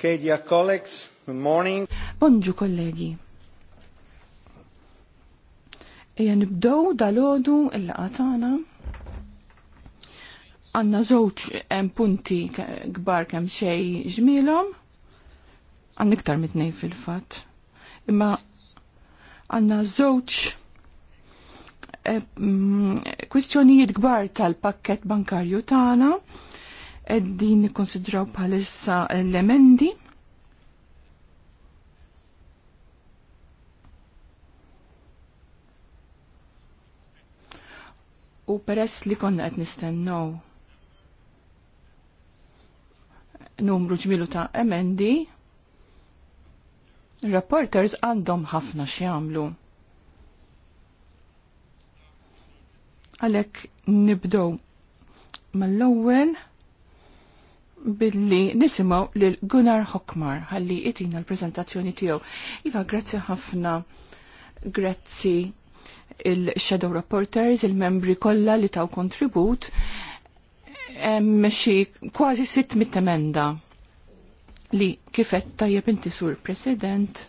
Okay, colleagues, good morning. Bonġu kollegi. Eja nibdow dal-ħodu il-laqatana. Għanna zoċ punti gbar kem xej ġmilom. Għanna iktar mitnej fil-fat. Imma għanna zoċ eh, mm, kwistjonijiet gbar tal-pakket bankarju tana din nikkonsidraw bħalissa l-emendi u peress li konna qed nistennew numru ġmilu ta' emendi, reporters għandhom ħafna x'jagħmlu. Għalhekk nibdow mal-ewwel billi nisimaw lil Gunnar Hokmar ħalli itina l-prezentazzjoni tiegħu. Iva, grazzi ħafna. Grazzi il-Shadow Reporters, il-membri kollha li taw kontribut, hemm xi kważi sitt mit-temenda li kifet tajjeb inti sur President.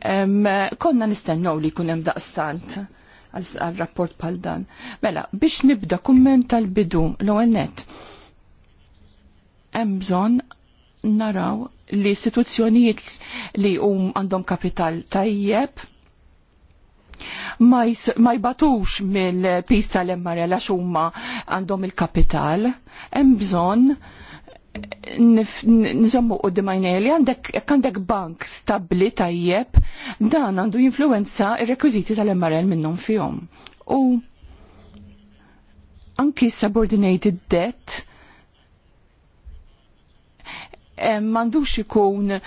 Em, konna nistennew li jkun hemm daqstant għal rapport bħal dan. Mela, biex nibda kummenta l bidu l-ewwel net. Hemm bżonn naraw li istituzzjonijiet li hum għandhom kapital tajjeb ma, jbatux mill-pis tal-emmarella xumma għandhom il-kapital, hemm bżonn nżommu u dimajneli għandek għandek bank stabli tajjeb dan għandu jinfluenza il-rekwiziti tal-MRL minnum fjom. U anki subordinated debt eh, mandux ikun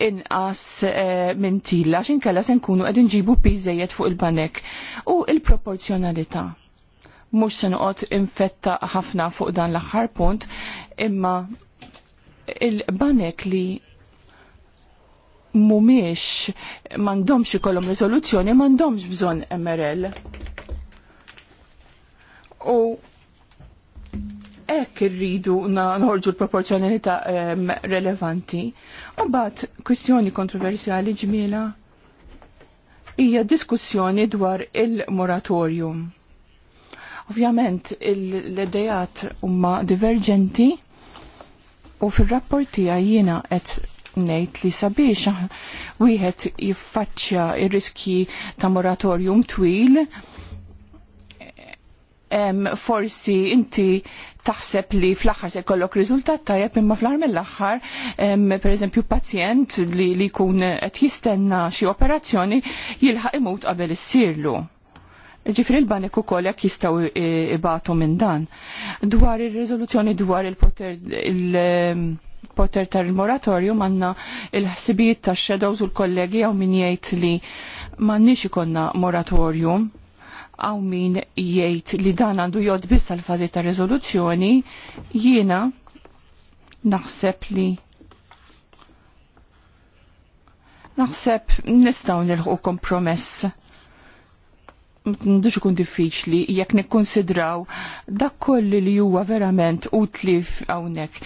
inqas eh, minn tilla kalla se nkunu qed ġibu pizzejiet fuq il-banek u il-proporzjonalità. Mhux se noqgħod infetta ħafna fuq dan l-aħħar punt, imma il-banek li mumiex mandomx ikollhom riżoluzzjoni mandomx bżonn MRL. U Ek irridu nħorġu l-proporzjonalità um, relevanti. U bat, kwistjoni kontroversjali ġmiela hija diskussjoni dwar il-moratorium. Ovvjament, l-idejat huma divergenti u fil-rapporti jiena qed ngħid li sabiex wieħed jiffaċċja ir-riski ta' moratorium twil forsi inti taħseb li fl-axar se kollok riżultat tajjeb imma fl-ar mill-axar, per eżempju pazjent li li kun qed jistenna xi operazzjoni jilħaq imut qabel issirlu. Ġifri l-banek u kollek jistaw ibatu minn dan. Dwar il-rezoluzzjoni dwar il-poter il poter il poter il moratorju manna il-ħsibijiet ta' shadows u l-kollegi għaw min jgħid li manni xikonna moratorju għaw min jgħid li dan għandu jod biss għal fażi ta' rezoluzzjoni, jiena naħseb li naħseb nistaw nilħu kompromess. Ndux ikun diffiċli jekk nikkonsidraw dak kolli li huwa verament utli hawnhekk.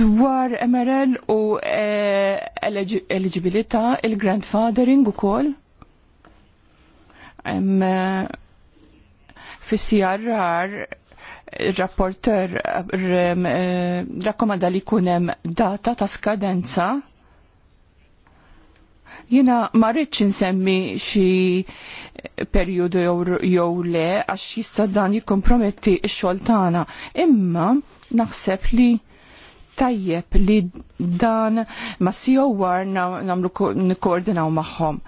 Dwar MRL u e, eligibilità il-grandfathering ukoll fissijarrar il-rapporter eh, rakkomanda li kunem data ta' skadenza jina marriċ nsemmi xi periodu jew le għax jista' dan jikkomprometti x-xogħol tagħna. Imma naħseb li tajjeb li dan ma COR nagħmlu nikkoordinaw magħhom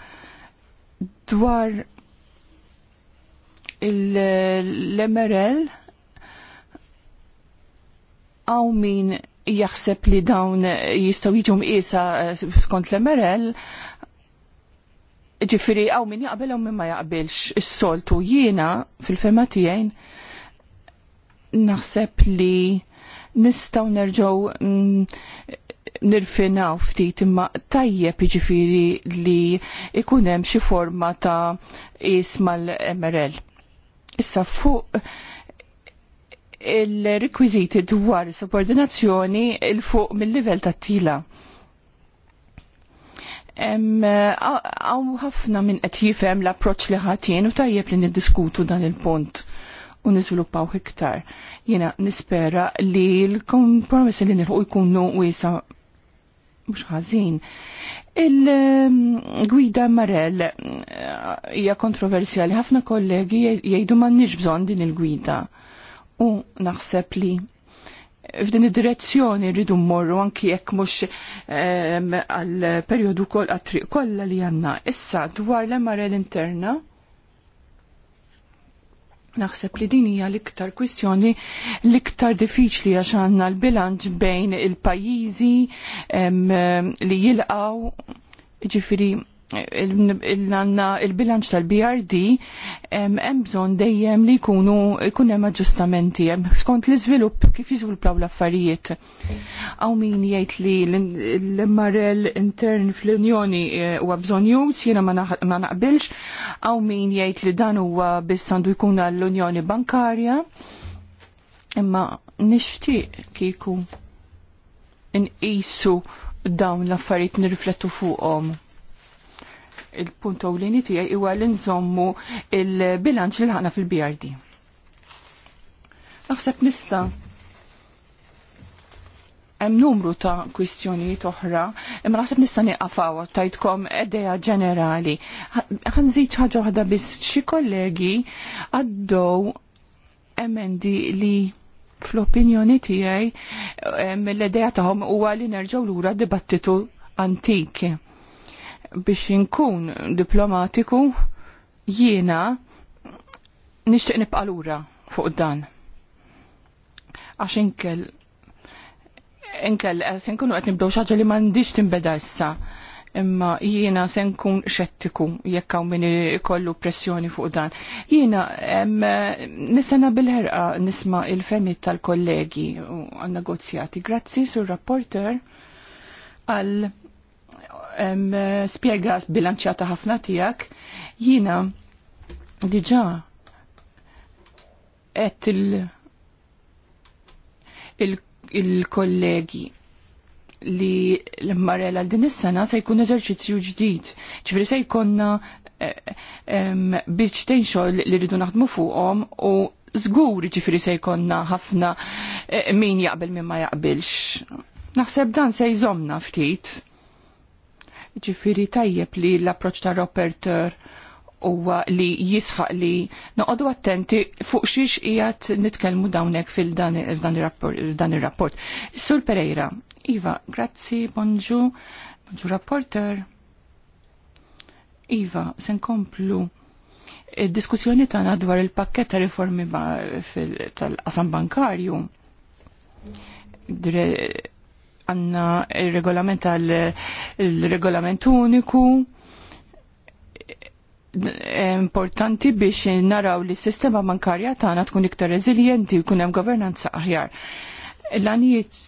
dwar l-MRL għaw min jaħseb li dawn jistaw jiġu mqisa eh, skont l-MRL ġifiri għaw min jaqbel għaw min ma jaqbilx is-soltu jiena fil-fema tijajn naħseb li nistaw nerġaw mm, nirfinaw ftit imma tajjeb ġifiri li ikunem xi forma ta' isma l-MRL Issa fuq il-rekwiziti dwar subordinazzjoni il-fuq mill-livell tat-tila. Għaw ħafna minn qed jifhem l-approċċ li ħatien u tajjeb li niddiskutu dan il-punt u niżviluppaw iktar. Jiena nispera li l-kompromess li nilħu jkunu wiesa mux ħazin. Il-gwida Marell hija kontroversjali ħafna kollegi jgħidu ma nix bżon din il-gwida. U naħseb li f'din id-direzzjoni rridu mmorru anki jekk mhux għal perjodu kol għat-triq kollha li għandna. Issa dwar l-Marell interna Naħseb li din hija l-iktar kwistjoni l-iktar diffiċli għax għandna l-bilanċ bejn il-pajjiżi li jilqaw ġifiri il-bilanċ tal-BRD hemm bżonn dejjem li jkunu jkun hemm aġġustamenti hemm skont l-iżvilupp kif jiżviluppaw l-affarijiet. Aw min jgħid li l-MRL intern fl-Unjoni eh, huwa bżonn jus jiena ma naqbilx, aw min jgħid li dan huwa biss għandu jkun għall-Unjoni Bankarja. Imma nixtieq kieku nqisu dawn l-affarijiet nirriflettu fuqhom il-punt ewlieni tiegħi huwa li nżommu il-bilanċ li ħana fil-BRD. Naħseb nista' hemm numru ta' kwistjonijiet oħra, imma naħseb nista' nieqafaw tajtkom idea ġenerali. Ħanżid ħaġa waħda biss xi kollegi għaddew emendi li fl-opinjoni tiegħi mill-idea tagħhom huwa li nerġgħu lura dibattitu antiki biex inkun diplomatiku jiena nixtieq nibqa' lura fuq dan. Għax inkel inkel se nkunu qed nibdew xaġa li m'għandix tinbeda issa. Imma jiena se nkun xettiku jekk hawn min ikollu pressjoni fuq dan. Jiena nistana bil-ħerqa nisma' il-femit tal-kollegi u għan-negozjati. Grazzi sur rapporter għal Eh, spiega bilanċjata ħafna tijak, jina diġa et il-kollegi li l-marela din is-sena se jkun eżerċizzju ġdid. Ċifri se jkonna eh, bieċtejn xogħol li rridu naħdmu fuqhom u żgur ġifri se jkonna ħafna eh, min jaqbel min ma jaqbilx. Naħseb dan se jżomna ftit Ġifiri tajjeb li l-approċ ta' Roperter huwa li jisħaq li noqogħdu attenti fuq xiex qiegħed nitkellmu dawnek fil-dan ir-rapport. Sur Pereira, Iva, grazzi, bonġu, bonġu rapporter. Iva, sen komplu e, diskussjoni tagħna dwar il-pakket ta' riformi tal-qasam bankarju għanna il-regolament għal il-regolament uniku importanti biex naraw li s-sistema bankarja tagħna tkun iktar reżiljenti u jkun hemm governanza aħjar. L-għanijiet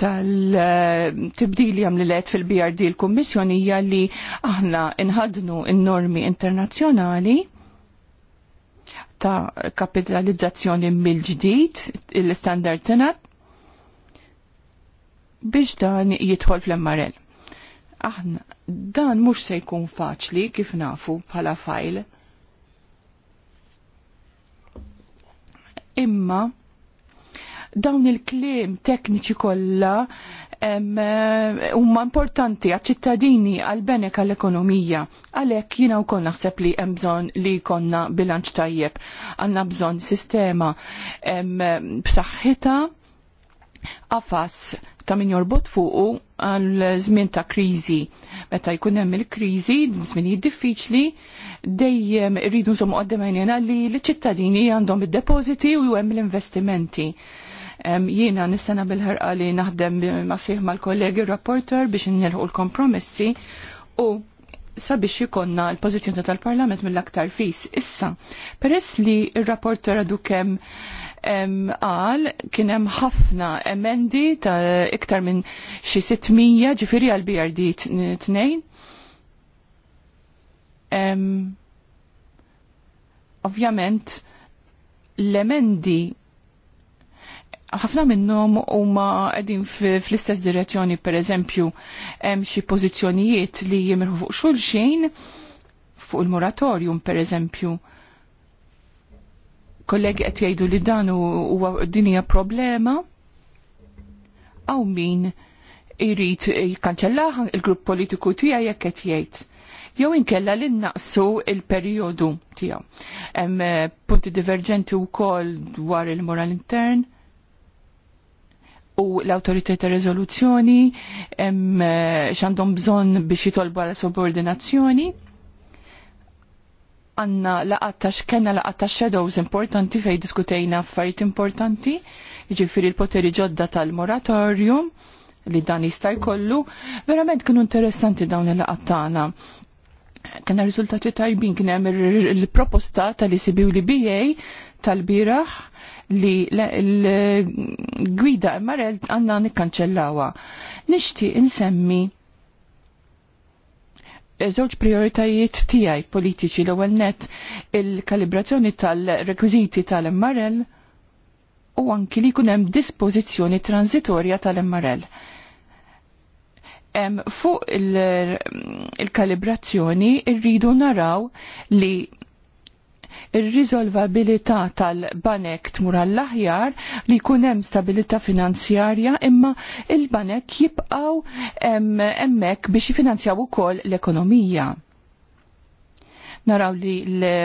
tal-tibdili għam li let fil-BRD l-Kommissjoni hija li aħna inħadnu n-normi internazzjonali ta' kapitalizzazzjoni mill-ġdid, il-standard tenat, biex dan jidħol fl-MRL. Aħna, dan mhux se jkun faċli kif nafu bħala fajl. Imma dawn il-klim tekniċi kollha huma importanti għal ċittadini għal-benek għall-ekonomija. Għalhekk jiena wkoll naħseb li hemm bżonn li jkollna bilanċ tajjeb. Għandna bżonn sistema b'saħħita għafas ta' min jorbot fuqu għal żmien ta' kriżi. Meta jkun hemm il-kriżi, żmien diffiċli, dejjem irridu nżommu qoddim għajnejna li l-ċittadini għandhom id-depożiti u hemm l-investimenti. Jiena nistana bil-ħarqa li naħdem masih mal-kollegi rapporter biex nilħu l-kompromessi u sabiex jikonna l-pozizjoni tal-Parlament mill-aktar fis. Issa, peress li il-rapporter għadu kemm Għal, kien hemm ħafna emendi ta' iktar minn xi 600 ġifieri għal BRD tnejn. Ovvjament l-emendi ħafna minnhom huma qegħdin fl-istess direzzjoni pereżempju hemm xi pożizzjonijiet li jimirħu fuq xulxin fuq il-moratorium pereżempju kollegi qed jgħidu li dan huwa dinija problema għaw min irrit jikkanċellaħ il-grupp politiku tiegħi jekk qed jgħid. Jew inkella li naqsu il-perjodu tiegħu. Hemm eh, punti diverġenti wkoll dwar il-moral intern u l-autorità ta' riżoluzzjoni hemm eh, x'għandhom bżonn biex jitolbu għal subordinazzjoni għanna laqattax, kena laqattax shadows importanti fej diskutejna affarijiet importanti, ġifiri l-poteri ġodda tal-moratorium li dan jista' jkollu, verament kienu interessanti dawn il-laqattana. Kena riżultati tajbin kien hemm il-proposta tal-ICB li ba tal-biraħ li l-gwida Marel għanna nikkanċellawa. Nixti insemmi żewġ prioritajiet tiegħi politiċi l-ewwel net il-kalibrazzjoni tal-rekwiżiti tal-MRL u anki li jkun hemm dispożizzjoni transitorja tal-MRL. Fuq il-kalibrazzjoni il rridu naraw li ir-riżolvabilità tal-banek tmur għall-aħjar li jkun hemm stabilità finanzjarja imma il-banek jibqgħu hemmhekk biex jifinanzjaw ukoll l-ekonomija. Naraw li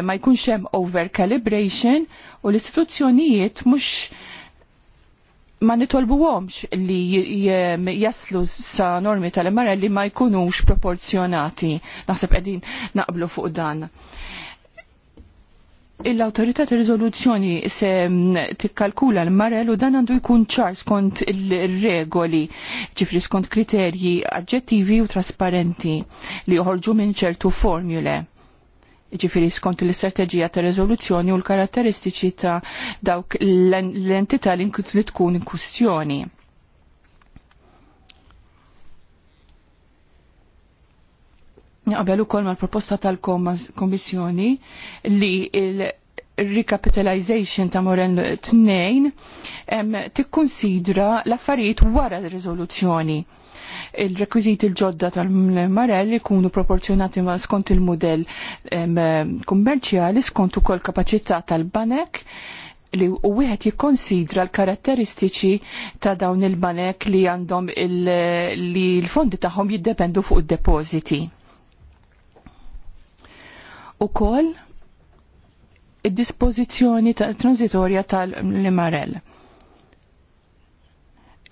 ma jkunx hemm overcalibration u l-istituzzjonijiet mhux ma nitolbuhomx li jaslu sa normi tal-mara li ma jkunux proporzjonati. Naħseb qegħdin naqblu fuq dan l-autorità ta' rizoluzzjoni se mm, tikkalkula l-marel u dan għandu jkun ċar skont il-regoli, ġifri skont kriterji aġġettivi u trasparenti li joħorġu minn ċertu formule. Ġifiri skont l-istrateġija ta' rezoluzzjoni u l-karatteristiċi ta' dawk l-entità li tkun in kustjoni u ukoll mal-proposta tal komissjoni li il- recapitalization ta' Moren 2 tikkonsidra l-affarijiet wara l-riżoluzzjoni. Il-rekwiziti l-ġodda tal-Marell ikunu proporzjonati ma' skont il-modell kummerċjali skont ukoll kapaċità tal-banek li u wieħed jikkonsidra l-karatteristiċi ta' dawn il-banek li għandhom il-fondi tagħhom jiddependu fuq id-depożiti kol id-dispożizzjoni tal-transitorja tal-Limarell.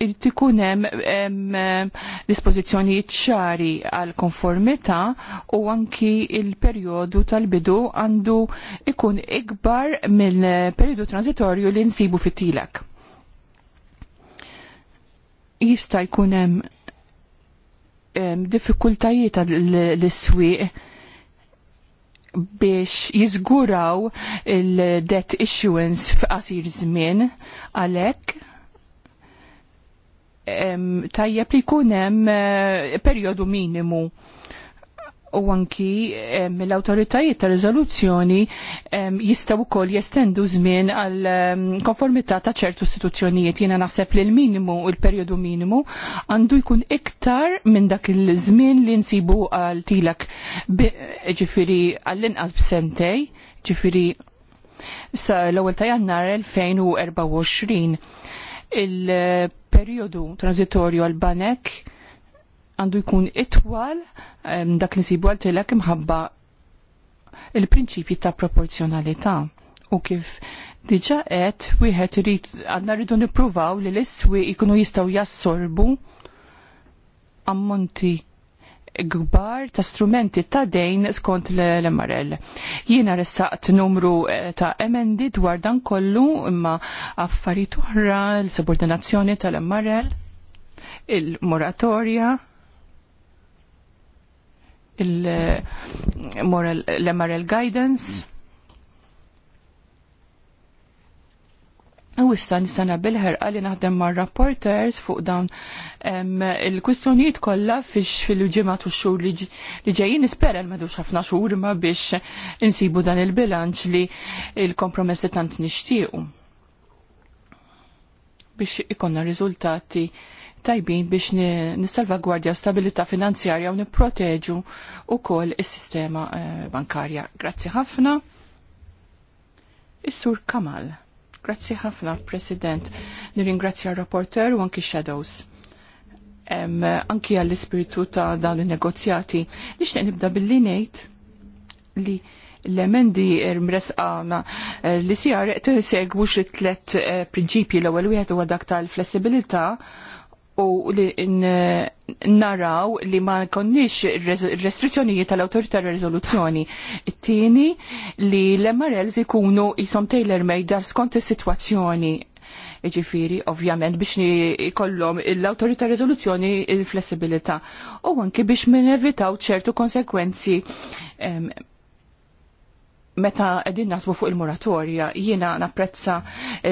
Irid ikun hemm eh, dispożizzjonijiet ċari għal konformità u anki il-perjodu tal-bidu għandu ikun ikbar mill periodu transitorju li nsibu fit-tilek. Jista' jkun hemm diffikultajiet l-iswieq biex jizguraw il-debt issuance f'qasir żmien għalhekk tajjeb li jkun hemm eh, perjodu minimu u anki eh, mill-autoritajiet ta' riżoluzzjoni eh, jistaw wkoll jestendu żmien għal eh, konformità ta' ċertu istituzzjonijiet. Jiena naħseb li l-minimu u l-perjodu minimu għandu jkun iktar minn dak il-żmien li nsibu għal tilak ġifiri għall-inqas b'sentej, ġifieri sa l-ewwel ta' jannar 2024 il-perjodu transitorju għal banek għandu jkun itwal dak li sibu għaltilek imħabba il-prinċipji ta' proporzjonalità u kif diġa qed wieħed irid għandna rridu nippruvaw li l-iswi jkunu jistgħu jassorbu ammonti gbar ta' strumenti ta' dejn skont l-MRL. Jiena ressaqt numru eh, ta' emendi dwar dan kollu imma affarijiet oħra l-subordinazzjoni tal-MRL, il-moratorja, l-MRL Guidance. U issa nistana bil-ħerqa li naħdem ma' rapporters fuq dawn il-kwistjonijiet kollha fix fil-ġimgħat u xhur li ġejjin nispera l madu ħafna xhur ma biex insibu dan il-bilanċ li il-kompromess li tant nixtiequ. Biex ikonna riżultati tajbin biex nissalvagwardja stabilità finanzjarja u nipproteġu wkoll is-sistema eh, bankarja. Grazzi ħafna. Is-Sur Kamal. Grazzi ħafna, President. Nirringrazzja r-rapporter u anki Shadows. anki għall-ispiritu ta' dawn il-negozjati. Nixtieq nibda billi ngħid li l-emendi mresqana eh, li sijar segwu it tlet eh, prinċipji l-ewwel wieħed huwa dak tal-flessibilità u li naraw li ma konniex restrizzjonijiet tal-autorità rezoluzzjoni. It-tieni li l-MRLs ikunu jisom Taylor made skont is-sitwazzjoni ġifiri, ovvjament, biex kollom l-autorita rezoluzzjoni il-flessibilita. U anki biex evitaw ċertu konsekwenzi meta qegħdin nasbu fuq il-moratorja, jiena napprezza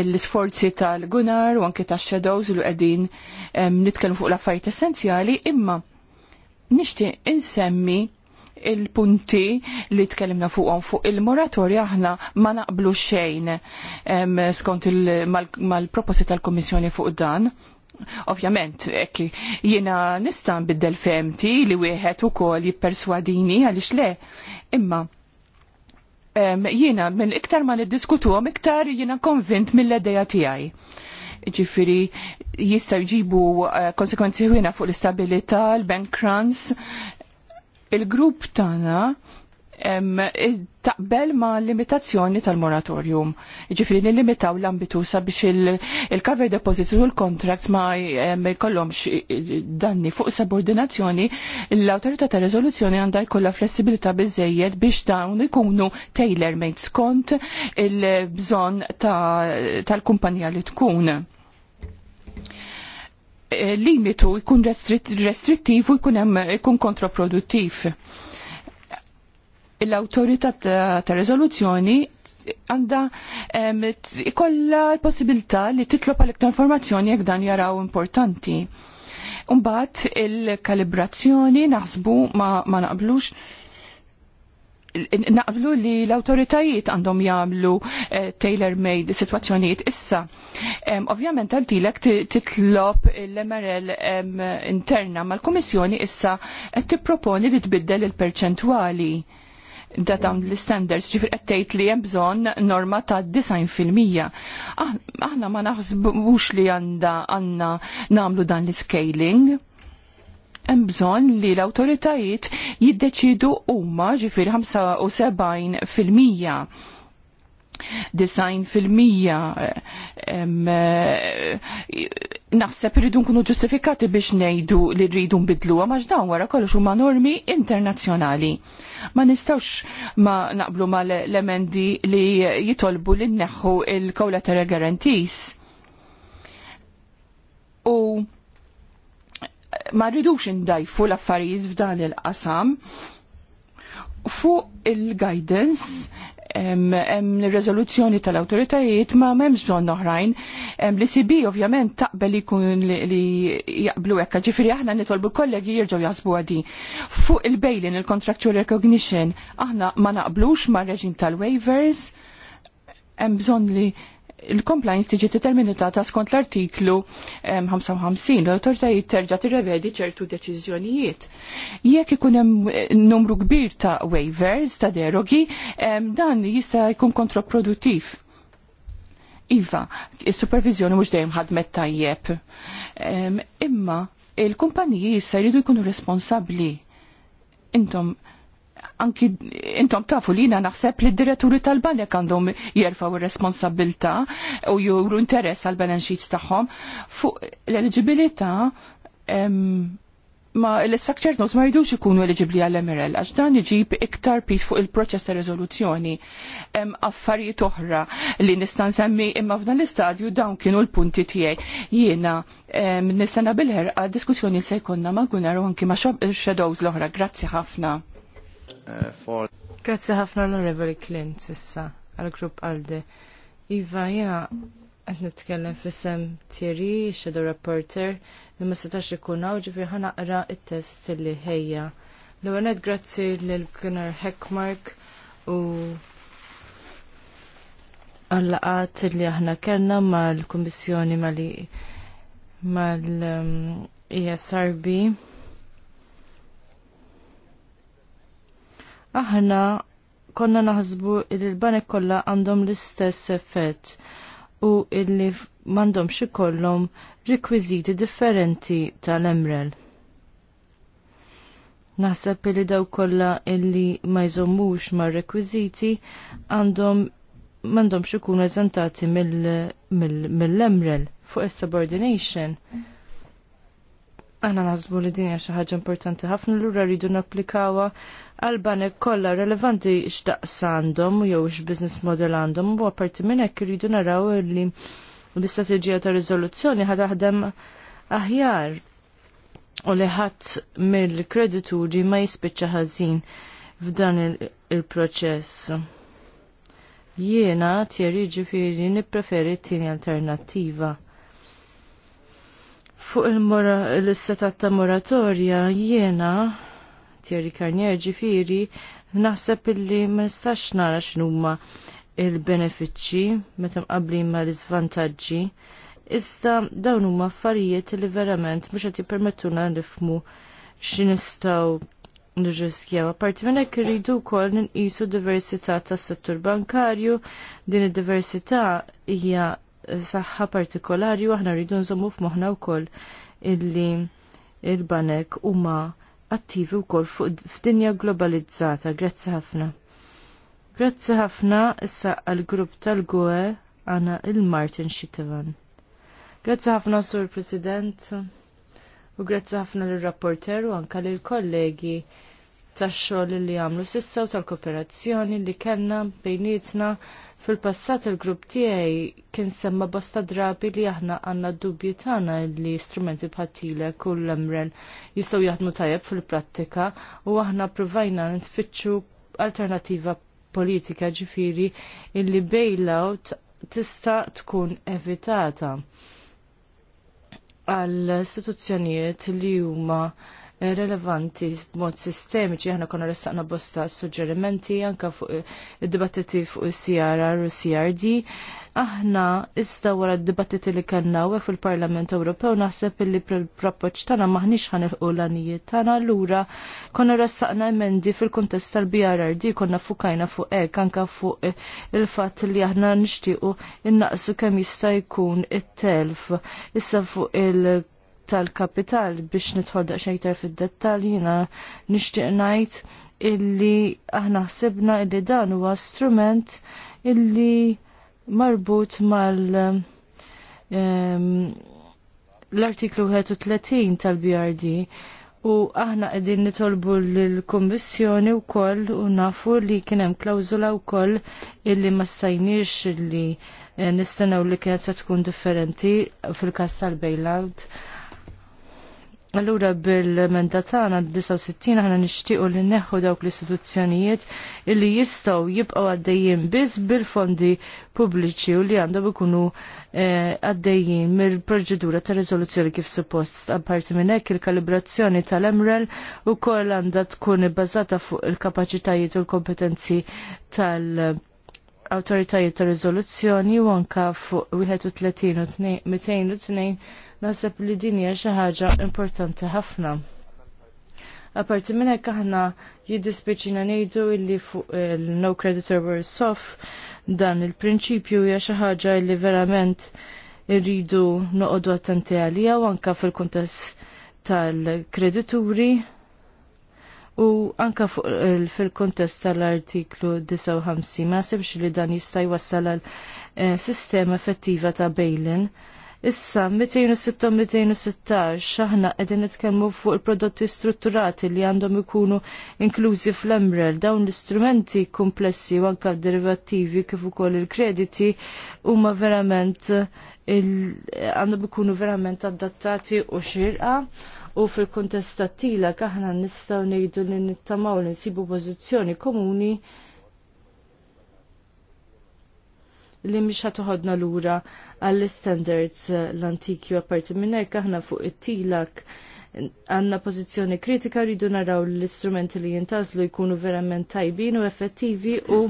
l-isforzi tal-Gunar u anke tax-Shadows li qegħdin nitkellmu fuq l-affarijiet essenzjali, imma nixtieq insemmi il-punti li tkellimna fuqhom fuq il-moratorja aħna ma naqblu xejn skont mal-proposti tal-Kommissjoni fuq dan. Ovvjament, ekki, jiena nista' nbiddel femti li wieħed ukoll jipperswadini għaliex le, imma jiena minn iktar ma niddiskutuhom iktar jiena konvint mill-edeja tiegħi. Ġifiri jista' jġibu eh, konsekwenzi ħwina fuq l-istabilità, l-bank runs. Il-grupp tagħna taqbel ma limitazzjoni tal-moratorium. nil limitaw l-ambitu sabiex il-cover deposit u l-contract ma jkollomx danni fuq subordinazzjoni l-autorità ta' rezoluzzjoni għandha jkollha flessibilità biżejjed biex dawn ikunu tailor made skont il-bżonn tal-kumpanija li tkun e, limitu jkun restrittiv u jkun kontraproduttiv l-autorità ta' rezoluzzjoni għanda ikolla l-possibilità li titlob għalek ta' informazzjoni jekk dan jaraw importanti. Umbat il-kalibrazzjoni naħsbu ma, naqblux naqblu li l-autoritajiet għandhom jagħmlu eh, tailor-made situazzjoniet issa. Ovvjament għaltilek titlob l-MRL interna mal-Kummissjoni issa qed tipproponi li tbiddel il-perċentwali da dawn l-standards ġifir għattejt li jemżon norma ta' 90%. Ah, aħna ma naħsbux li għanda għanna namlu dan l-scaling. Mbżon li l-autoritajiet jiddeċidu umma ġifir 75% design fil-mija eh, eh, naħseb irridu nkunu ġustifikati biex ngħidu li rridu nbidlu għax dawn wara kollox huma normi internazzjonali. Ma nistgħux ma naqblu mal l-emendi li jitolbu li nneħħu il-collateral guarantees. U ma rridux indajfu l-affarijiet f'dan il-qasam fuq il-guidance hemm ir-rezoluzzjoni tal-awtoritajiet ma memx bżonn oħrajn. Li icb ovvjament taqbel li jkun li jaqblu hekk, ġifieri aħna nitolbu kollegi jirġgħu jaħsbu għadi. Fuq il bailin il-contractual recognition aħna ma naqblux ma' reġim tal-waivers hemm bżonn li il-compliance tiġi determinata skont l-artiklu 55 l-autoritajiet terġa' tirrevedi ċertu deċiżjonijiet. Jekk ikun hemm eh, numru kbir ta' waivers ta' derogi, dan jista' jkun kontraproduttiv. Iva, il-supervizjoni mhux dejjem ħadmet tajjeb. Imma il-kumpaniji issa jridu jkunu responsabbli. Intom, anki intom tafu li jina naħseb li d-diretturi tal-banek għandhom jerfaw ir-responsabilta u juru interess għal balance sheets tagħhom fuq l-eligibilità ma l-structure notes ma jidux ikunu eligibli għall-MRL, għax dan iġib iktar pis fuq il-proċess ta' rezoluzzjoni. Affarijiet oħra li nista' nsemmi imma f'dan l-istadju dawn kienu l-punti tiegħi. Jiena nistana bil-ħerqa diskussjoni li se jkollna ma' Gunnar u anki ma' Shadows l-oħra. Grazzi ħafna. Uh, for... Grazie ħafna l-Onorevoli Clint sissa għal-Grupp Alde. Iva, jena għet nitkellem fissem Thierry, Shadow Reporter, li ma setax ikun għaw ħana għara il-test li ħejja. L-għanet grazzi l-Gunnar Heckmark u għallaqat li aħna kellna mal-Kommissjoni mal-ESRB. mal kommissjoni mal um, esrb mal aħna konna naħsbu li l-banek kollha għandhom l-istess effett u illi m'għandhomx ikollhom rekwiżiti differenti tal-emrel. Naħseb li daw kollha illi ma jżommux mar rekwiżiti għandhom m'għandhomx ikunu eżentati mill-emrel mil, mil fuq is-subordination. Għana nazbu li dinja xaħġa importanti ħafna l-ura rridu napplikawa għal-banek kolla relevanti x'daqs għandhom u jew x-business model għandhom u għaparti minn hekk rridu naraw li l-istrateġija ta' rizoluzzjoni ħad aħjar u li ħadd mill-kredituri ma jispiċċa ħażin f'dan il-proċess. Jiena tieri ġifieri nippreferi t-tieni alternattiva Fuq il-setat ta' moratorja jiena Thierry Karnier ġifiri naħseb illi ma nistax nara x'numa il-benefiċċji meta mqablin ma l-iżvantaġġi. Iżda dawn huma affarijiet li verament mhux qed jippermettuna nifmu x'nistgħu nirriskjaw. Apparti minn hekk irridu wkoll ninqisu diversità tas-settur bankarju, din id-diversità hija saħħa partikolari u aħna rridu nżommu f'moħħna wkoll illi il-banek huma attivi wkoll fuq f'dinja globalizzata. Grazzi ħafna. Grazzi ħafna issa għall-grupp tal-GUE għana il-Martin Shitevan. Grazzi ħafna, Sur President, u grazzi ħafna l-rapporter u anka l-kollegi tax-xogħol li għamlu sissa u tal-kooperazzjoni li kellna bejnietna Fil-passat il-grupp tiegħi kien semma bosta drabi li aħna għandna dubju tagħna li strumenti bħattile kull emren jistgħu jaħdmu tajjeb fil-prattika u aħna provajna nitfittxu alternativa politika ġifiri illi bailout tista' tkun evitata għall istituzzjonijiet li huma relevanti b'mod sistemiċi aħna konna ressaqna bosta suġġerimenti anka fuq id-dibattiti eh, fuq CRR u CRD. Aħna iżda wara d-dibattiti li kellna hawnhekk fil-Parlament Ewropew naħseb illi pr tana tagħna maħniex il l tana tagħna allura konna ressaqna emendi fil-kuntest tal-BRRD konna fukajna fuq hekk anka fuq eh, il fat li aħna nixtiequ innaqsu kemm jista' jkun it-telf issa fuq il- tal-kapital biex nidħol daqsxejn fid-dettal jina nixtieq ngħid illi aħna ħsibna illi dan huwa strument illi marbut mal ehm, l-artiklu 31 tal-BRD u aħna qegħdin nitolbu l-Kummissjoni wkoll u nafu li kien hemm u wkoll illi ma stajniex illi eh, nistennew li kienet se tkun differenti fil-każ tal-bailout. Allura bil-menda tagħna 69 aħna nixtiequ li neħu dawk l-istituzzjonijiet illi jistgħu jibqgħu għaddejjien biss bil-fondi pubbliċi u li għandhom ikunu eh, għaddejjin mill proġedura ta' riżoluzzjoni kif suppost. Apparti minn hekk il-kalibrazzjoni tal-emrel ukoll għandha tkun ibbażata fuq il-kapaċitajiet u l-kompetenzi tal- autoritajiet ta' riżoluzzjoni u anka fuq 31 u 202 Naħseb li din hija xi ħaġa importanti ħafna. Aparti minn hekk aħna jiddispiċina ngħidu li fuq il-no creditor worse off dan il-prinċipju hija xi ħaġa li verament irridu noqogħdu attenti għalija u anke fil-kuntest tal-kredituri u anka fil kuntest tal-artiklu 59 ma sebx li dan jista' jwassal għal eh, sistema effettiva ta' bail-in Issa, 206-216, aħna qegħdin nitkellmu fuq il-prodotti strutturati li għandhom ikunu inklużi fl-emrel. Dawn l-istrumenti komplessi u anke derivativi kif ukoll il-krediti huma verament għandhom ikunu verament adattati u xirqa u fil kontestatila kaħna nistgħu ngħidu li nittamaw li nsibu pożizzjoni komuni li mhix ħatoħodna lura għall-standards eh, l-antiki u apparti minn hekk aħna fuq it-tilak għanna pożizzjoni kritika rridu naraw l-istrumenti li jintazlu jkunu verament tajbin u effettivi u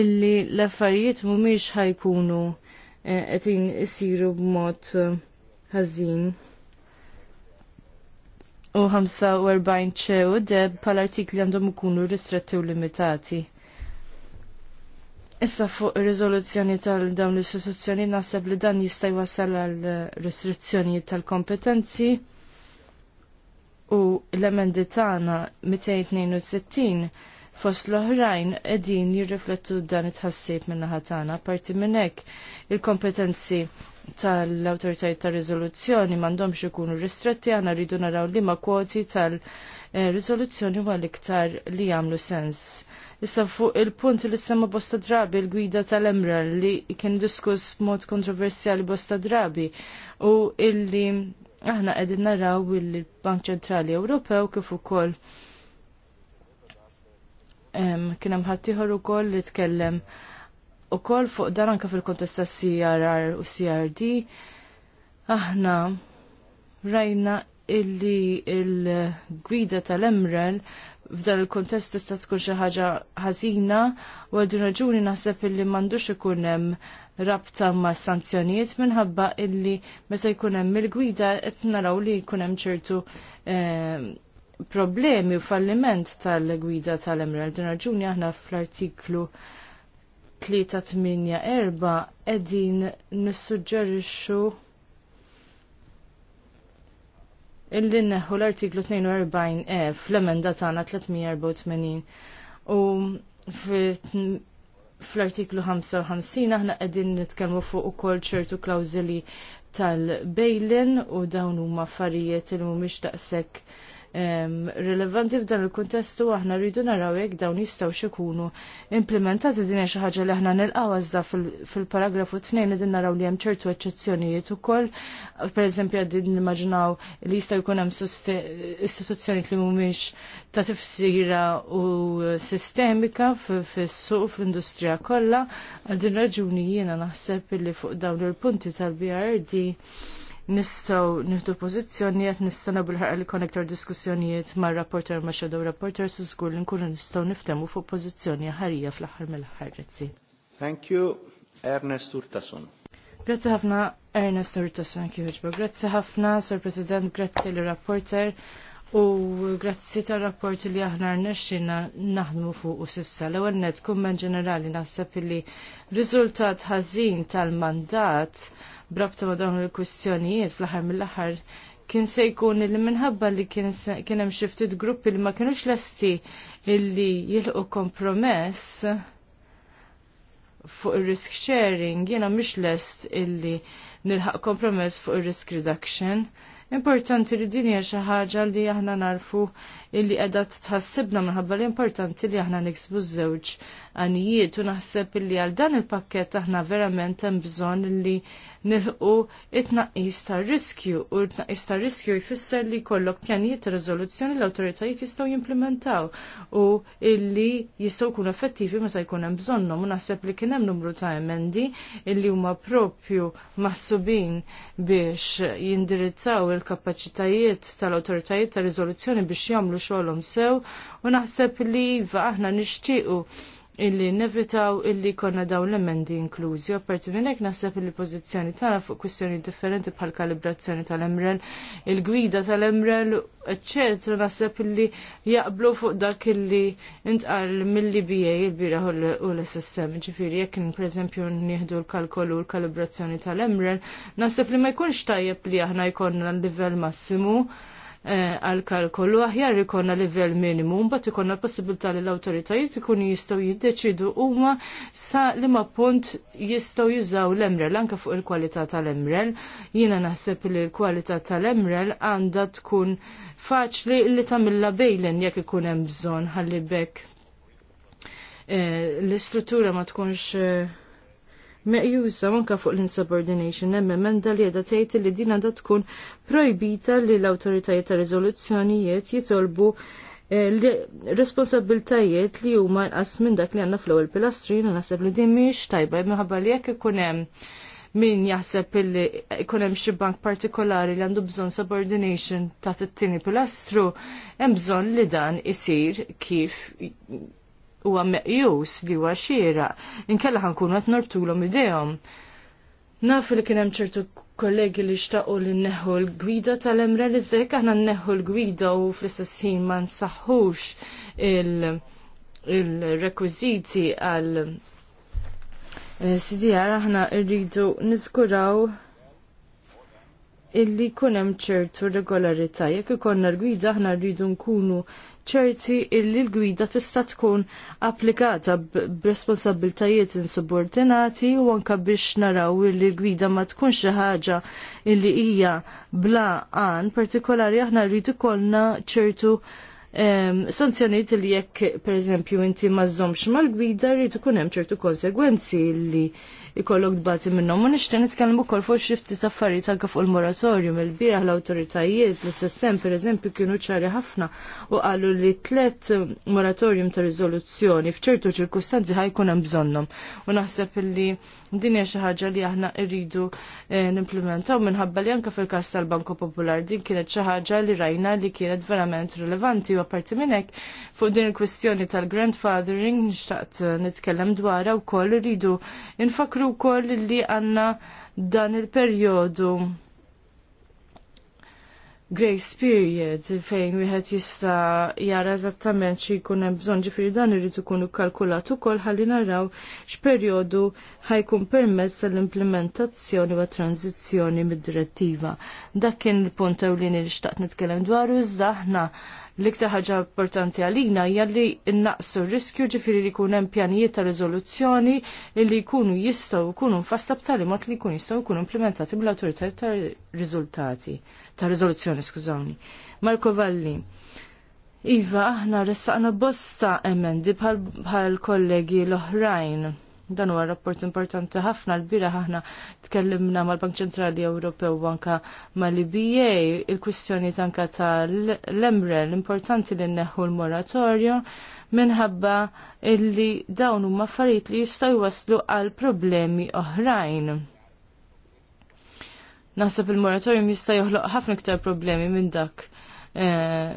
illi l-affarijiet mhumiex ħajkunu eh, qed isiru b'mod eh, ħażin. U 45 ċew deb pal-artikli għandhom ikunu ristretti u limitati. Issa fuq ir-riżoluzzjoni tal-dawn l-istituzzjoni naħseb li dan jista' wasal għal restrizzjoni tal-kompetenzi u l-emendi tagħna 262 fost l-oħrajn qegħdin jirriflettu dan it-ħassib min-naħa tagħna. Parti minn hekk il-kompetenzi tal-awtoritajiet tar-riżoluzzjoni m'għandhomx ikunu ristretti aħna rridu naraw liema kwoti tal-riżoluzzjoni eh, għal iktar li jagħmlu sens Issa fuq il-punt li semma bosta drabi il-gwida tal-emra li kien diskuss mod kontroversjali bosta drabi u illi aħna qegħdin naraw il-Bank Ċentrali Ewropew kif ukoll kien hemm ħaddieħor ukoll li tkellem ukoll fuq dan anke fil-kontest tas-CRR u CRD aħna rajna illi il-gwida tal-emrel f'dan il-kontest tista' tkun xi ħaġa ħażina u għal din raġuni naħseb illi m'għandux ikun hemm rabta ma' sanzjonijiet minħabba illi meta jkun hemm il-gwida qed naraw li jkun hemm ċertu ehm, problemi u falliment tal-gwida tal-Emerald. Din raġuni aħna fl-artiklu 384 qegħdin nissuġġerixxu illi neħu l-artiklu 42 e fl-emenda tagħna 384 u fl-artiklu 55 aħna qegħdin nitkellmu fuq ukoll ċertu klawżili tal-bejlin u dawn huma affarijiet li mhumiex taqsek rilevanti f'dan il-kontestu aħna rridu naraw jekk dawn jistgħu x'ikunu implementati din xi ħaġa li aħna nilqgħu iżda fil-paragrafu tnejn qegħdin naraw li hemm ċertu eċċezzjonijiet ukoll. Pereżempju qegħdin nimmaġinaw li jista' jkun hemm istituzzjoni li mhumiex ta' tifsira u sistemika fis-suq fl-industrija kollha. Għal din raġuni jiena naħseb li fuq dawn il-punti tal-BRD nistgħu nieħdu pożizzjoni qed nistana bil-ħarqa li konnektar diskussjonijiet mar rapporter ma' shadow rapporter su żgur li nkunu nistgħu niftemu fuq pozizjoni ħarija fl-aħħar mill-aħħar grazzi. Thank you, Ernest Urtasun. Grazzi ħafna Ernest Urtasun kieħġba. Grazzi ħafna, Sir President, grazzi l-rapporter. U grazzi tal rapport li aħna rnexxina naħdmu fuq u sissa l ewwel net kumment ġenerali naħseb li riżultat ħażin tal-mandat brabta ma dawn il-kwistjonijiet fl-aħħar mill-aħħar kien se jkun li minħabba li kien hemm xi ftit gruppi li ma kinux lesti illi jilqu kompromess fuq ir-risk sharing jiena mhix lest illi nilħaq kompromess fuq ir-risk reduction. Importanti li din hija xi ħaġa li aħna narfu illi qiegħda tħassibna minħabba l importanti li aħna niksbu żewġ għanijiet u naħseb illi għal dan il-pakkett aħna verament hemm bżonn illi nilħqu it-tnaqqis tar-riskju u t-tnaqqis tar-riskju jfisser li jkollok pjanijiet ta' riżoluzzjoni l-awtoritajiet jistgħu jimplementaw u illi jistgħu jkunu effettivi meta jkun hemm bżonnhom u naħseb li kien hemm numru ta' emendi illi huma propju maħsubin biex jindirizzaw il-kapaċitajiet tal-awtoritajiet ta' riżoluzzjoni biex jagħmlu xolom xogħolhom sew u naħseb li iva aħna nixtiequ illi nevitaw illi konna daw l-emendi inklużi. Apparti minn hekk naħseb li pożizzjoni tagħna fuq kwistjoni differenti bħal kalibrazzjoni tal-emrel, il-gwida tal-emrel, eccetera, naħseb illi jaqblu fuq dak illi intqal mill-BA il-bira u l-SSM. Ġifieri jekk pereżempju nieħdu l-kalkolu u l-kalibrazzjoni tal-emrel, naħseb li ma jkunx tajjeb li aħna jkollna l-livell massimu Eh, għal kalkolu aħjar ikonna livell minimum, bat ikonna possibilità li l-autoritajiet ikunu jistaw jiddeċidu huma sa li ma punt jistaw jużaw l-emrel anka fuq il-kwalità tal-emrel. Jiena naħseb li l-kwalità tal-emrel għandha tkun faċli li tamilla bejlen jekk ikun hemm bżonn ħalli bekk eh, l-istruttura ma tkunx eh, meqjusa anke fuq l-insubordination hemm emenda li qiegħda tgħid li din għandha tkun projbita li l-awtoritajiet ta' riżoluzzjonijiet jitolbu eh, responsabiltajiet li huma inqas minn dak li għandna fl-ewwel pilastri naħseb li din mhix tajba minħabba li jekk ikun hemm min jaħseb illi ikun hemm xi bank partikolari li għandu bżonn subordination ta' it-tieni pilastru, hemm bżonn li dan isir kif huwa meqjus li huwa xira, inkella ħankunu qed id idejhom. Naf li kien hemm ċertu kollegi li xtaqu li nneħħu l-gwida tal-emra li zdek aħna nneħħu l-gwida u fl-istess ħin ma nsaħħux il-rekwiżiti għal eh, CDR aħna rridu niżguraw illi kunem hemm ċertu regolarità jekk ikollna l-gwida aħna rridu nkunu ċerti illi l-gwida tista' tkun applikata b'responsabiltajiet insubordinati u anka biex naraw illi l-gwida ma tkunx xi ħaġa illi hija bla għan partikolari aħna rrid ikollna ċertu um, sanzjoniet li jekk per eżempju inti mażomx mal-gwida rrid ikun hemm ċertu konsegwenzi li ikollok dbati minnhom. U nixtieq nitkellem ukoll fuq xifti ta' affarijiet anke fuq il-moratorium il-bieraħ l-awtoritajiet l-SSM pereżempju kienu ċari ħafna u qalu li tliet moratorium ta' riżoluzzjoni f'ċertu ċirkustanzi ħajkun hemm bżonnhom. U naħseb illi din hija xi ħaġa li aħna rridu eh, nimplementaw minħabba li anke fil-każ tal-Banku Popolari din kienet xi ħaġa li rajna li kienet verament rilevanti u apparti minn hekk fuq din il-kwistjoni tal-grandfathering nixtaqt eh, nitkellem dwarha wkoll irridu infakru koll li għandna dan il-perjodu grace period fejn wieħed jista' jara eżattament xi jkun hemm bżonn ġifieri dan irid ikun kkalkulat ukoll ħalli naraw x'perjodu ħajkun permess l-implementazzjoni wa tranzizzjoni mid-direttiva. Dak kien il-punt ewlieni li xtaqt nitkellem dwaru iżda aħna L-iktar ħaġa importanti għalina hija li innaqsu r-riskju ġifiri li jkun hemm pjanijiet ta' riżoluzzjoni li jkunu jistgħu jkunu mfasta b'tali mod li jkun jistgħu jkunu implementati mill-awtoritajiet ta' riżultati ta' riżoluzzjoni, skużawni. Marko Valli. Iva, aħna ressaqna bosta emendi bħal kollegi l-oħrajn Dan huwa rapport importanti ħafna l-bira ħafna tkellimna mal-Bank Ċentrali Ewropew u anka mal-IBA il-kwistjoni tanka ta' l-emrel importanti li neħu l-moratorju minħabba illi dawn huma affarijiet li jistgħu jwasslu għal problemi oħrajn. Naħseb il-moratorium jista' joħloq ħafna iktar problemi minn dak Eh,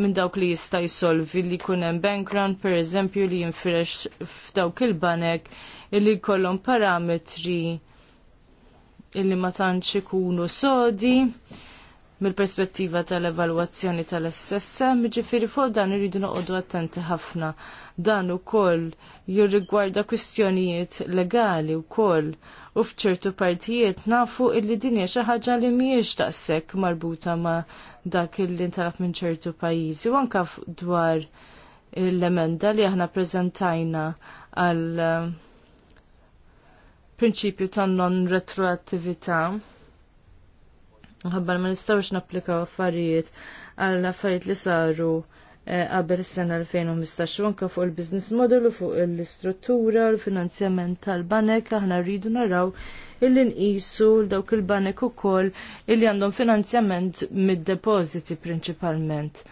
minn dawk li jista' jsolvi li jkun hemm background run pereżempju li jinfresh f'dawk il-banek li jkollhom parametri illi ma tantx ikunu sodi mill-perspettiva tal-evalwazzjoni tal-SSM, ġifiri fuq dan irridu noqogħdu attenti ħafna. Dan ukoll jirrigwarda kwistjonijiet legali wkoll u fċertu partijiet nafu illi din hija xi ħaġa li mhijiex taqsek marbuta ma' dak illi ntalab minn ċertu pajjiżi u anka dwar l-emenda li aħna preżentajna għal eh, prinċipju ta' non retroattività. Ħabbar ma nistawx napplikaw affarijiet għal affarijiet li saru eh, qabel is-sena 2015 anke fuq il-business model u fuq l-istruttura u l-finanzjament tal-banek aħna rridu naraw illi nqisu dawk il-banek ukoll illi għandhom finanzjament mid depoziti prinċipalment.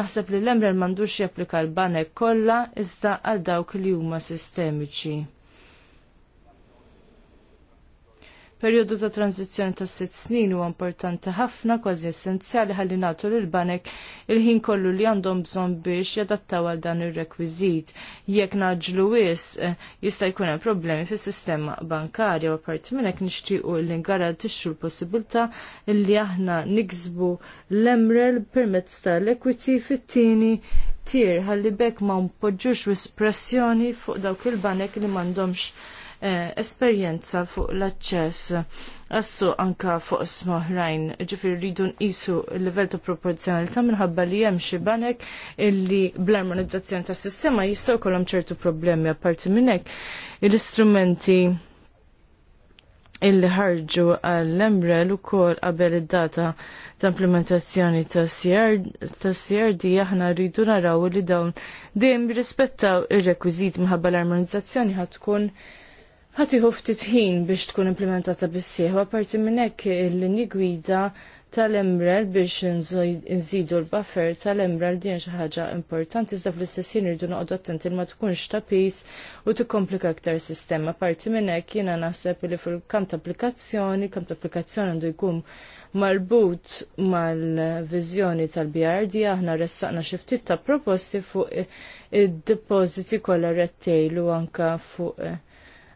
Naħseb li l-emrer mandux japplika l-banek kollha iżda għal dawk li huma sistemiċi. Perjodu ta' tranzizjoni ta' sitt snin huwa importanti ħafna kważi essenzjali ħalli nagħtu lil banek il-ħin kollu li għandhom bżonn biex jadattaw għal dan ir-rekwiżit. Jekk naġlu wis eh, jista' jkun hemm problemi fis-sistema bankarja u apparti minn hekk nixtiequ li ngarantixxu l-possibilità li aħna niksbu l-emrel permezz tal-equity fit-tieni tier ħalli bekk ma mpoġġux pressjoni fuq dawk il-banek li m'għandhomx Eh, esperjenza fuq l-aċċess għassu anka fuq smaħrajn, ġifir rridu nqisu l-level ta' proporzjonalità minħabba li hemm xi banek illi bl-armonizzazzjoni tas sistema jistgħu jkollhom ċertu problemi apparti minn hekk l-istrumenti illi ħarġu għall-emrel ukoll qabel id-data ta' implementazzjoni ta' CRD aħna rridu naraw li dawn dejjem rispettaw ir-rekwiżit minħabba l-armonizzazzjoni ħatkun tkun ħati ftit ħin biex tkun implementata bis-sieħ, apparti minn hekk il gwida tal-emrel biex nżidu l-buffer tal-emrel din xi ħaġa importanti zda fl istessin rridu irdu attenti attenti ma tkunx ta' pis u tikkomplika ktar sistema. Parti minn hekk jiena naħseb li fil-kamp ta' applikazzjoni, kamp ta' applikazzjoni għandu jkun marbut mal-viżjoni tal-BRD aħna ressaqna xi ftit ta' proposti fuq id depositi kollha rettej u anka fuq eh,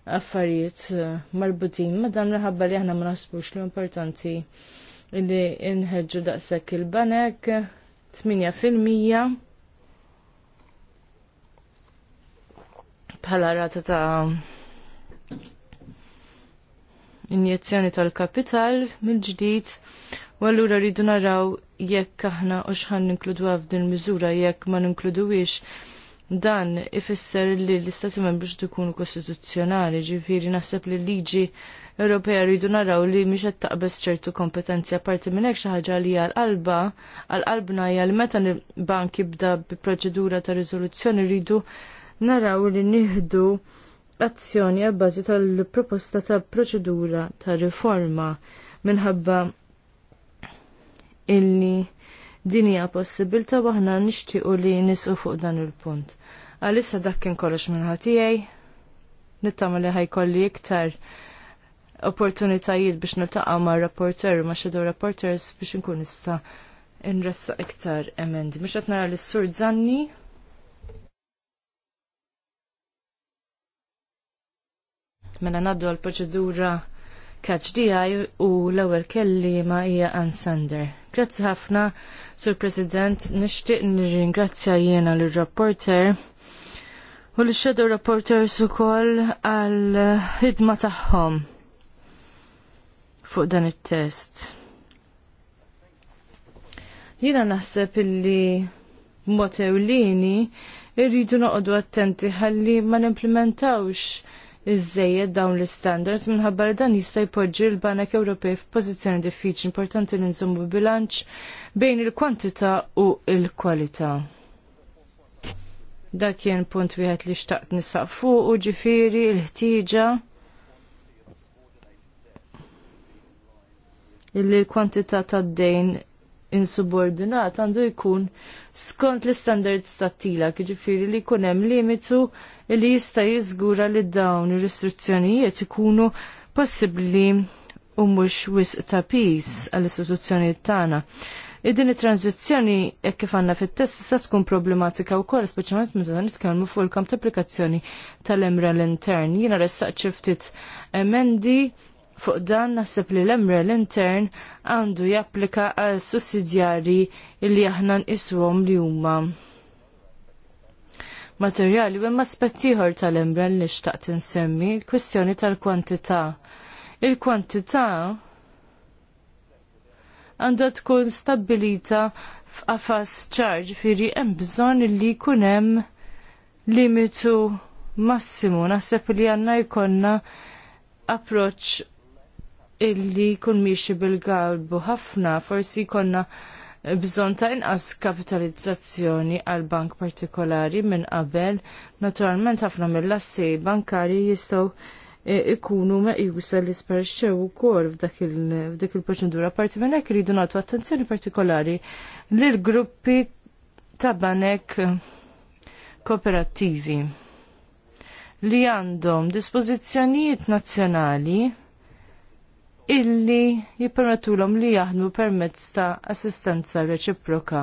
affarijiet eh, marbutin madam dan minħabba li aħna ma naħsbux li importanti li nħeġġu daqshekk il-banek 8% bħala rata ta' injezzjoni tal-kapital mill-ġdid u allura rridu naraw jekk aħna u xħan ninkludu f'din miżura jekk ma ninkluduwix Dan ifisser li l-Istati membri xdu jkunu kostituzzjonali, ġifiri naħseb li liġi Ewropea rridu naraw li mhix qed taqbeż ċertu kompetenzi apparti minn hekk xi ħaġa li għall-qalba għall-qalbna hija li meta l-bank jibda bi proċedura ta' riżoluzzjoni rridu naraw li nieħdu azzjoni bażi tal-proposta ta' proċedura ta' riforma minħabba illi din hija possibilità u aħna nixtiequ li nisqu fuq dan il-punt. Għalissa dak kien kollox minnħatijaj, ħatijaj, nittama li ħajkolli iktar opportunitajiet biex niltaqa' ma' rapporter ma' xedur rapporters biex nkun nista' nressa iktar emendi. Mux qed nara lis-sur Zanni. Mela ngħaddu għall proċedura catch u l-ewwel kelli ma' hija Ann Sander. Grazzi ħafna Sur President, nishtiq nirringrazzja jiena l-rapporter u l-shadow rapporters ukoll għal ħidma tagħhom fuq dan it-test. Jiena naħseb illi b'mod ewlieni irridu noqogħdu attenti ħalli ma n-implementawx Żejjed dawn l-standards minħabba dan jista' jpoġġi l-Banek Ewropej f'pożizzjoni diffiċli importanti li nżommu bilanċ bejn il-kwantità u l-kwalità. Dak kien punt wieħed li xtaqt nisaq fuq u ġifieri l-ħtieġa illi l-kwantità tad-dejn insubordinat għandu jkun skont l-standards tat-tila, kġifiri li kunem limitu li jista jizgura li dawn il-restrizzjonijiet ikunu possibli u mux wisq ta' pis għall-istituzzjonijiet tagħna. Id-din it-tranzizzjoni jekk kif għandna fit-test sa' tkun problematika wkoll speċjalment meta nitkellmu fuq il-kamp ta' applikazzjoni tal-emra l-intern. Jiena ressaq ftit emendi Fuq dan naħseb li l l intern għandu japplika għal sussidjari li aħna nqisuhom li huma materjali u aspetti ieħor tal-embrel li xtaqt insemmi l-kwistjoni tal-kwantità. Il-kwantità għandha tkun stabilita f'qafas ċarġ firri hemm bżonn li jkun hemm limitu massimu naħseb li għandna jkollna approċċ illi kun miexi bil-galbu ħafna, forsi konna bżon ta' inqas kapitalizzazzjoni għal bank partikolari minn qabel, naturalment ħafna mill-assi bankari jistgħu e, ikunu meqjusa li u ukoll f'dik il-proċedura parti minn hekk iridu nagħtu attenzjoni partikolari lil gruppi ta' banek kooperativi li għandhom dispożizzjonijiet nazzjonali illi jippermettulhom li jaħdmu permezz ta' assistenza reċiproka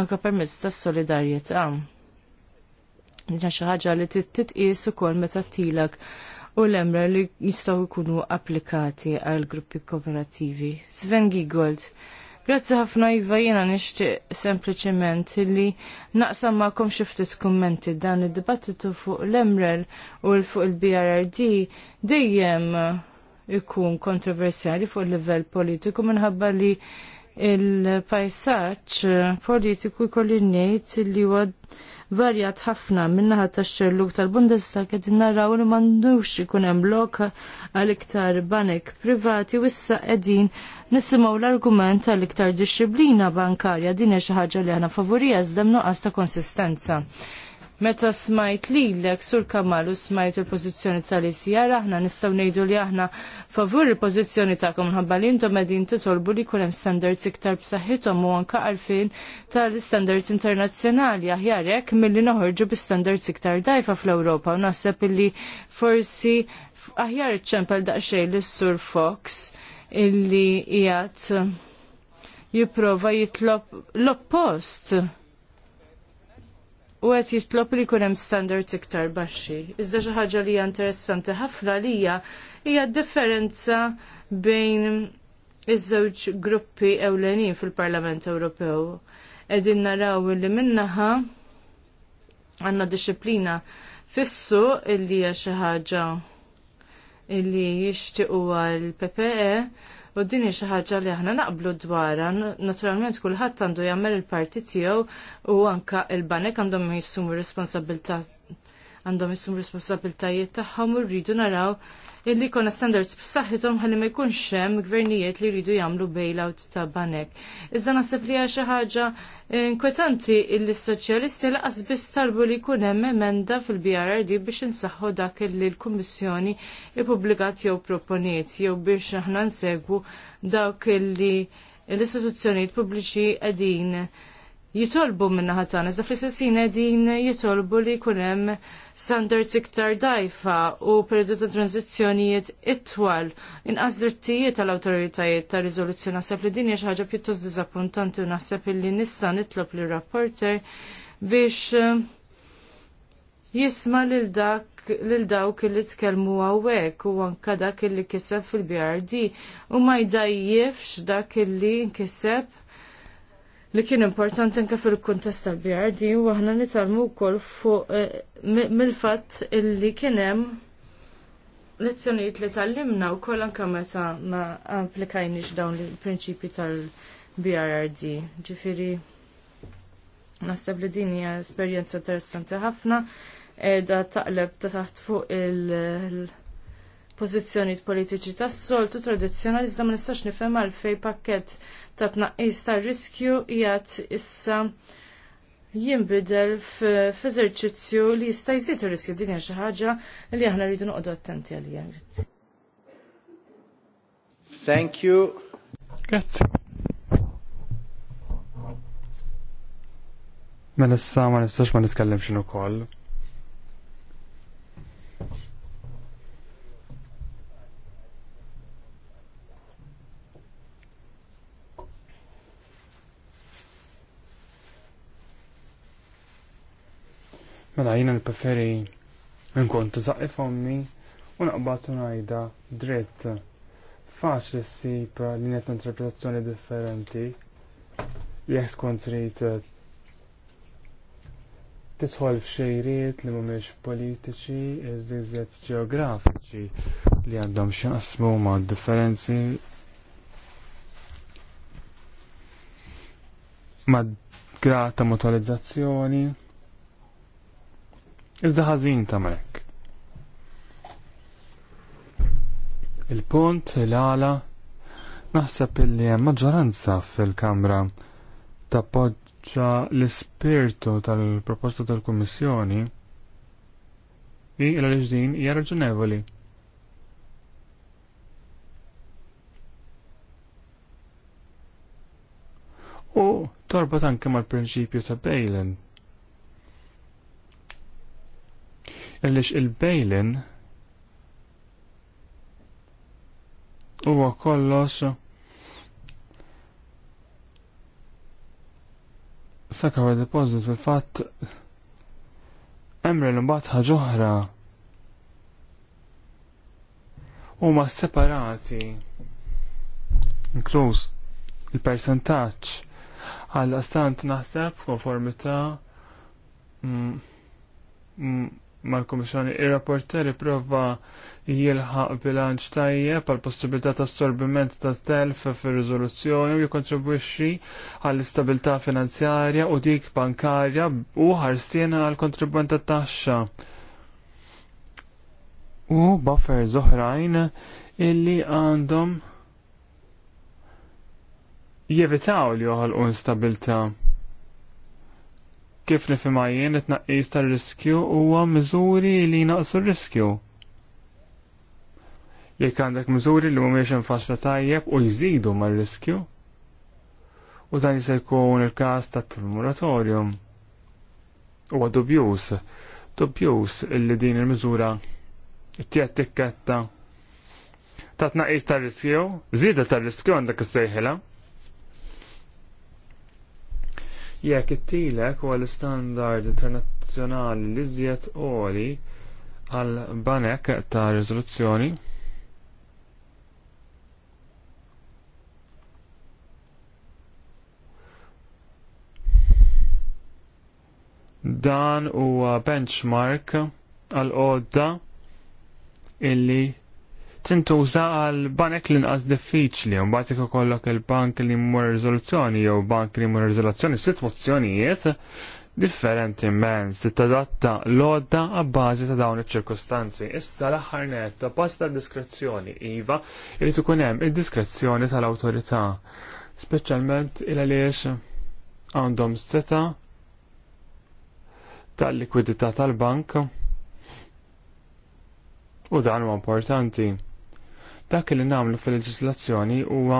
anka permezz ta' solidarjetà. xaħġa xi ħaġa li titqis ukoll meta tilak u l-emra li jistgħu jkunu applikati għal gruppi kooperativi. Sven Gigold, Grazzi ħafna Iva jiena nixtieq sempliċement li naqsam ma'kom xi ftit kommenti dan id-dibattitu fuq l-Emrel u l fuq il-BRRD dejjem ikun kontroversjali fuq livell politiku minħabba li il-pajsaċ politiku jkolli ngħid li huwa varjat ħafna minnaħa tax xelluk tal-Bundestag qed narraw li m'għandux ikun hemm lok għal iktar banek privati u issa qegħdin nisimgħu l-argument għal iktar disċiplina bankarja din hija xi ħaġa li aħna favorija iżda nuqqas ta' konsistenza. Meta smajt lilek sur kamal u smajt il-pozizjoni tal-ISR, aħna nistaw nejdu li aħna favur il-pozizjoni kom minħabba li intom edin titolbu li kullem standards iktar b'saħħithom u anka għarfin tal-standards internazzjonali aħjarek milli noħorġu bi-standards iktar dajfa fl-Ewropa u naħseb li forsi aħjar iċċempel daqsxejn lis-sur Fox illi qiegħed jipprova jitlob l-oppost u għet jitlob li jkun hemm standards iktar baxxi. Iżda xi ħaġa li hija interessanti ħafna lija hija differenza bejn iż-żewġ gruppi ewlenin fil-Parlament Ewropew. Qegħdin naraw li minnaħa għandna disciplina fissu illi hija xi ħaġa illi jixtiequ għal PPE U din xi ħaġa li aħna naqblu dwarha, naturalment kulħadd għandu jagħmel il-parti tiegħu u anka il-banek għandhom jissumu responsabilta għandhom jissumu responsabiltajiet tagħhom u rridu naraw illi jkollna standards b'saħħithom ħalli ma jkunx hemm gvernijiet li jridu jagħmlu bailout ta' banek. Iżda naħseb li hija xi ħaġa eh, inkwetanti illi s-soċjalisti laqas biss talbu li jkun hemm emenda fil-BRRD biex insaħħu dak illi l-Kummissjoni ippubblikat jew proponiet jew biex aħna nsegwu dawk illi l-istituzzjonijiet pubbliċi qegħdin jitolbu minna ħatan, iżda fl-sessina din jitolbu li kunem standards iktar dajfa u periodu ta' tranzizjonijiet itwal inqas drittijiet tal-autoritajiet ta' rizoluzzjoni naħseb li din hija ħaġa pjuttost diżappuntanti u naħseb li nista' nitlob lir rapporter biex eh, jisma lil dak lil dawk li tkellmu hawnhekk u anke dak li kiseb fil-BRD u ma jdajjefx dak li nkiseb li kien importanti anke fil-kuntest tal-BRD u aħna nitalmu wkoll fuq eh, mill-fatt illi kien hemm lezzjonijiet li tallimna wkoll anke meta ma applikajniex dawn il-prinċipji tal-BRD. Ġifieri naħseb li din hija esperjenza interessanti ħafna qiegħda taqleb ta' taħt fuq il- pożizzjonijiet politiċi tas-soltu tradizzjonali iżda ma nistax nifhem għalfejn pakkett ta' tnaqqis ta' riskju qiegħed issa jinbidel f'eżerċizzju li jista' jżid ir-riskju din hija xi ħaġa li aħna rridu noqogħdu attenti għalija. Thank you. Grazie. Mela ma nistax ma nistax ma xinu ukoll. Mela jina l-preferi nkun tizaqi fommi u naqbatu najda dritt faċli s sip li net interpretazzjoni differenti jek tkun trid titħol f'xejriet li mhumiex politiċi iż iżjed ġeografiċi li għandhom x'jaqsmu ma' differenzi ma' grata mutualizzazzjoni Iżda ħażin ta' mek. Il-punt l-għala naħseb illi hemm maġġoranza fil-Kamra tappoġġa l-ispirtu tal-proposta tal-Kummissjoni i l din hija raġunevoli. U torbot anke mal-prinċipju ta' Bejlen għaliex il-bejlin huwa kollox sakaw deposit fil-fatt emre l mbat ħaġa oħra separati inkluz il-persentaġġ għal stant naħseb konformità mm, mm, mal-Komissjoni. Ir-rapporter prova jilħaq bilanċ tajjeb għal possibilità ta' assorbiment ta' telf fir-riżoluzzjoni u jikontribwixxi għall istabilità finanzjarja u dik bankarja u ħarsien għal kontribwent tat-taxxa. U buffer zoħrajn illi għandhom jevitaw li joħol instabilta' kif nifimajjen it-naqqis tal-riskju huwa miżuri li naqsu r-riskju. Jekk għandek miżuri li mhumiex infassla tajjeb u jżidu mar-riskju, u dan jista' jkun il-każ tat-moratorium. Huwa dubjus, dubjus illi din il-miżura tiegħed tikketta ta' tnaqqis tar-riskju, żieda tar-riskju għandek is sejħela jekk it-tilek huwa l-istandard internazzjonali li żjed għoli għal banek ta' riżoluzzjoni. Dan huwa benchmark għal qodda illi tintuża għal banek li nqas diffiċli, u mbagħad ikollok il-bank li mmur riżoluzzjoni jew bank li mmur riżoluzzjoni sitwazzjonijiet differenti immens li tadatta l-odda għabbażi ta' dawn iċ-ċirkostanzi. Issa l-aħħar netta pass ta' diskrezzjoni iva irid ikun hemm id-diskrezzjoni tal-awtorità, speċjalment il għaliex għandhom seta tal-likwidità tal-bank u dan huwa importanti Dak li nagħmlu fil-leġislazzjoni huwa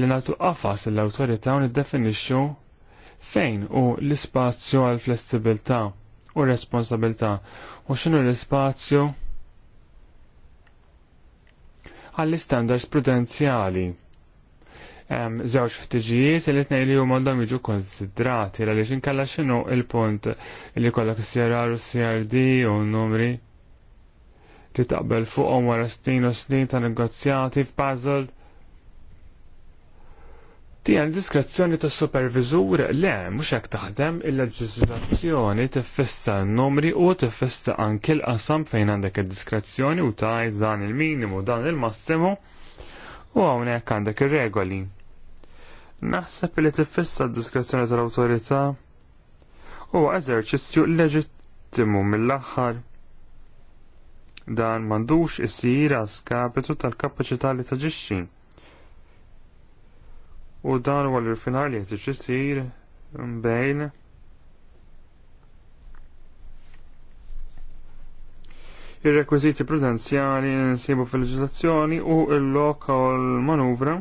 li nagħtu qafas l-awtorità u niddefinixxu fejn u l-ispazju għal flessibilità u responsabilità u x'inhu l-ispazju għall-istandards prudenzjali hemm żewġ ħtiġijiet li tnej li huma għandhom jiġu konsidrati għaliex inkella x'inhu il-punt li kollok is-CRR u CRD u n-numri li taqbel fuqhom wara snin u snin ta' negozjati f'Basel. Tien diskrezzjoni ta' supervizur le mhux hekk taħdem il-leġiżlazzjoni tiffissa n-numri u tiffissa anke l-qasam fejn għandek id-diskrezzjoni u tgħid dan il-minimu dan il-massimu u hawnhekk għandek ir-regoli. Naħseb li tiffissa d-diskrezzjoni tal-awtorità huwa eżerċizzju leġittimu mill-aħħar Dan mandux isir skapitu tal-kapacità li taġixxi. U dan huwa l-irfinar li qed isir bejn ir-rekwiziti prudenzjali nsibu fil leġizazzjoni u il lokal manuvra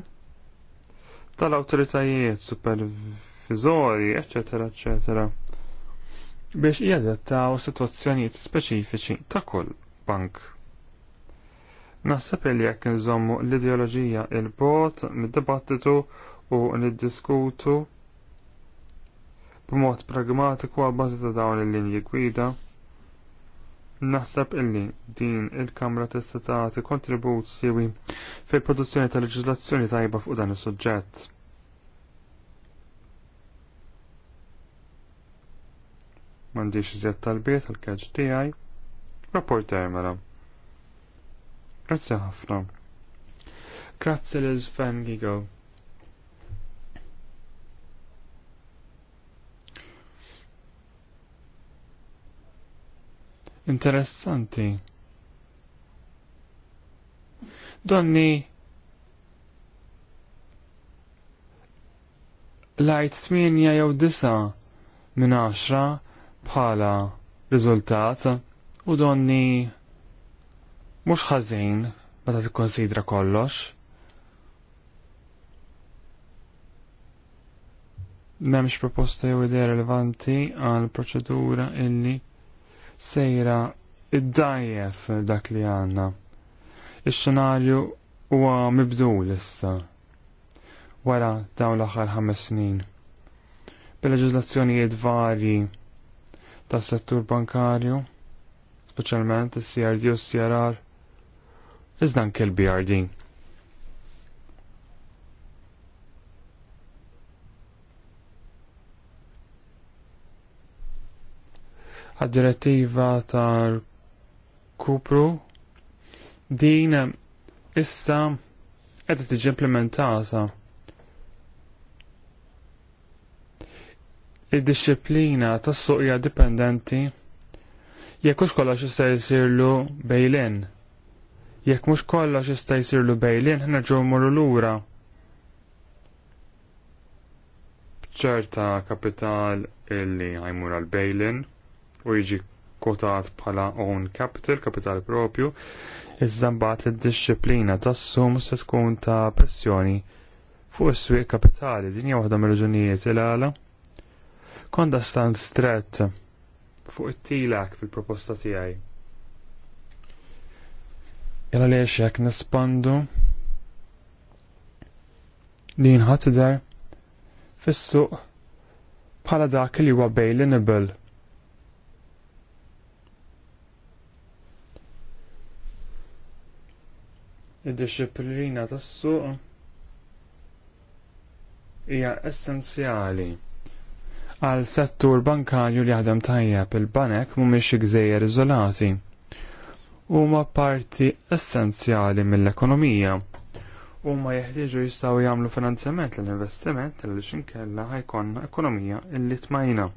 tal-autoritajiet supervizori, ecc. ecc. biex jadattaw situazzjonijiet speċifiċi ta' kull bank. Naħseb li jekk nżommu l-ideoloġija il-bot mid-dibattitu u niddiskutu b'mod pragmatiku għal bażi ta' dawn il-linji gwida. Naħseb illi din il-Kamra tista' tagħti kontribut siwi fil-produzzjoni ta' leġiżlazzjoni tajba fuq dan is-suġġett. M'għandix iżjed talbiet tal kaġġ tiegħi. Rapporter mela. Grazzi ħafna. Grazie l Sven Gigo. Interessanti. Donni lajt 8 jew 9 minn 10 bħala riżultat u donni mhux ħażin meta tikkonsidra kollox. M'hemmx proposta jew idea rilevanti għal proċedura illi sejra id-dajjef dak li għandna. Ix-xenarju huwa mibdul issa wara dawn l-aħħar ħames snin. bil leġislazzjonijiet varji tas-settur bankarju, speċjalment is-CRD u s-CRR, iżda anke brd għad-direttiva tar kupru din issa qed tiġi implementata. Id-disciplina tas-suqja dipendenti Jekk hux kollox jista' jsirlu bejlin. Jekk mhux kollox jista' jsirlu bejlin, ġew mmorru lura. ċerta kapital illi ħajmur għal bejlin u jiġi kotat bħala own capital, kapital propju, iżda mbagħad id-disciplina tas-sum se tkun ta' pressjoni fuq is-swieq kapitali din hija waħda mir-raġunijiet il għala. Konda stan fuq it-tilak fil-proposta tiegħi. Jalla li jekk nespandu din ħadd fis-suq bħala dak li huwa bailable. Id-disciplina tas-suq hija essenzjali għal settur bankarju li għadem tajjeb il-banek mhumiex gżejjer iżolati. Huma parti essenzjali mill-ekonomija. Huma jeħtieġu jistgħu jagħmlu finanzjament l-investiment li xinkella ħajkonna ekonomija illi tmajna.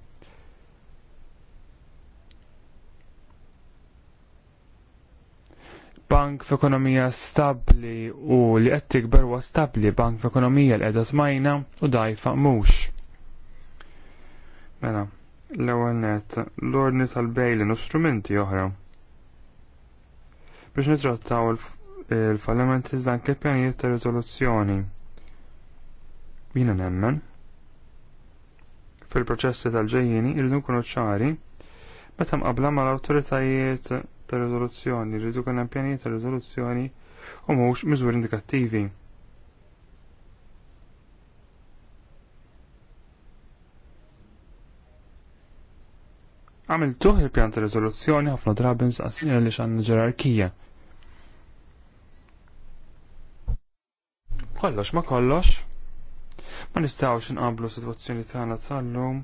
bank f'ekonomija stabbli u li qed tikber huwa stabbli bank f'ekonomija li qiegħda tmajna u dajfa mhux. Mela, l-ewwel net l-ordni tal-bejlin u strumenti oħra. Biex nitrattaw il-fallimenti iżda kif pjanijiet ta' riżoluzzjoni. Jiena nemmen fil-proċessi tal-ġejjini irridu nkunu ċari meta mqabbla mal-awtoritajiet ta' riżoluzzjoni, jridu kien pjanijiet ta' riżoluzzjoni u mhux miżuri indikattivi. Għamiltuħ il-pjan ta' rezoluzzjoni ħafna drabi għasina li xan ġerarkija. Kollox ma kollox. Ma nistawx nqablu situazzjoni tagħna tal-lum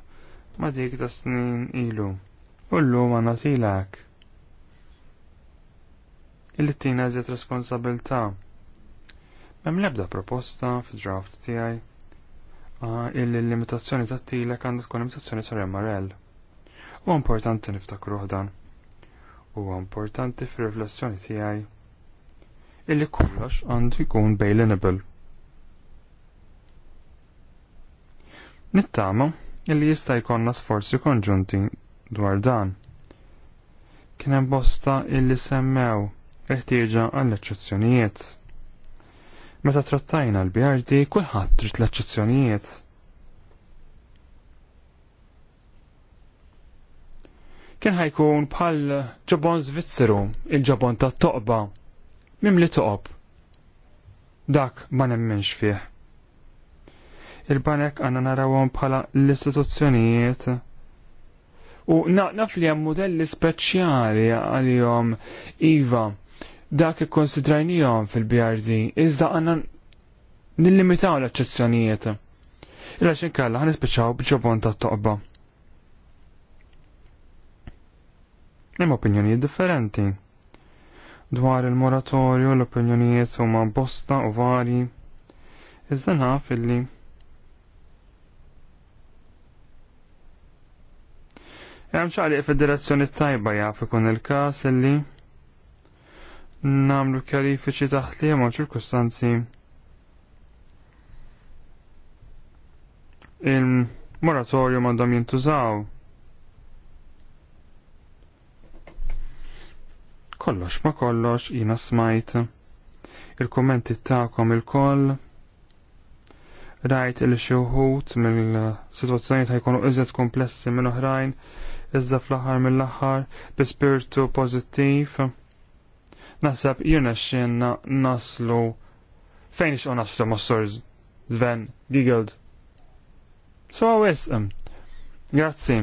ma dik ta' snin ilu. U llum għandna tilak. Illi tina eżiet responsabilità. Mem lebda proposta fi draft tiegħi ah, illi l-limitazzjoni tat-tilek għandu tkun limitazzjoni sar MRL. U importanti niftakru dan. U importanti fil-riflessjoni tiegħi illi kollox għandu jkun bejlenable. Nittama illi jista' jkollna sforzi konġunti dwar dan. Kien hemm bosta illi semmew irtieġa għall-eċċezzjonijiet. Meta trattajna l-BRD kulħadd trid l-eċċezzjonijiet. kien ħajkun bħal ġobon Zvizzeru, il-ġobon ta' toqba, mim li toqob. Dak ma nemmenx fih. Il-banek għanna narawon bħala l-istituzzjonijiet. U naqnaf li hemm modelli speċjali għalihom Iva, dak ikkonsidrajnijom fil-BRD, iżda għanna nillimitaw l-eċċezzjonijiet. Il-għaxin kalla ħanispiċaw bġobon ta' toqba. Hemm opinjonijiet differenti dwar il-moratorju l-opinjonijiet huma bosta u varji. Iżda naf illi Hemm xaqli federazzjoni tajba jaf ikun il-każ illi nagħmlu kjarifiċi taħt li hemm ċirkustanzi il-moratorju m'għandhom jintużaw. Kollox ma kollox jina smajt il-kommenti ta'kom il-koll rajt il xuhut mill-situazzjoni ta' jkunu iżjed komplessi minn oħrajn, iżda fl-aħħar mill-aħħar, bi spiritu pożittiv. Naħseb jirna xienna naslu fejn ixqo naslu mossur Sven Giggled. So għawis, grazzi.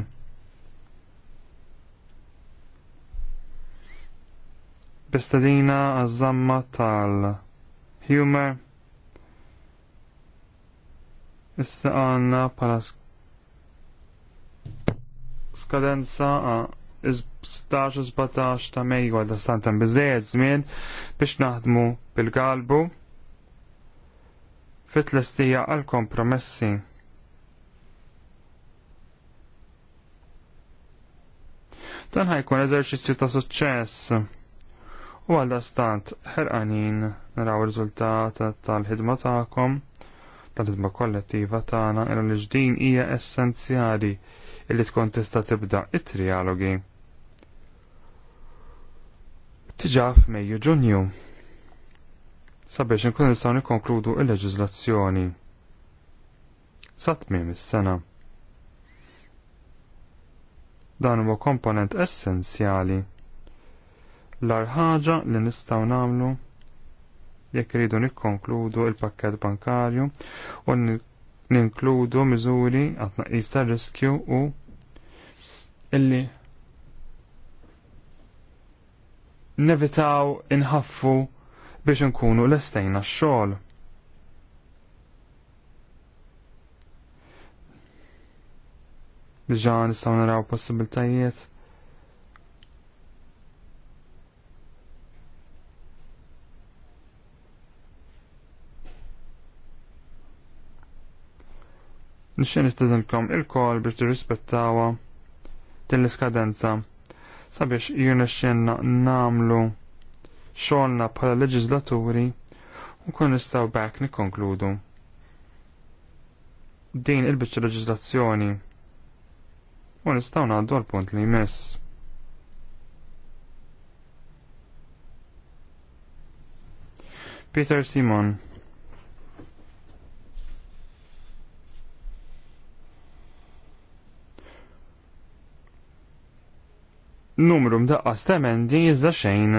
bestadina għazzamma tal-humor. Issa għanna pala skadenza 16-17 ta' mej għal stantan bizzejed żmien biex naħdmu bil-galbu fit-lestija għal kompromessi. Dan ħajkun eżerċizzju ta' suċċess u għal stant ħerqanin naraw il-riżultat tal-ħidma tagħkom tal-ħidma kollettiva tagħna il li ġdin hija essenzjali illi tkun tista' tibda it-trialogi. Tiġa f'Mejju Ġunju sabiex nkun nistgħu nikkonkludu l-leġiżlazzjoni sa tmiem is-sena. Dan huwa komponent essenzjali l-arħaġa li nistaw namlu jekk rridu nikkonkludu il-pakket bankarju u ninkludu miżuri għatnaqis ta' riskju u illi nevitaw inħaffu biex nkunu l-estejna x-xogħol. Diġà nistgħu naraw possibiltajiet Nixxin istedinkom il-kol biex tirrispettawa din l-iskadenza sabiex jirnexxinna namlu xogħolna bħala leġislaturi u kun nistgħu back nikkonkludu. Din il-biċċa leġislazzjoni u nistgħu ngħaddu għal punt li jmiss. Peter Simon numru mdaqqas ta' emendi iżda xejn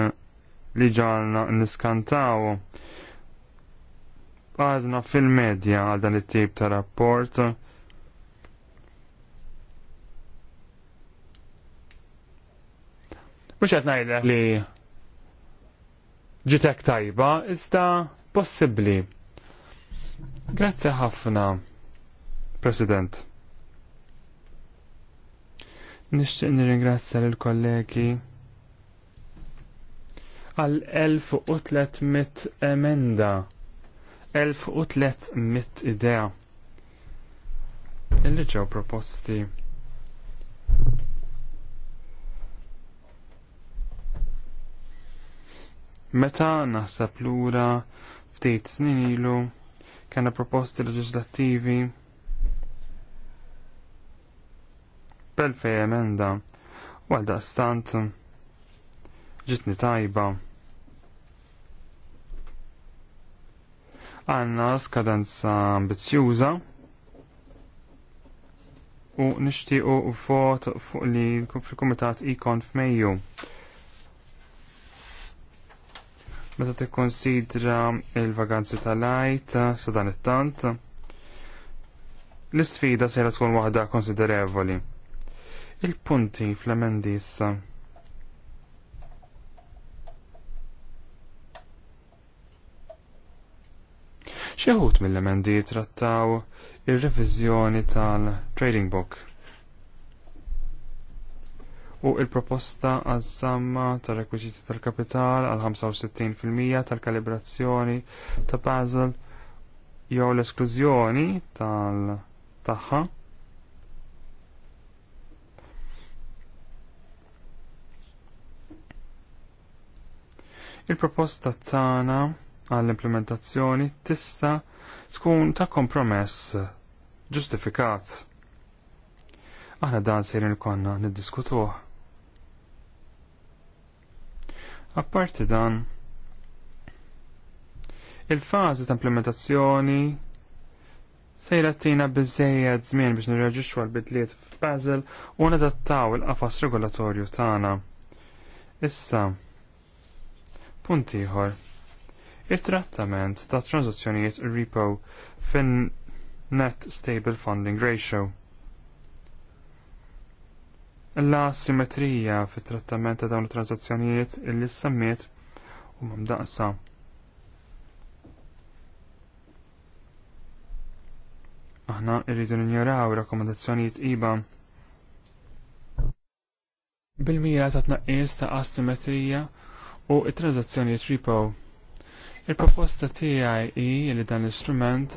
li ġalna niskantaw. Għadna fil-medja għal dan it-tip ta' rapport. Mux għet najda li ġitek tajba, iżda possibli. Grazzi ħafna, President. Nixtieq nirringrazzja lill kollegi għal 1300 emenda, 1300 idea illi ġew proposti. Meta naħseb lura ftit snin ilu, kellna proposti leġislattivi fej emenda u għal daqstant ġitni tajba. Għanna skadenza ambizjuża u nishtiqu vot fuq li fil-Kumitat ikon f'Mejju. Meta tikkonsidra il-vaganzi tal-ajt sa dan it-tant, l-isfida sejra tkun waħda konsiderevoli il-punti fl-emendi issa. Xieħut mill-emendi trattaw il-revizjoni tal-trading book u il-proposta għal samma tar rekwiżiti tal-kapital għal 65% tal-kalibrazzjoni ta' Basel jew l-esklużjoni tal-taħħa. tal taħħa Il-proposta tagħna għall-implementazzjoni tista' tkun ta' kompromess ġustifikat. Aħna dan sejrin konna niddiskutuh. Apparti dan, il-fazi ta' implementazzjoni sejra tina bizzejed żmien biex nirreġixxu għal-bidliet f'Bazel u nadattaw il-qafas regolatorju tagħna. Issa, Punt ieħor. Il-trattament ta' transazzjonijiet repo fin net stable funding ratio. La simmetrija fit trattament ta' dawn it-transazzjonijiet illi s-sammiet u mamdaqsa. Aħna irridu ninjoraw rakkomandazzjonijiet iba bil-mira ta' tnaqqis ta' asimetrija u it-transazzjonijiet repo. Il-proposta tiegħi li dan l-istrument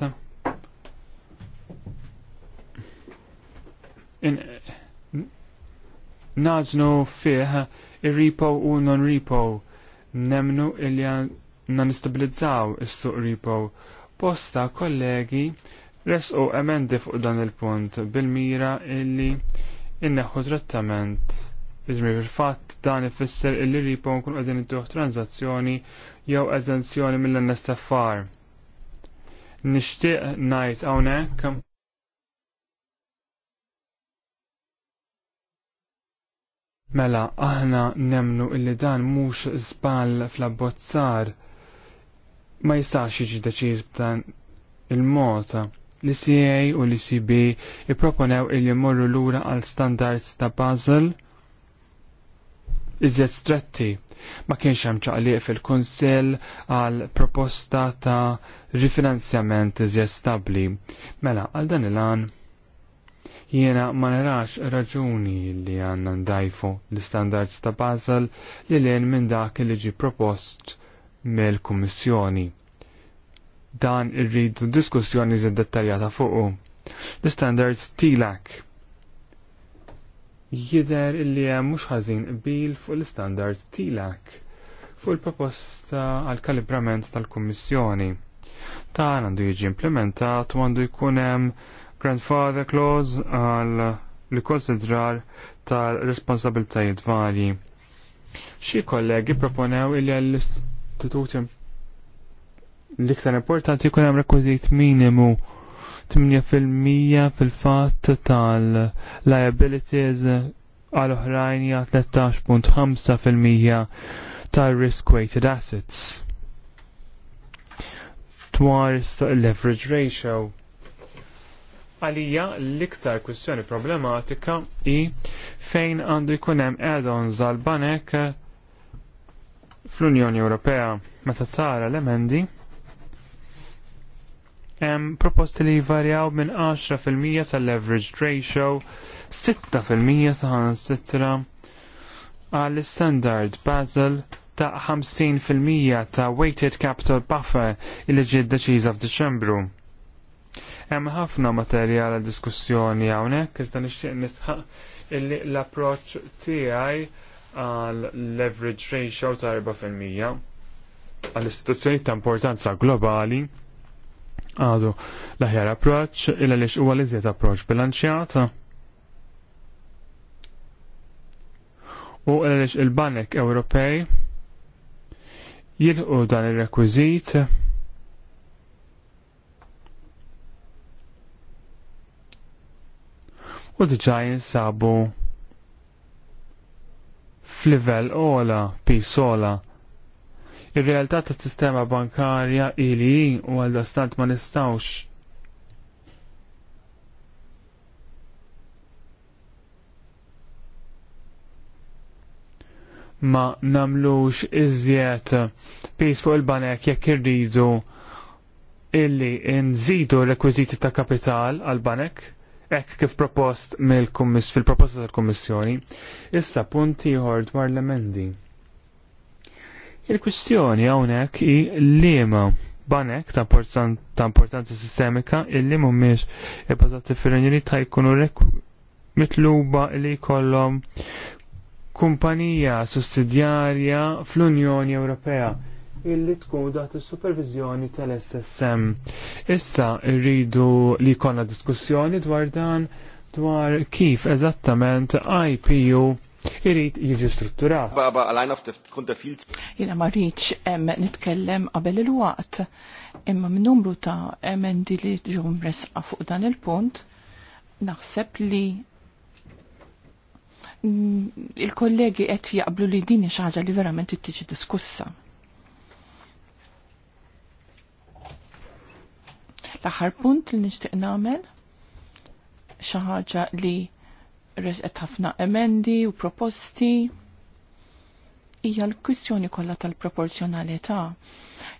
naġnu fih ir-repo u non-repo nemnu illi non nistabilizzaw is-suq repo. Posta kollegi u emendi fuq dan il-punt bil-mira illi inneħu trattament Iżmi fil-fatt dan ifisser illi ripo nkun qegħdin idduh tranzazzjoni jew eżenzjoni mill-NSFR. Nixtieq ngħid hawnhekk Mela, aħna nemnu illi dan mhux żball fl-abbozzar ma jistax jiġi deċiż b'dan il-mod l-CA u l-ICB ipproponew illi morru lura għal standards ta' Basel iżjed stretti. Ma kienx hemm ċaqliq fil-Kunsill għal proposta ta' rifinanzjament iżjed stabbli. Mela, għal dan il-għan jiena ma narax raġuni li għanna ndajfu l-standards ta' Basel li l minn dak li ġi propost mill-Kummissjoni. Dan irridu diskussjoni iżjed dettaljata fuqu. L-standards tilak jider illi hemm mhux ħażin qbil fuq l-istandard tilak fuq il-proposta għal kalibrament tal-Kummissjoni. Tan għandu jiġi implementat u għandu jkun hemm grandfather clause għal li konsidrar tal-responsabiltajiet varji. Xi kollegi proponew illi għall-istituti l-iktar importanti jkun hemm rekwiżit minimu 8% fil-fatt tal-liabilities għal oħrajn ja 13.5% tal-risk weighted assets. Dwar leverage ratio għalija l-iktar kwistjoni problematika i fejn għandu jkun hemm add-ons għal banek fl-Unjoni Ewropea meta tara l-emendi hemm proposti li jvarjaw minn 10% tal-leverage ratio, 6% saħan s-sittra, għal standard Basel ta' 50% ta' weighted capital buffer il ġiet deċiża f'Diċembru. Hemm ħafna materjal għal diskussjoni hawnhekk iżda nixtieq nistħaq illi l-approċċ tiegħi għal leverage ratio ta' 4% għall istituzzjoni ta' importanza globali għadu l-aħjar approċ il għaliex huwa li żiet approċ bilanċjat. U għaliex il-Banek Ewropej jilqu dan ir-rekwiżit u diġà jinsabu f'livell ola, pis ola Ir-realtà ta' sistema bankarja ili u għal stant ma nistawx ma namlux iżjed pis fuq il-banek jekk irridu illi nżidu r-rekwiżiti ta' kapital għal banek hekk kif propost fil-proposta tal kummissjoni issa punti ieħor dwar l-emendi. Il-kwistjoni hawnhekk i liema banek ta' importanza sistemika illi mhumiex ibbażati fir-Renju ta' jkunu mitluba li jkollhom kumpanija sussidjarja fl-Unjoni Ewropea illi tkun daħt is-supervizjoni tal-SSM. Issa rridu li jkollna diskussjoni dwar dan dwar kif eżattament IPU irrid jiġi strutturat. Baba, għalajna f'tkun fil. Jina marriċ nitkellem qabel il-waqt, imma minnumru ta' emendi li ġum resqa fuq dan il-punt, naħseb li il-kollegi qed jaqblu li din xi ħaġa li verament tiġi diskussa. l-aħħar punt li nixtieq nagħmel xi ħaġa li reset ħafna emendi u proposti. Hija l-kwistjoni kollha tal-proporzjonalità.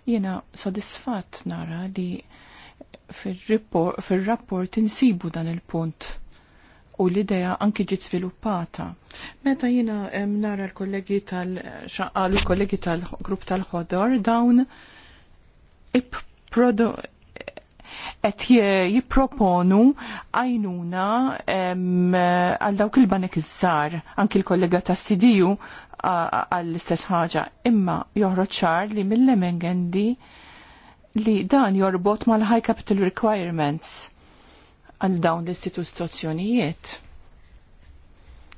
Jiena sodisfatt nara li fir-rapport insibu dan il-punt u l-idea anki ġiet sviluppata. Meta jiena nara l-kollegi tal-xaqqa l-kollegi tal-grupp tal-ħodor dawn ip qed jipproponu għajnuna għal dawk il-banek iż-żar, anki l-kollega ta' Sidiju għall-istess ħaġa, imma joħroġ ċar li mill-emengendi li dan jorbot mal-high capital requirements għal dawn l-istituzzjonijiet.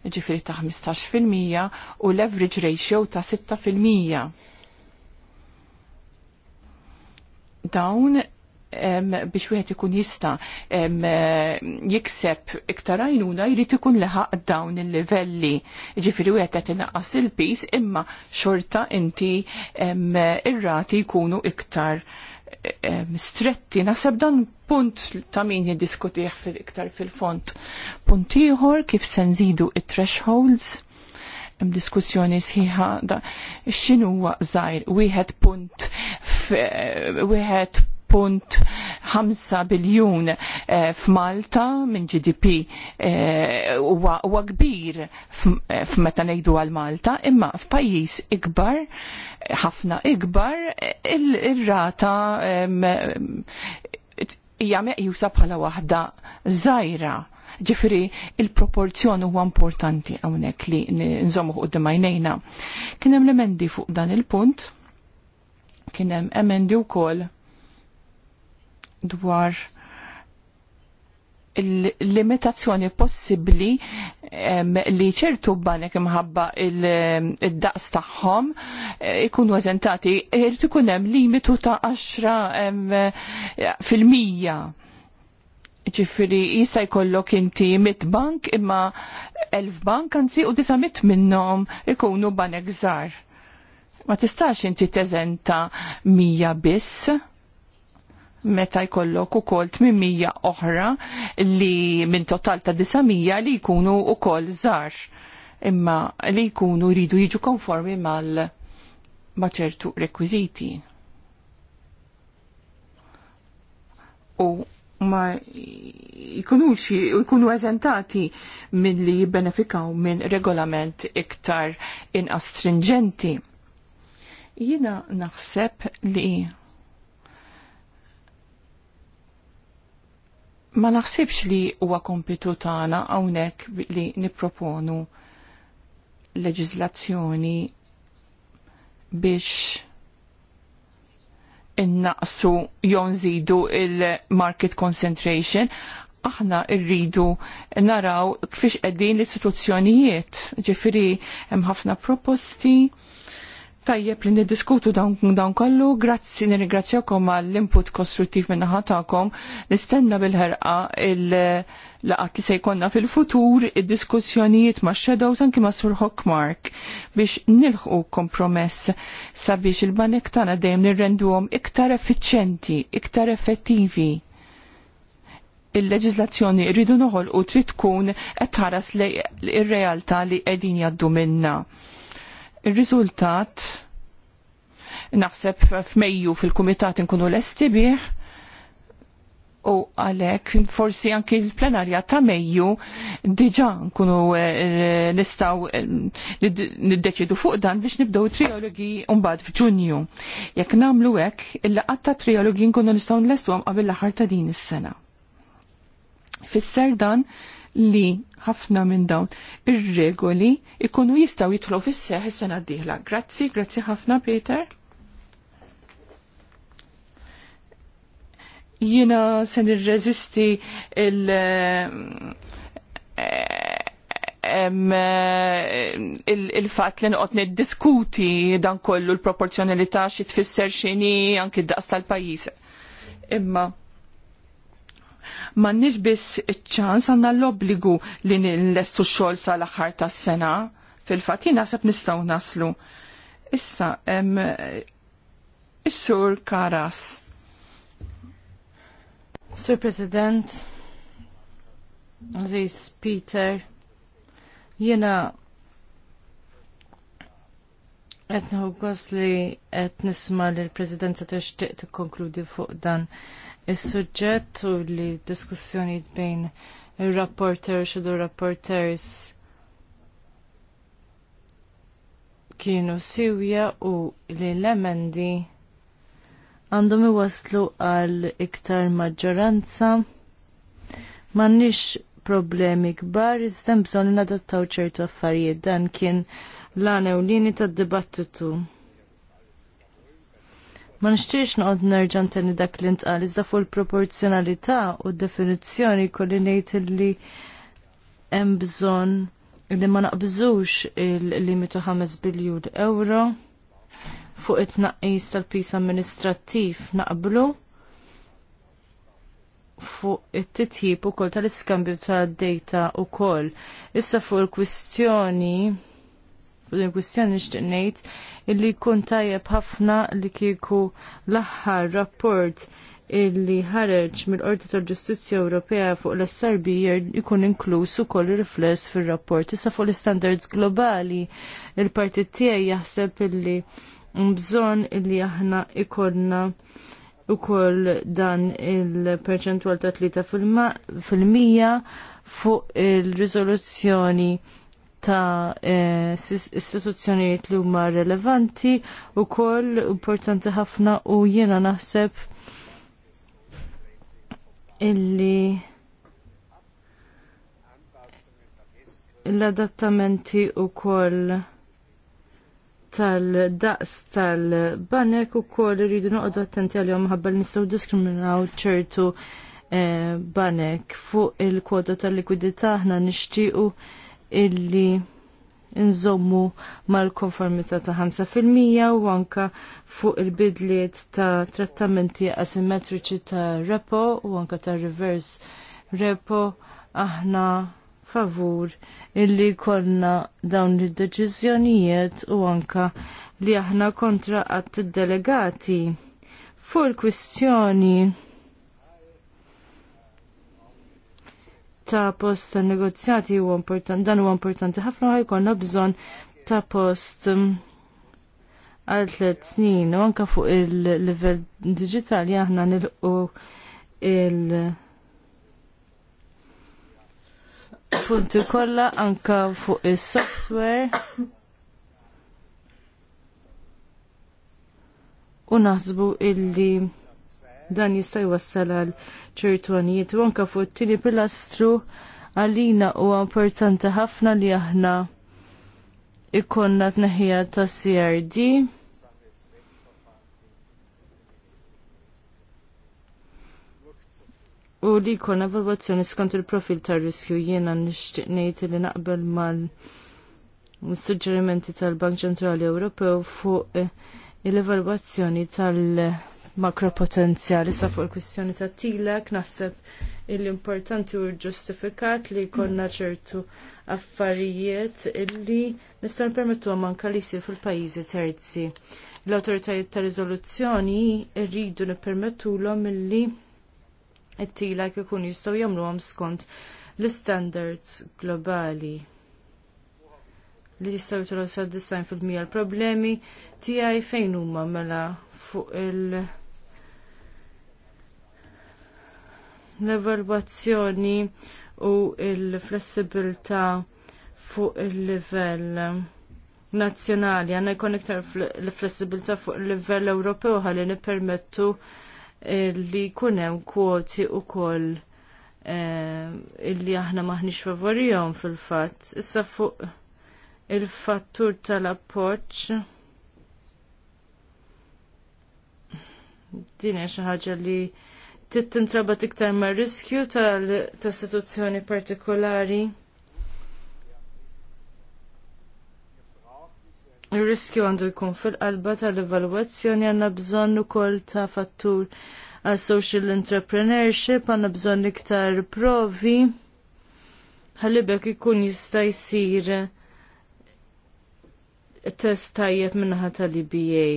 Ġifiri ta' 15% u leverage ratio ta' 6%. Dawn biex wieħed ikun jista jikseb iktar għajnuna jrid ikun leħaq dawn il-livelli. Ġifieri wieħed qed inaqqas il-pis imma xorta inti ir-rati jkunu iktar stretti. Naħseb dan punt ta' min jiddiskutih fil-iktar fil-font. Punt ieħor kif se nżidu it-thresholds diskussjoni sħiħa da x'inhuwa żgħir wieħed punt wieħed 1.5 biljun eh, f'Malta minn GDP eh, huwa kbir eh, f'meta ngħidu għal Malta, imma f'pajjiż ikbar ħafna ikbar ir-rata hija meqjusa bħala waħda żgħira. Ġifri, il-proporzjon huwa importanti hawnhekk li nżommu qudiem għajnejna. Kien hemm l-emendi fuq dan il-punt, kien hemm emendi wkoll dwar il-limitazzjoni possibbli li ċertu banek imħabba il-daqs tagħhom eh, ikunu eżentati, irid ikun hemm limitu ta' 10 fil-mija. Ċifri jista' jkollok inti mit bank imma elf bank anzi u disa mit minnhom ikunu banek żgħar. Ma tistax inti teżenta mija biss meta jkollok ukoll 800 oħra li minn total ta' 900 li jkunu kol żgħar imma li jkunu jridu jiġu konformi mal ma' ċertu rekwiżiti. U ma jkunux jkunu eżentati minn li jibbenefikaw minn regolament iktar inqas stringenti. Jina naħseb li ma naħsibx li huwa kompitu tagħna hawnhekk li nipproponu leġiżlazzjoni biex innaqsu jew nżidu il-market concentration, aħna rridu naraw kfix qegħdin l-istituzzjonijiet, ġifieri hemm ħafna proposti tajjeb li niddiskutu dawn, dawn kollu, grazzi nirringrazzjakom għall-input kostruttiv minn ħatakom, nistenna bil-ħerqa il-laqat li se jkollna fil-futur id-diskussjonijiet ma' Shadows anki ma' Sur Hockmark biex nilħu kompromess sabiex il-banek tagħna dejjem nirrenduhom iktar effiċenti, iktar effettivi il-leġizlazzjoni rridu noħol u trid tkun qed tħaras lej ir-realtà li qegħdin jgħaddu minna. Ir-riżultat naħseb f'Mejju fil-Kumitat inkunu lesti bih u għalek forsi anki l-plenarja ta' Mejju diġa nkunu eh, nistaw eh, niddeċidu fuq dan biex nibdew triologi mbagħad f'Ġunju. Jekk nagħmlu hekk, il-laqgħat ta' triologi nkunu nistgħu nlestuhom qabel l-aħħar ta' din is-sena. Fisser dan li ħafna minn dawn ir-regoli ikunu jistaw jitlu fis-seħ is-sena d-dieħla. Grazzi, grazzi ħafna Peter. Jiena se nirreżisti il- eh, eh, il-fat li noqot niddiskuti dan kollu l-proporzjonalità xi tfisser xini anki d-daqs tal-pajjiż. Imma m'għandniex biss iċ-ċans għandna l-obbligu li nlestu x-xogħol sal-aħħar tas-sena. Fil-fatt jien naħseb nistgħu naslu. Issa hemm sur Karas. Sur President, Aziz Peter, jiena Etna għos li et nisma li l-Presidenza t-ixtiq t-konkludi fuq dan is-suġġett u li diskussjoni bejn ir-rapporter xedu rapporters kienu siwja u li l-emendi għandhom iwaslu għal iktar maġġoranza m'għandniex problemi kbar iżda bżonn nadattaw ċertu affarijiet dan kien l-għana u lini tad-dibattitu. Ma nixtiex noqgħod nerġa' ntenni dak li ntqal iżda fuq il-proporzjonalità u d-definizzjoni kolli ngħid li hemm bżonn li ma naqbżux il-limitu 5 biljun euro fuq it-tnaqqis tal-pis amministrattiv naqblu fuq it-titjib u kol tal-iskambju tad data u kol. Issa fuq il-kwistjoni l kwistjoni nixtieq ngħid illi jkun tajjeb ħafna li kieku l-aħħar rapport illi ħareġ mill-Qorti tal-Ġustizzja Ewropea fuq l-SRB jkun inkluż ukoll rifless fir-rapport. Issa fuq l-istandards globali il-partit tiegħi jaħseb illi bżonn illi aħna ikollna ukoll dan il-perċentwal ta' 3 fil-mija fuq il-riżoluzzjoni ta' eh, istituzzjonijiet li huma relevanti u koll importanti ħafna u jiena naħseb illi l-adattamenti u koll tal-daqs tal-banek u koll rridu noqdu attenti għal-jom ħabba nistaw diskriminaw ċertu eh, banek fuq il-kwota tal-likwidità ħna nixtiequ illi nżommu mal-konformità ta' 5% u anka fuq il-bidliet ta' trattamenti asimmetriċi ta' repo u anka ta' reverse repo aħna favur illi konna dawn id-deċiżjonijiet u anka li aħna kontra għat delegati fuq il-kwistjoni ta' post negozjati huwa importanti, dan huwa importanti ħafna ħajkonna bżonn ta' post um, għal tliet snin u anke fuq il level digitali aħna nilqu il- punti kollha anke fuq is-software u naħsbu illi dan jista' jwassal għal ċertu għanijiet u anke fuq it-tieni pilastru għalina huwa importanti ħafna li aħna ikonna tneħħija ta' CRD. U li jkun evalwazzjoni skont il-profil tar riskju jiena nixtieq ngħid li naqbel mal suġġerimenti tal-Bank Ċentrali Ewropew fuq il evalwazzjoni tal- makropotenzjali sa fuq il-kwistjoni ta' tilek naħseb l importanti u l ġustifikat li konna ċertu affarijiet illi nistan permettu għaman li fil-pajizi terzi. L-autoritajiet ta' rizoluzzjoni irridu nipermettu l-om illi il tilek ikun jistaw jamlu għam skont l-standards globali li jistaw jitlu sa' mija l-problemi tijaj fejn huma mela fuq il- l-evalwazzjoni u l-flessibilità fuq il-livell nazzjonali għanna jkun iktar l-flessibilità fuq il-livell Ewropew ħalli nippermettu eh, li jkun hemm kwoti wkoll eh, illi aħna maħniex favorihom fil-fatt. Issa fuq il-fattur tal-appoġġ din hija xi ħaġa li tittintraba iktar ma' riskju ta' situazzjoni partikolari. Il-riskju għandu jkun fil-qalba tal-evalwazzjoni għanna bżonn ukoll ta' fattur għal social entrepreneurship għanna bżonn iktar provi ħalibek ikun jista' jsir test tajjeb minnaħa tal-IBA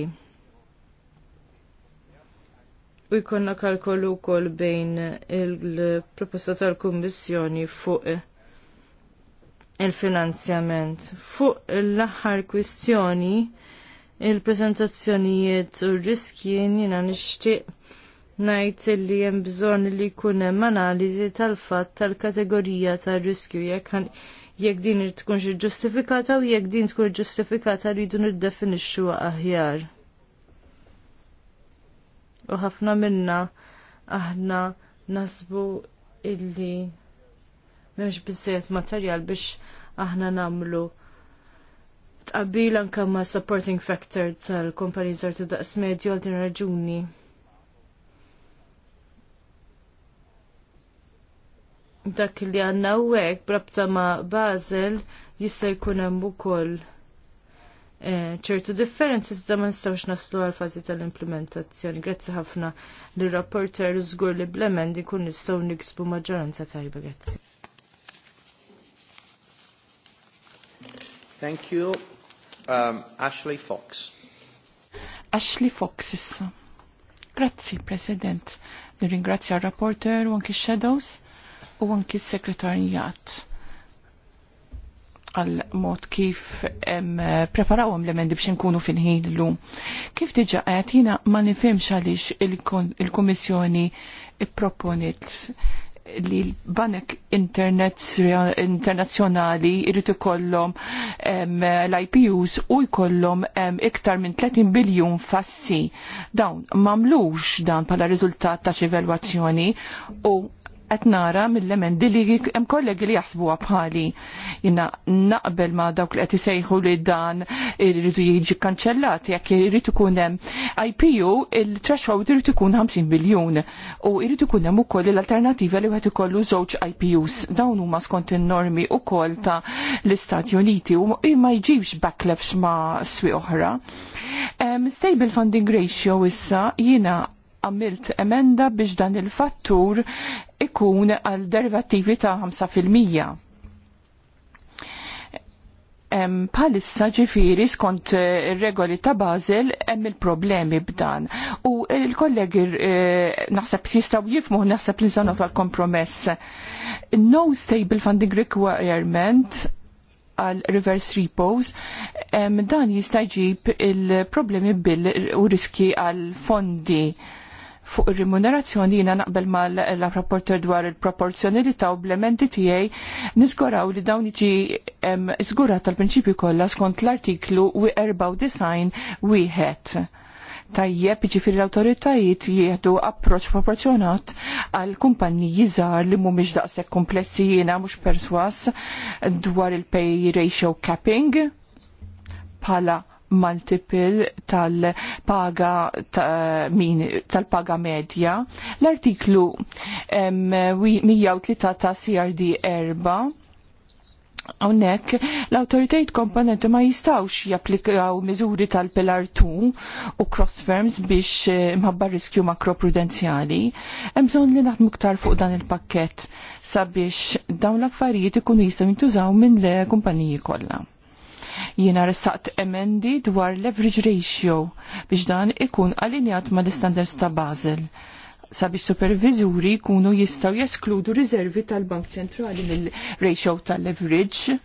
u jkollna kalkolu wkoll bejn il-proposta tal-Kummissjoni fuq il-finanzjament. Fuq l-aħħar kwistjoni il-prezentazzjonijiet u r jenina jiena nixtieq ngħid li hemm bżonn li jkun hemm analiżi tal-fatt tal-kategorija tar-riskju jekk jekk din tkunx ġustifikata u jekk din tkun ġustifikata rridu niddefinixxuha aħjar. U ħafna minna aħna nasbu illi memx bizziet materjal biex aħna namlu tqabbil anke ma' supporting factor tal-kompaniż artu daqs medju għal din raġuni. Dak li għanna u brabta ma' Basel jista' jkun hemm ukoll Eh, ċertu differenzi iżda ma nistawx naslu għal fażi tal-implementazzjoni. Grazzi ħafna lir rapporter Zgur li blemendi kun nistgħu niksbu maġġoranza tajba grazzi. Thank you. Um, Ashley Fox. Ashley Fox issa. Grazzi, President. Nirringrazzja r-rapporter u anki shadows u anki s-sekretarjat għal mod kif preparawhom l-emendi biex nkunu fil-ħin l Kif diġa qed jiena ma nifimx għaliex il-Kummissjoni proponit li l-banek internazzjonali jrid ikollhom l-IPUs u jkollhom iktar minn 30 biljun fassi. Dawn m'għamlux dan bħala riżultat ta' evaluazzjoni u qed nara mill-emendi li hemm kollegi li jaħsbuha għabħali Jina naqbel ma' dawk li qed isejħu li dan irridu jiġi kanċellat jekk irid ikun hemm IPU il-threshold irid ikun 50 miljun u irid ikun hemm ukoll l-alternattiva li wieħed ikollu żewġ IPUs. Dawn huma skont in-normi koll ta' l-Istati Uniti u ma jġibx backlash ma' swi oħra. Um, stable funding ratio issa jina għamilt emenda biex dan il-fattur ikun għal derivativi ta' 5%. palissa ġifiri skont eh, regoli ta' Basel hemm il-problemi b'dan. U il-kollegi eh, naħseb jistaw jifmu naħseb li zona għal kompromess No stable funding requirement għal reverse repos, dan jista' jġib il-problemi bil u riski għal fondi fuq ir-rimunerazzjoni jiena naqbel mal-rapporter dwar il-proporzjonalità u blementi tiegħi niżguraw li dawn iġi żgurat tal-prinċipju kollha skont l-artiklu 94 wieħed. Tajjeb ġifiri l-autoritajiet jieħdu approċ proporzjonat għal kumpanniji żgħar li mhumiex daqshekk komplessi jiena mhux perswas dwar il-pay ratio capping bħala multiple tal-paga ta tal-paga medja. L-artiklu 103 ta' CRD 4 Għonek, l-autoritajt komponenti ma jistawx japplikaw miżuri tal-Pilar 2 u cross-firms biex eh, mħabba riskju makroprudenzjali. Emżon li naħdmu ktar fuq dan il-pakket sabiex dawn l-affarijiet ikunu jistaw jintużaw minn le kumpaniji kollha. Jiena ressaqt emendi dwar leverage ratio biex dan ikun allinjat ma' l-standards ta' Basel sabiex supervizuri kunu jistaw jeskludu riservi tal-Bank Ċentrali mill-ratio tal-leverage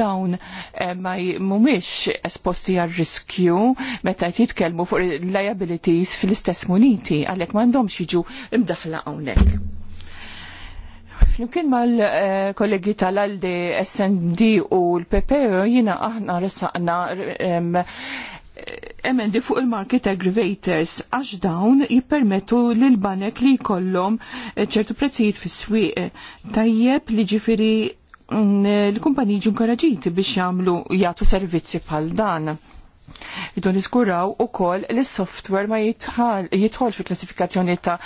dawn eh, ma mumiex esposti għal riskju meta jitkelmu fuq liabilities fil-istess muniti għalhekk m'għandhomx jiġu imdaħla hawnhekk. Flimkien mal-kollegi eh, tal-Aldi SND u l pp jina aħna ressaqna emendi fuq il-market aggravators għax dawn jippermetu l banek li jkollhom eh, ċertu prezzijiet fis-swieq tajjeb li ġifiri mm, l-kumpaniji nkoraġiti biex jagħmlu jagħtu servizzi bħal dan Idu niżguraw ukoll li software ma jidħol fi klassifikazzjoni ta'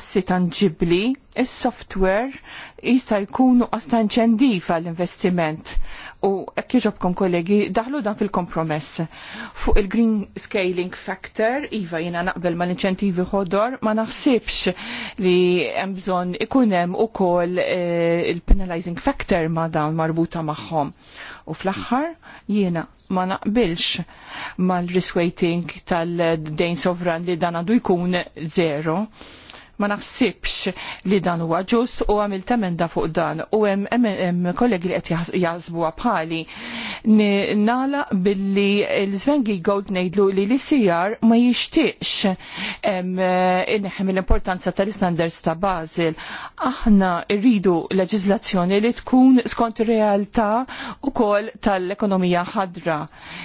assi tangibli, is-software jista jkunu qastan ċendifa l-investiment. U kieġobkom kollegi, daħlu dan fil-kompromess. Fuq il-Green Scaling Factor, iva jina naqbel ma l-inċentivi ħodor, ma naħsibx li jemżon ikunem u kol eh, il-penalizing factor ma dawn marbuta maħħom. U fl-axħar jiena ma naqbilx mal-risk weighting tal-dejn sovran li dan għandu jkun zero ma naħsibx li dan huwa ġust u għamilt emenda fuq dan u hemm kollegi li qed jaħsbuha bħali nala billi l-Svengi Gold ngħidlu li l-ICR ma jixtieqx inneħem l-importanza tal-istandards ta' Basil. Aħna rridu leġiżlazzjoni li tkun skont realtà ukoll tal-ekonomija ħadra.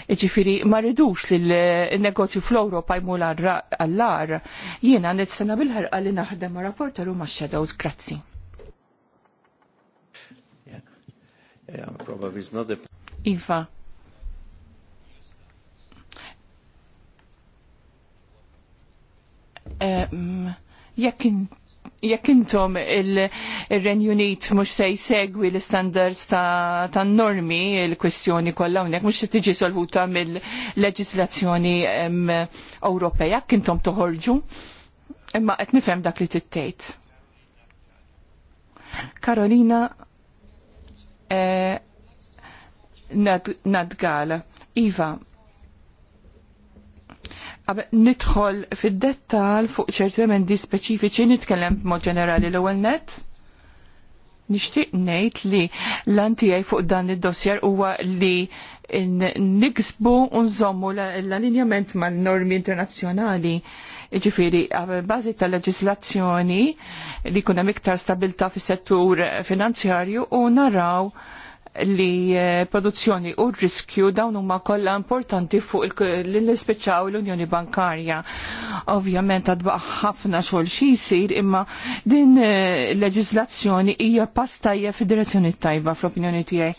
Ġifieri ma rridux li l-negozju fl-Ewropa jmur għall-ar. Jiena nitsena bil-ħarqa li naħdem ma' rapport u ma' shadows. Grazzi. Iva. Jekk intom il-Renju Unit mhux se jsegwi l-istandards ta' normi il-kwestjoni kollha hawnhekk mhux se tiġi solvuta mill-leġislazzjoni Ewropea jekk intom toħorġu imma qed nifhem dak li tittejt. Karolina eh, Nadgal, Iva, nidħol fid-dettal fuq ċertu emendi speċifiċi nitkellem b'mod ġenerali l-ewwel net. Nixtieq ngħid li l tiegħi fuq dan id-dossier huwa li niksbu u nżommu l-allinjament mal-normi internazzjonali Ġifiri, bazi tal-leġislazzjoni li kuna miktar stabilta fis settur finanzjarju u naraw li eh, produzzjoni u riskju dawn huma kollha importanti fuq l ispiċċaw l-Unjoni Bankarja. Ovvjament għadbaq ħafna xogħol xi jsir imma din eh, leġiżlazzjoni hija pass tajjeb fid-direzzjoni tajba fl-opinjoni tiegħi.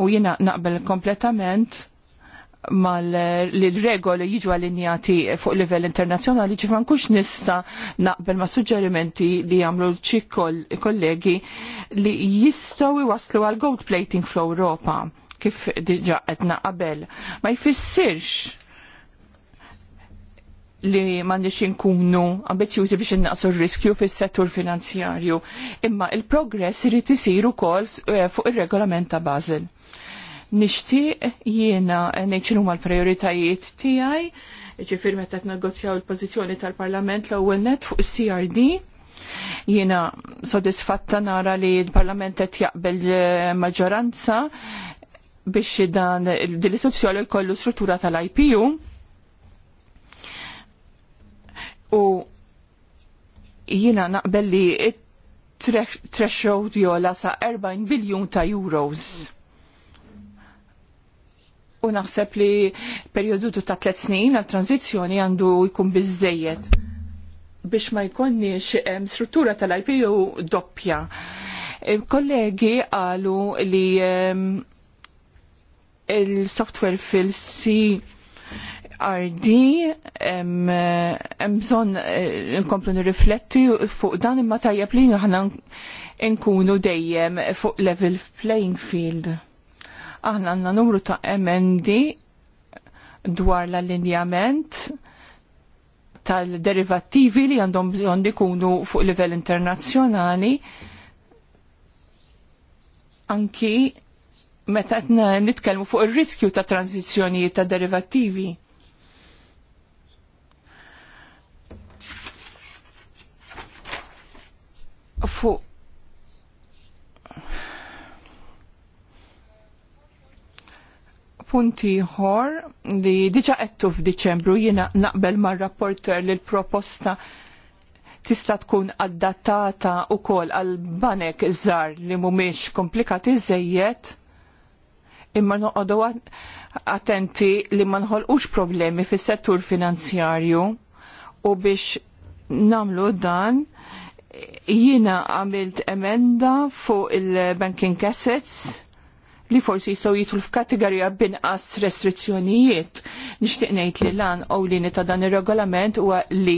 U jiena naqbel kompletament mal-regoli jiġu allinjati fuq livell internazzjonali ġifan kux nista naqbel ma' suġġerimenti li jamlu ċi kollegi li jistaw waslu għal gold plating fl Europa kif diġa qedna qabel. Ma jfissirx li m'għandix inkunu ambizjużi biex innaqsu r-riskju fis-settur finanzjarju, imma il-progress irid isir ukoll eh, fuq ir-regolament ta' Basel Nixtieq jiena ngħid x'inhuma l-prijoritajiet tiegħi, ġifier meta qed negozjaw il-pożizzjoni tal-Parlament l-ewwel net fuq is-CRD. Jiena sodisfatta nara li l-Parlament qed jaqbel eh, maġġoranza biex dan il istituzzjoni jkollu struttura tal-IPU u jiena naqbel li threshold jola sa 40 biljun ta' euros. U naħseb li periodu ta' tlet snin għal tranzizjoni għandu jkun bizzejiet biex ma jkonniex struttura tal-IPU doppja. E, kollegi għalu li il-software fil-C RD hemm bżonn e, nkomplu nirrifletti fuq dan imma tajjeb li aħna nkunu dejjem fuq level playing field Aħna għandna numru ta' emendi dwar l-allinjament tal-derivattivi li għandhom bżonn ikunu fuq livell internazzjonali anki meta għetna nitkellmu fuq ir-riskju ta' tranzizjoni ta' derivattivi. Fuq punti ħor li diġa għettu f'Diċembru jina naqbel ma' rapporter li l-proposta tista' tkun adattata u kol għal-banek żar li mumiex komplikati zejjed imma noqogħdu attenti li ma nħolqux problemi fis-settur finanzjarju u biex namlu dan jina għamilt emenda fuq il-banking assets li forsi jistgħu jitlu f'kategorija binqas restrizzjonijiet. Nixtieq ngħid li lan li ta' dan ir-regolament huwa li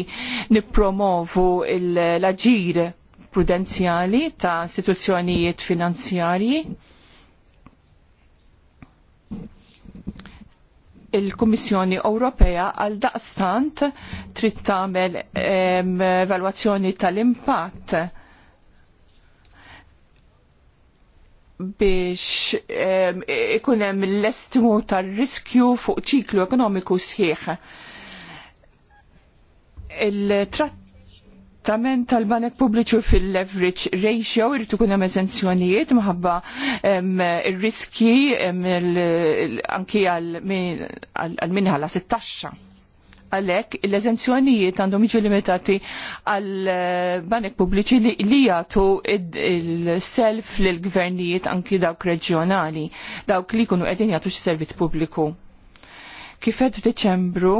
nippromovu l-aġir prudenzjali ta' istituzzjonijiet finanzjarji. il-Kummissjoni Ewropea għal daqstant trid tagħmel ehm, evalwazzjoni tal-impatt biex ikun hemm l-estimu tar-riskju fuq ċiklu ekonomiku sħiħ. Il-trattament tal-banek publiċu fil-leverage ratio irritu ikun hemm eżenzjonijiet minħabba riski anki għal minħala sit 16 għalhekk l-eżenzjonijiet għandhom iġu limitati għal eh, banek pubbliċi li jagħtu il-self l gvernijiet anki dawk reġjonali, dawk li jkunu qegħdin jgħatu x servizz pubbliku. Kifed deċembru,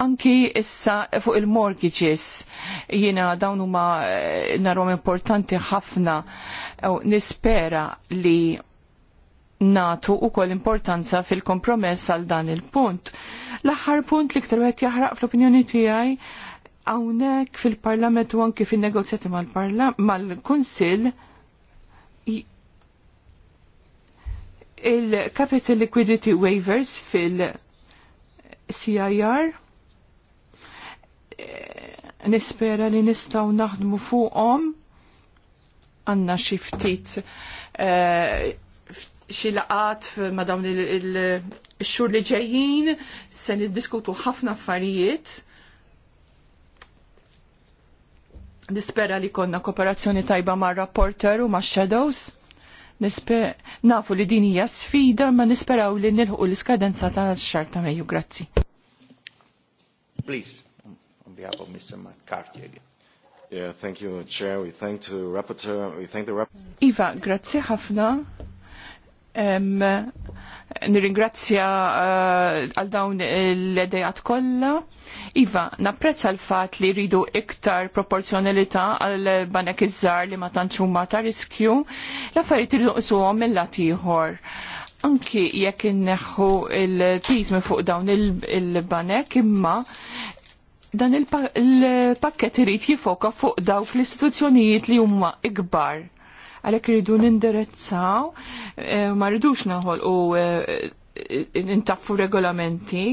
anki issa fuq il-mortgages jina dawn huma eh, narhom importanti ħafna nispera li natu u kol importanza fil-kompromess għal dan il-punt. L-aħħar punt li ktar għet jahraq fl-opinjoni tijaj għawnek fil-parlament u anki fil-negozjati mal-kunsil il-Capital Liquidity Waivers fil-CIR eh, nispera li nistaw naħdmu fuqom għanna xiftit uh, eh, xi laqat ma' dawn il-xhur li ġejjin se niddiskutu ħafna affarijiet. Nispera li konna kooperazzjoni tajba ma' rapporter u ma' shadows. Nisper, nafu li din hija sfida ma nisperaw li nilħu l-iskadenza ta' xar ta' Mejju. Grazzi. Please, on behalf of Mr. McCarthy again. Yeah, thank you, Chair. We thank the rapporteur. We thank the rapporteur. Iva, grazzi ħafna Nirringrazzja eh, għal dawn l-edejat kollha. Iva, napprezza l-fat li rridu iktar proporzjonalità għal banek iż-żar li ma tantx huma ta' riskju, l-affarijiet irridu qisuhom mill-lat ieħor. Anki jekk inneħħu il pizm fuq dawn il-banek imma dan il-pakket irid jifoka fuq dawk l-istituzzjonijiet li huma ikbar għalhekk iridu nindirizzaw eh, ma rridux naħol u eh, nintaffu regolamenti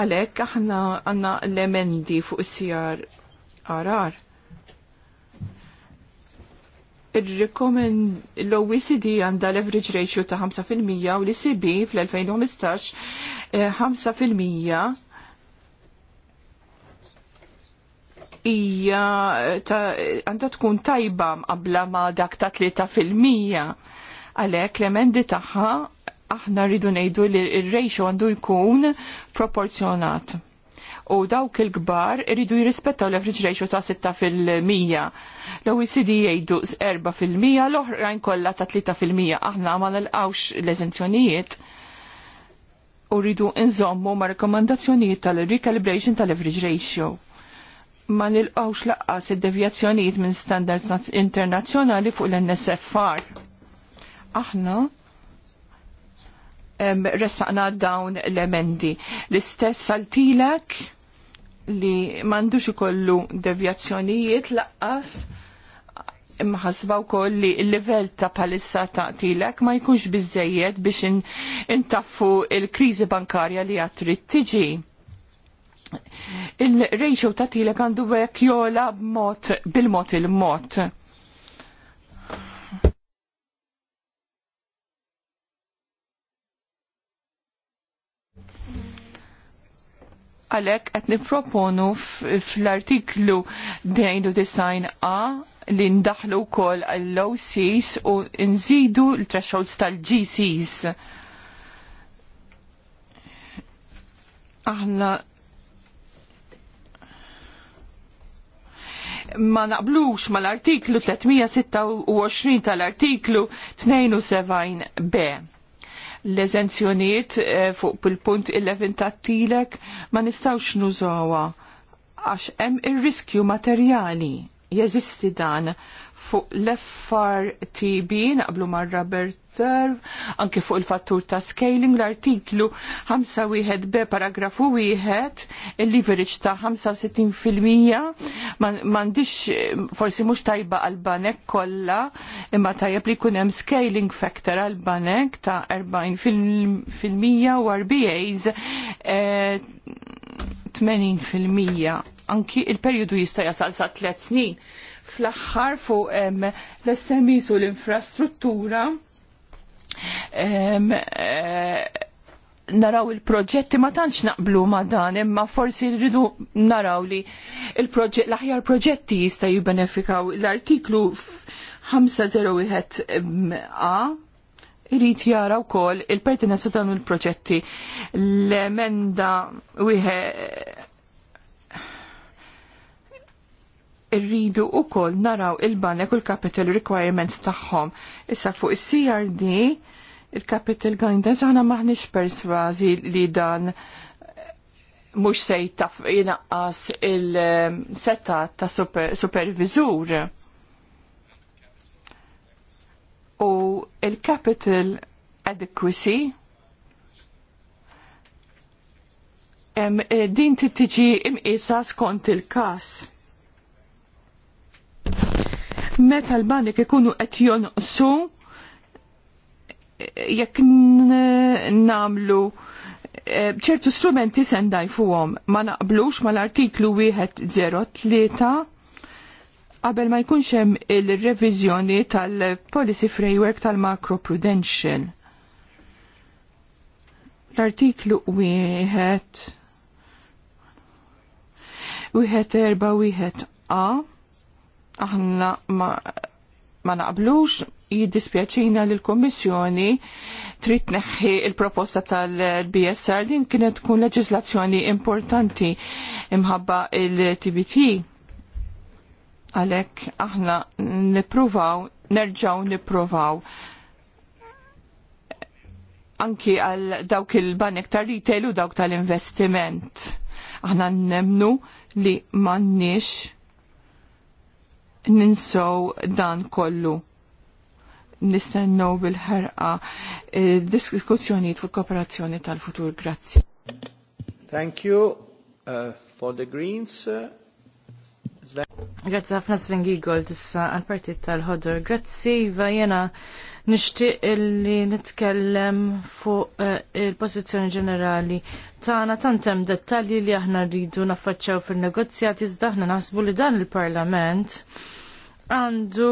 għalhekk aħna għandna l-emendi fuq is-sijar arar il rekomen l-OECD għanda leverage ratio ta' 5% u l-ICB e fl-2015 5% eh, hija eh, għanda tkun tajba qabla ma dak ta' 3% għalhekk l-emendi tagħha aħna rridu ngħidu li r-ratio għandu jkun proporzjonat. U dawk il-kbar rridu jirrispettaw l-average ratio ta' 6%. L-OECD jgħidu 4%, l-oħrajn kollha ta' 3%. Aħna ma nilqawx l-eżenzjonijiet u rridu nżommu ma' rekomandazzjonijiet tal-recalibration tal-average ratio ma nilqawx laqqas id-devjazzjonijiet minn standards internazzjonali fuq l-NSFR. Aħna ressaqna dawn l-emendi. L-istess għaltilek li mandux ikollu devjazzjonijiet laqqas imħasba wkoll li l-livell ta' palissa ta' tilek ma jkunx biżejjed biex intaffu il-kriżi bankarja li għatrit tiġi il-ratio ta' tilek għandu għek jola b'mod, bil-mod il-mod. Għalek għet niproponu fl-artiklu dejnu design A li ndaħlu kol għall ocs Cs u nżidu l-thresholds tal-GCs. Aħna ma naqblux mal-artiklu 326 tal-artiklu 72b l-eżenzjoniet eh, fuq il-punt 11 tat-tilek ma nistawx nużawa għax hemm ir-riskju materjali jeżisti dan fuq l TB naqblu mar Robert Serve, anke fuq il-fattur ta' scaling l-artiklu 51 b paragrafu 1 il-leverage ta' 65% mandiċ forsi mux tajba għal-banek kolla imma tajab li kunem scaling factor għal-banek ta' 40% u RBAs 80% eh, anki il-periodu jista' jasal sa' 3 snin fl-aħħar fuq l-SMIs u l-infrastruttura eh, naraw il-proġetti ma tantx naqblu ma dan, imma forsi rridu naraw li il-proġett l-aħjar proġetti jista' jibbenefikaw l-artiklu 501 A irrit jara wkoll il-pertinenza dan il-proġetti l-emenda wieħed Irridu u koll naraw il-banek u l-capital requirements tagħhom. Issa fuq il-CRD, il-capital guidance, għana maħniex perswazi li dan mux se taf jinaqqas il-setta ta' super, supervizur. U il-capital adequacy, em, eh, din tiġi imqisa skont il-kas Meta l-banek ikunu qed jonqsu jekk namlu eh, ċertu strumenti sendaj fuqom ma naqblux mal-artiklu wieħed 03 qabel ma jkunx hemm il-reviżjoni tal-policy framework tal-macro prudential. L-artiklu wieħed wieħed erba' wieħed A aħna ma, ma naqblux jiddispjaċina li l komissjoni trid neħħi il-proposta tal-BSR din kienet tkun leġislazzjoni importanti imħabba il-TBT. Għalek aħna nipruvaw, nerġaw nipruvaw anki għal dawk il-banek tal-retail u dawk tal-investiment. Aħna nemnu li mannix ninsow dan kollu. Nistennow bil ħarqa eh, diskussjonijiet fuq kooperazzjoni tal-futur. Grazzi. Thank you uh, for the Greens. Uh, Grazzi ħafna Sven Giegold issa għal-partit tal ħodur Grazzi Iva jena nishtiq li nitkellem fuq eh, il-pozizjoni ġenerali Tana tantem dettalji li aħna rridu naffaċċaw fin-negozjati iżda aħna naħsbu li dan il-Parlament għandu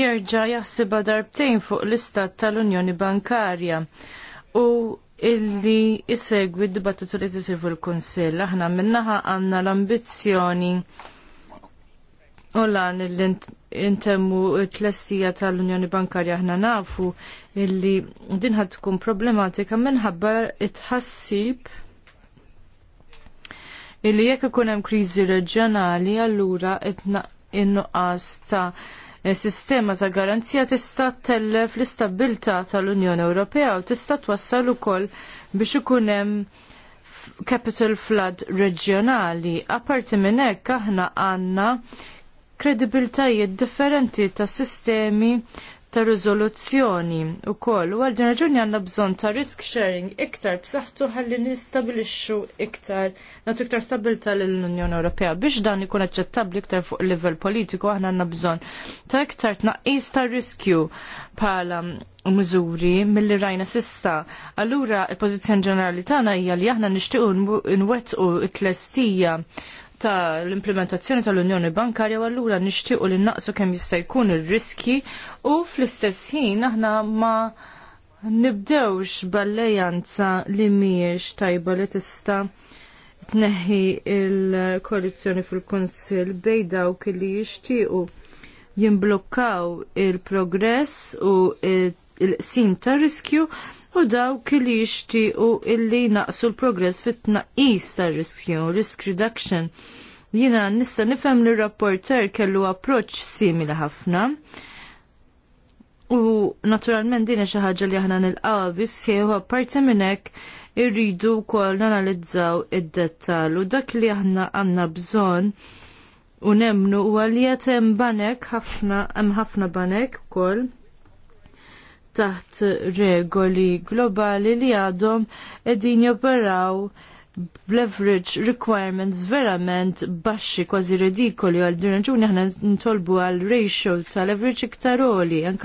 jerġa' jaħsiba darbtejn fuq l-istat tal-Unjoni Bankarja u illi isegwi d-dibattitu li tisir l kunsill Aħna minnaħa għandna l-ambizzjoni u lan intemmu t-lestija tal-Unjoni Bankarja aħna nafu illi dinħat tkun problematika minħabba it-ħassib illi jekk ikun hemm kriżi reġjonali allura in-nuqqas ta' eh, sistema ta' garanzija tista' tellef l-istabilità tal-Unjoni Ewropea u tista' twassal ukoll biex ikun hemm capital flood reġjonali. Apparti minn hekk aħna għandna kredibiltajiet differenti ta' sistemi ta' rizoluzzjoni u koll. U għal raġuni għanna bżon ta' risk sharing iktar b'saħħtu ħalli nistabilixxu iktar nagħtu iktar stabilta lill-Unjoni Ewropea biex dan ikun aċċettabbli iktar fuq livell politiku aħna għandna bżonn ta' iktar tnaqqis ta' riskju bħala mżuri milli rajna sista. Allura il-pożizzjoni ġenerali tagħna hija li aħna nixtiequ nwettqu t tlestija ta' l-implementazzjoni tal-Unjoni Bankarja u allura nixtiequ li naqsu kemm jista' jkun ir-riski u fl-istess ħin aħna ma nibdewx ballejjanza li mhijiex tajba li tista' tneħħi il-korruzzjoni fil-Kunsill bej dawk li jixtiequ jimblokkaw il-progress u il-qsim tar riskju u dawk li jixtiequ illi naqsu l-progress fit-tnaqqis tar-riskju, risk reduction. Jina nista' nifhem li rapporter kellu approċċ simili ħafna. U naturalment dina xi ħaġa li aħna nil-qabis jieħu apparti minn hekk irridu wkoll nanalizzaw id-dettal u dak li aħna għandna bżonn u nemnu u għalijat hemm banek ħafna hemm ħafna banek ukoll taħt regoli globali li għadhom edin joperaw leverage requirements verament baxxi kważi ridikoli għal din raġuni aħna ntolbu għal ratio ta' leverage iktar oli l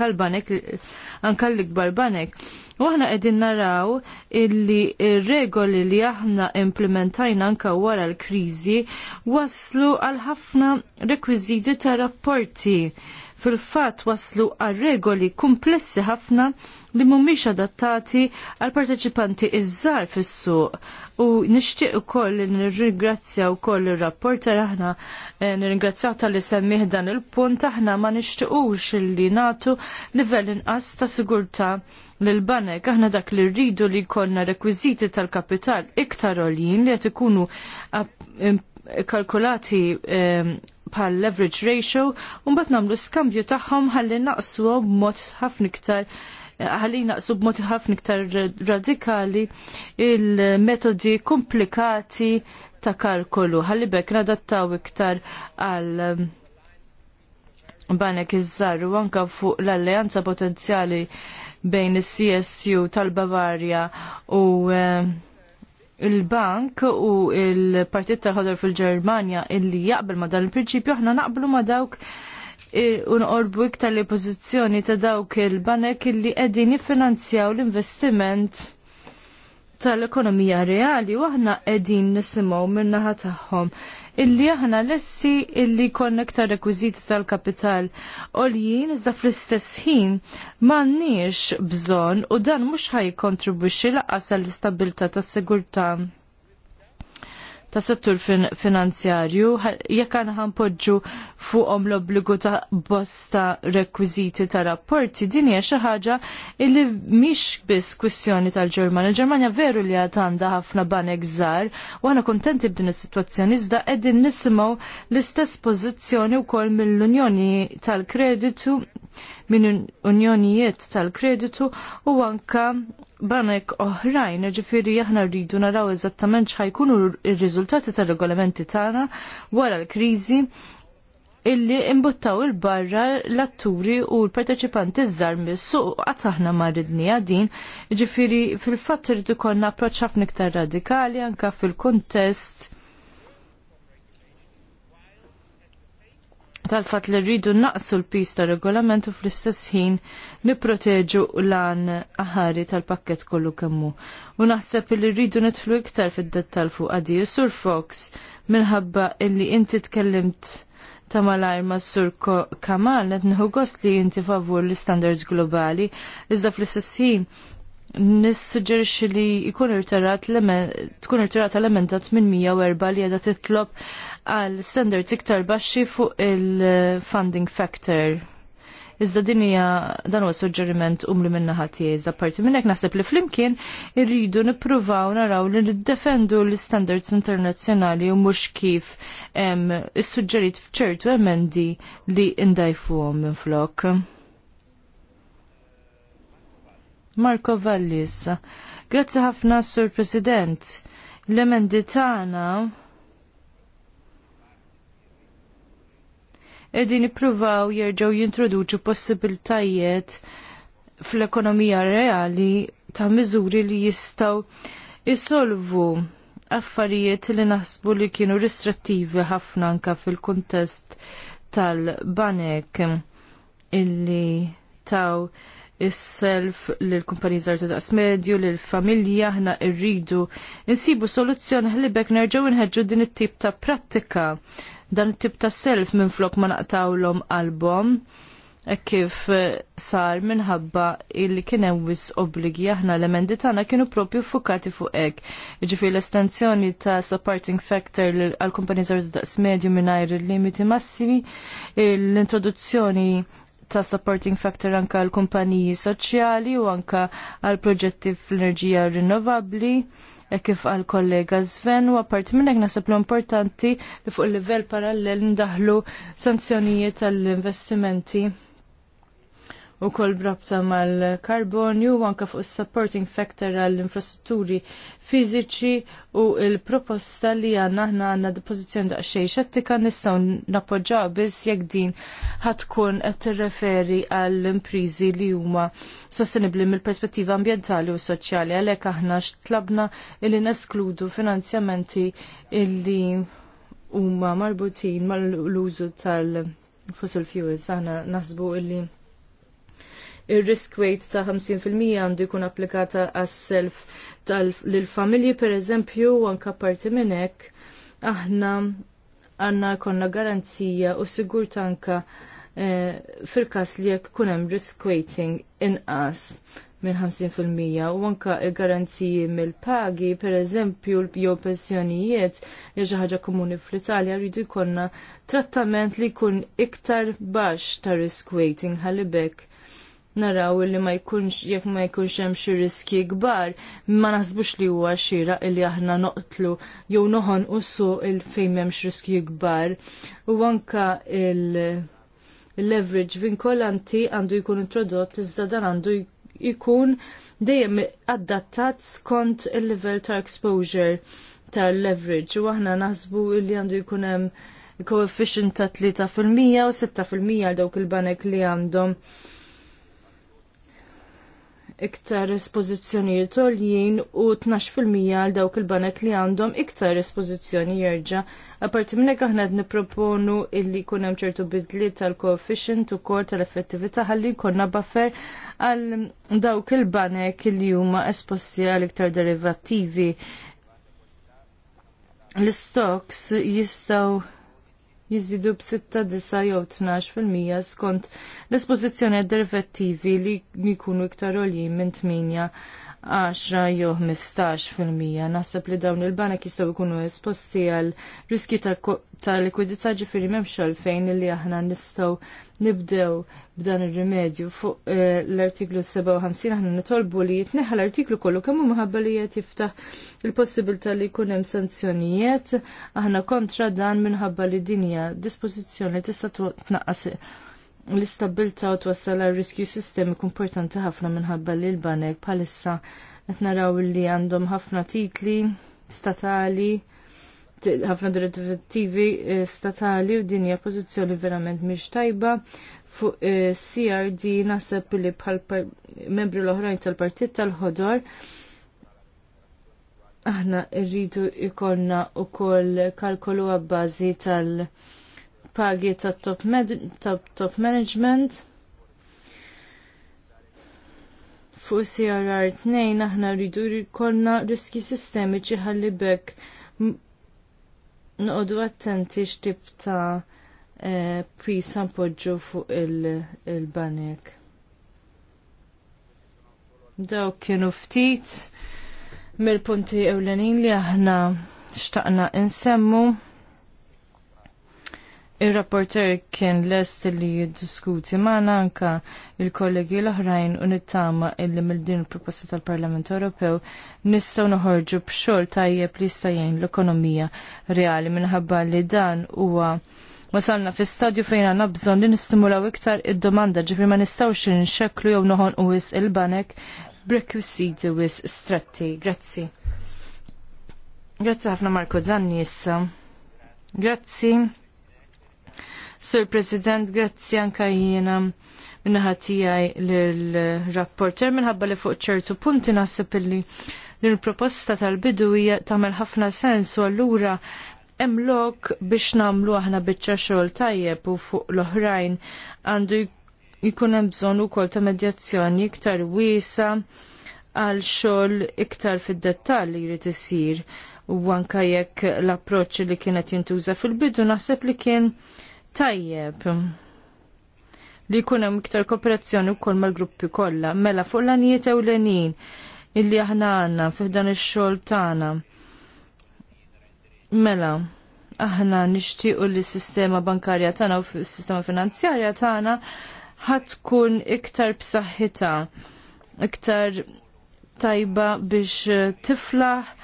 anka l-ikbar banek. U aħna qegħdin naraw illi ir-regoli li aħna implementajna anka wara l-kriżi waslu għal ħafna rekwiżiti ta' rapporti fil-fatt waslu għal regoli komplessi ħafna li mhumiex adattati għal parteċipanti iż-żar fis-suq u nixtieq ukoll li nirringrazzja wkoll ir-rapporter aħna eh, nirringrazzjaw tal-li semmih dan il-punt aħna ma nixtiequx li nagħtu livell inqas ta' sigurtà lil banek aħna dak li rridu li jkollna rekwiżiti tal-kapital iktar għoljin li qed ikunu eh, kalkulati ehm, pal leverage ratio un mbagħad nagħmlu skambju tagħhom ħalli naqsu b'mod ħafna għalli ħalli naqsu b'mod ħafna iktar radikali il-metodi komplikati ta' kalkulu għalli bekk nadattaw iktar għal ehm, banek iż u anka fuq l-alleanza potenzjali bejn is-CSU tal-Bavarja u uh, il-bank u il-partit tal-ħodor fil-Ġermanja illi jaqbel ma dan il-prinċipju aħna naqblu ma dawk e, unqorbu iktar li pożizzjoni ta' dawk il-banek illi qegħdin jiffinanzjaw l-investiment tal-ekonomija reali u aħna qegħdin nisimgħu min-naħa tagħhom illi aħna l-essi illi konnekta rekwiziti tal-kapital. jien iżda fl-istess ħin m'għandniex bżonn u dan mhux ħaj kontribwixxi laqas għall-istabilità tas-sigurtà ta' settur fin finanzjarju jekk aħna ħanpoġġu fuqhom l-obbligu ta' bosta rekwiżiti ta' rapporti din hija xi ħaġa illi mhix biss kwistjoni tal-Ġermanja. Il-Ġermanja veru li għad għandha ħafna banek żgħar u aħna kuntenti b'din is-sitwazzjoni iżda qegħdin nisimgħu l-istess pożizzjoni wkoll mill-Unjoni tal-Kreditu minn unjonijiet tal-kreditu u anka banek oħrajn, ġifiri aħna rridu naraw eżattament x'ħajkunu r-riżultati tal-regolamenti tagħna wara l-kriżi illi imbuttaw il-barra l-atturi u l-parteċipanti z mis-suq għataħna aħna għadin, ġifiri fil-fatt irid ikollna approċċ ħafna radikali anka fil-kuntest tal-fat li rridu naqsu l-pis ta' regolamentu fl-istess ħin niproteġu l-għan aħari tal-pakket kollu kemmu. U naħseb li rridu nitħlu iktar fid-dettal fuq għadi Sur Fox minħabba illi inti tkellimt ta' malajr ma' Sur Kamal net nħu gost li inti favur l-standards globali iżda fl-istess ħin nissuġġerixxi li jkun tkun irtarat l-emendat minn 104 li qiegħda titlob għal standards iktar baxxi fuq il-funding factor. Iżda din hija dan huwa suġġeriment umli minna ħati iżda parti minnek naħseb li flimkien irridu nippruvaw naraw li niddefendu l-standards internazzjonali u mhux kif hemm issuġġerit f'ċertu emendi li ndajfuhom minn flok. Marco Vallis. Grazzi ħafna, Sur President. L-emendi tagħna edin ipruvaw jirġaw jintroduċu possibiltajiet fl-ekonomija reali ta' miżuri li jistaw isolvu affarijiet li nasbu li kienu restrittivi ħafna anka fil-kuntest tal-banek illi taw is-self l-kumpaniż artu daqs medju, l-familja, ħna irridu. Insibu soluzzjoni ħlibek nerġaw nħedġu din it-tip ta' prattika dan it-tip ta' self minn flok ma naqtawlhom album e kif e, sar minħabba illi kien hemm wis obbligi aħna l-emendi tagħna kienu propju fukati fuq hekk. Jiġifieri l-estensjoni ta' supporting factor għal kumpaniż daqs medju mingħajr il-limiti massimi, l-introduzzjoni ta' supporting factor anka għal kumpaniji soċjali u anka għal proġetti fl-enerġija rinnovabbli E kif għal kollega Sven u għapart minnek nasib l importanti li fuq il-livell parallel ndaħlu sanzjonijiet għall-investimenti u kol brabta mal-karbonju u anka fuq supporting factor għall-infrastrutturi fiziċi u il-proposta li għanna ħna għanna depozizjoni daqxej xattika nistaw napoġġaw biss jekk din ħatkun qed referi għall-imprizi li huma sostenibli mill-perspettiva ambientali u soċjali għalhekk aħna xtlabna illi neskludu finanzjamenti illi huma marbutin mal-użu tal- fossil fuels aħna nasbu illi ir-risk weight ta' 50% għandu jkun applikata għas-self tal-familji per eżempju anka parti minn hekk aħna għanna konna garanzija u sigur tanka eh, fil-kas li jekk kunem risk weighting inqas minn 50% u anka il-garanziji mill-pagi, per eżempju, jew pensjonijiet li xi ħaġa komuni fl-Italja rridu jkollna trattament li jkun iktar baxx ta' risk weighting ħalibek naraw li ma jkunx jekk ma jkunx hemm xi riski kbar, ma naħsbux li huwa xira li aħna noqtlu jew noħon usu il fejn m'hemmx riski kbar. U anka il leverage vinkolanti għandu jkun introdott iżda dan għandu jkun dejjem adattat skont il-level ta' exposure tal-leverage u aħna naħsbu li għandu jkun hemm coefficient ta' 3% u 6% għal dawk il-banek li għandhom iktar espożizzjonijiet għoljien u 12% għal dawk il-banek li għandhom iktar espożizzjoni jerġa'. Aparti minnek aħna nipproponu illi jkun hemm ċertu bidli tal-coefficient ukoll tal-effettività ħalli jkollna buffer għal dawk il-banek li huma esposti għal iktar derivattivi. L-stocks jistgħu jizidu b-6 disa jew 12 fil-mija skont l-espożizzjoni direttivi li jkunu iktar għoljin minn 8 10 jew 15 fil-mija. Naħseb li dawn il-banek jistgħu jkunu esposti għal riski ta' likwidità ġifieri m'hemmx għalfejn li aħna nistgħu nibdew b'dan ir-rimedju fuq eh, l-artiklu 57 aħna nitolbu li jitneħħa l-artiklu kollu kemm minħabba li qed jiftaħ il-possibilità li jkun hemm sanzjonijiet aħna kontra dan minħabba li dinja dispożizzjoni tista' tnaqqas l-istabilta u twassal għal riskju sistemiku importanti ħafna minħabba li l-banek palissa qed naraw li għandhom ħafna titli statali ħafna direttivi eh, statali u dinja pożizzjoni verament mhix tajba fuq eh, CRD naħseb li bħal membri l-oħrajn tal-partit tal-ħodor aħna rridu ikollna u kalkolu għabbażi tal-, -tal pagi ta' top, ta top management. Fuq CRR 2 aħna rridu jkollna riski sistemiċi ħalli bekk noqogħdu attenti x'tip ta' eh, pisa npoġġu fuq il-banek. Il Daw kienu ftit mill-punti ewlenin li aħna xtaqna insemmu. Il-rapporter kien lest li jiddiskuti maħna anka il-kollegi l-oħrajn u nittama illi mill-din il-proposta tal-Parlament Ewropew nistaw noħorġu b'xogħol tajjeb li jistajjen l-ekonomija reali minħabba li dan huwa Wasalna fi stadju fejn għandna bżonn li nistimulaw iktar id-domanda ġifri ma nistgħux inxekklu jew noħon u wis il-banek b'rekwisiti wis stretti. Grazzi. Grazzi ħafna Marko Zanni issa. Grazzi. Sur President, grazzi anka jiena minnaħa tijaj l-rapporter minħabba li fuq ċertu punti nasib li l-proposta tal-bidu hija tagħmel ħafna sens u allura hemm lok biex nagħmlu aħna biċċa xogħol tajjeb u fuq l-oħrajn għandu jkun hemm bżonn ukoll ta' medjazzjoni iktar wiesa għal xogħol iktar fid-dettall li jrid isir u anke jekk l-approċċ li kienet jintuża fil-bidu naħseb li kien tajjeb li jkun hemm iktar kooperazzjoni wkoll mal-gruppi kollha mela fuq l-anijiet ewlenin illi aħna għandna fih dan ix-xogħol tagħna. Mela, aħna nixtiequ li sistema bankarja tagħna u s-sistema finanzjarja tagħna ħadd iktar bsaħħita, iktar tajba biex tiflaħ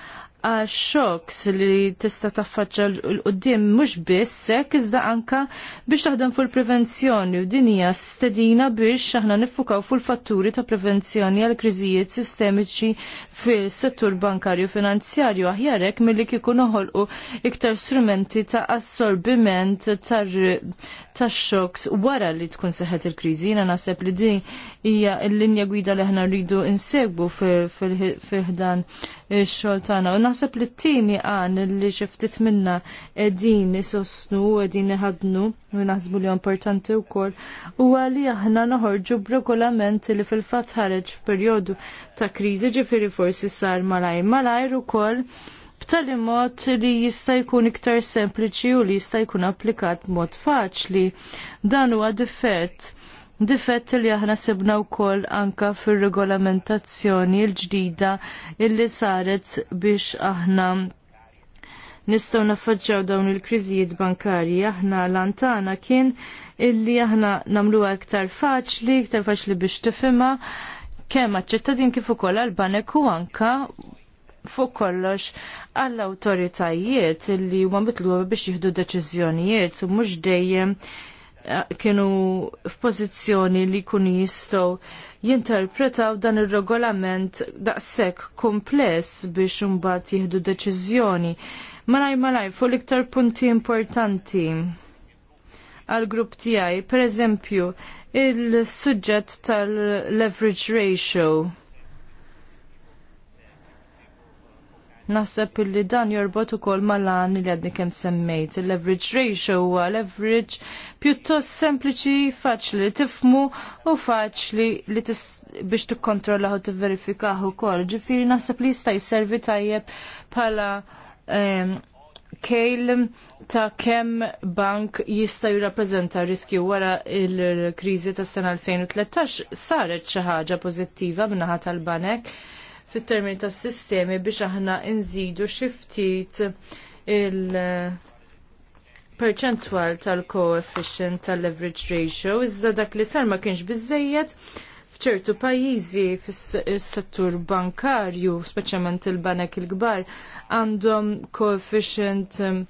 xoks li tista' taffaċċa l qoddim mhux biss hekk iżda anka biex taħdem fuq il-prevenzjoni u din hija stedina biex aħna niffukaw fuq il-fatturi ta' prevenzjoni għal kriżijiet sistemiċi fil-settur bankarju finanzjarju aħjar hekk milli kieku noħolqu iktar strumenti ta' assorbiment ta' xoks wara li tkun seħet il-kriżi. Jiena naħseb li din hija l-linja gwida li aħna rridu insegbu fil-ħdan xogħol tagħna. U naħseb li t-tieni għan li xi ftit minna qegħdin isosnu u qegħdin iħadnu u naħsbu li importanti wkoll huwa li aħna noħorġu regolament li fil-fatt ħareġ f'perjodu ta' kriżi ġifiri forsi sar malajr u ukoll b'tali mod li jista' jkun iktar sempliċi u li jista' jkun applikat b'mod faċli. Dan huwa difett Difett li aħna sibna wkoll anka fir-regolamentazzjoni l-ġdida illi saret biex aħna nistgħu naffaġġaw dawn il-kriżijiet bankarji. Aħna lantana kien illi aħna nagħmluha iktar faċli, iktar faċli biex tifhimha kemm għaċ-ċittadin kif ukoll għall-banek u anka fuq kollox għall awtoritajiet illi huma mitluba biex jieħdu deċiżjonijiet u mhux dejjem kienu f'pożizzjoni li jkunu jistgħu jinterpretaw dan ir-regolament daqshekk kompless biex imbagħad jieħdu deċiżjoni. Malaj malaj fu l-iktar punti importanti għal grupp tiegħi, pereżempju, il-suġġett tal-leverage ratio Naħseb illi dan jorbot ukoll mal-għan li għadni kemm semmejt. Il-leverage ratio huwa leverage pjuttost sempliċi, faċli li tifmu u faċli li biex tikkontrollaħ u tivverifikaħ ukoll. Ġifieri naħseb li jista' servi tajjeb bħala ehm, kejl ta' kemm bank jista' jirrappreżenta riskju wara l-kriżi tas-sena 2013 saret xi ħaġa pożittiva min-naħa tal-banek fit termini tas sistemi biex aħna nżidu xi ftit il- perċentwal tal-coefficient tal-leverage ratio, iżda dak li sar ma kienx biżżejjed fċertu pajjiżi fis-settur bankarju, speċjalment il-banek il-kbar, għandhom coefficient um,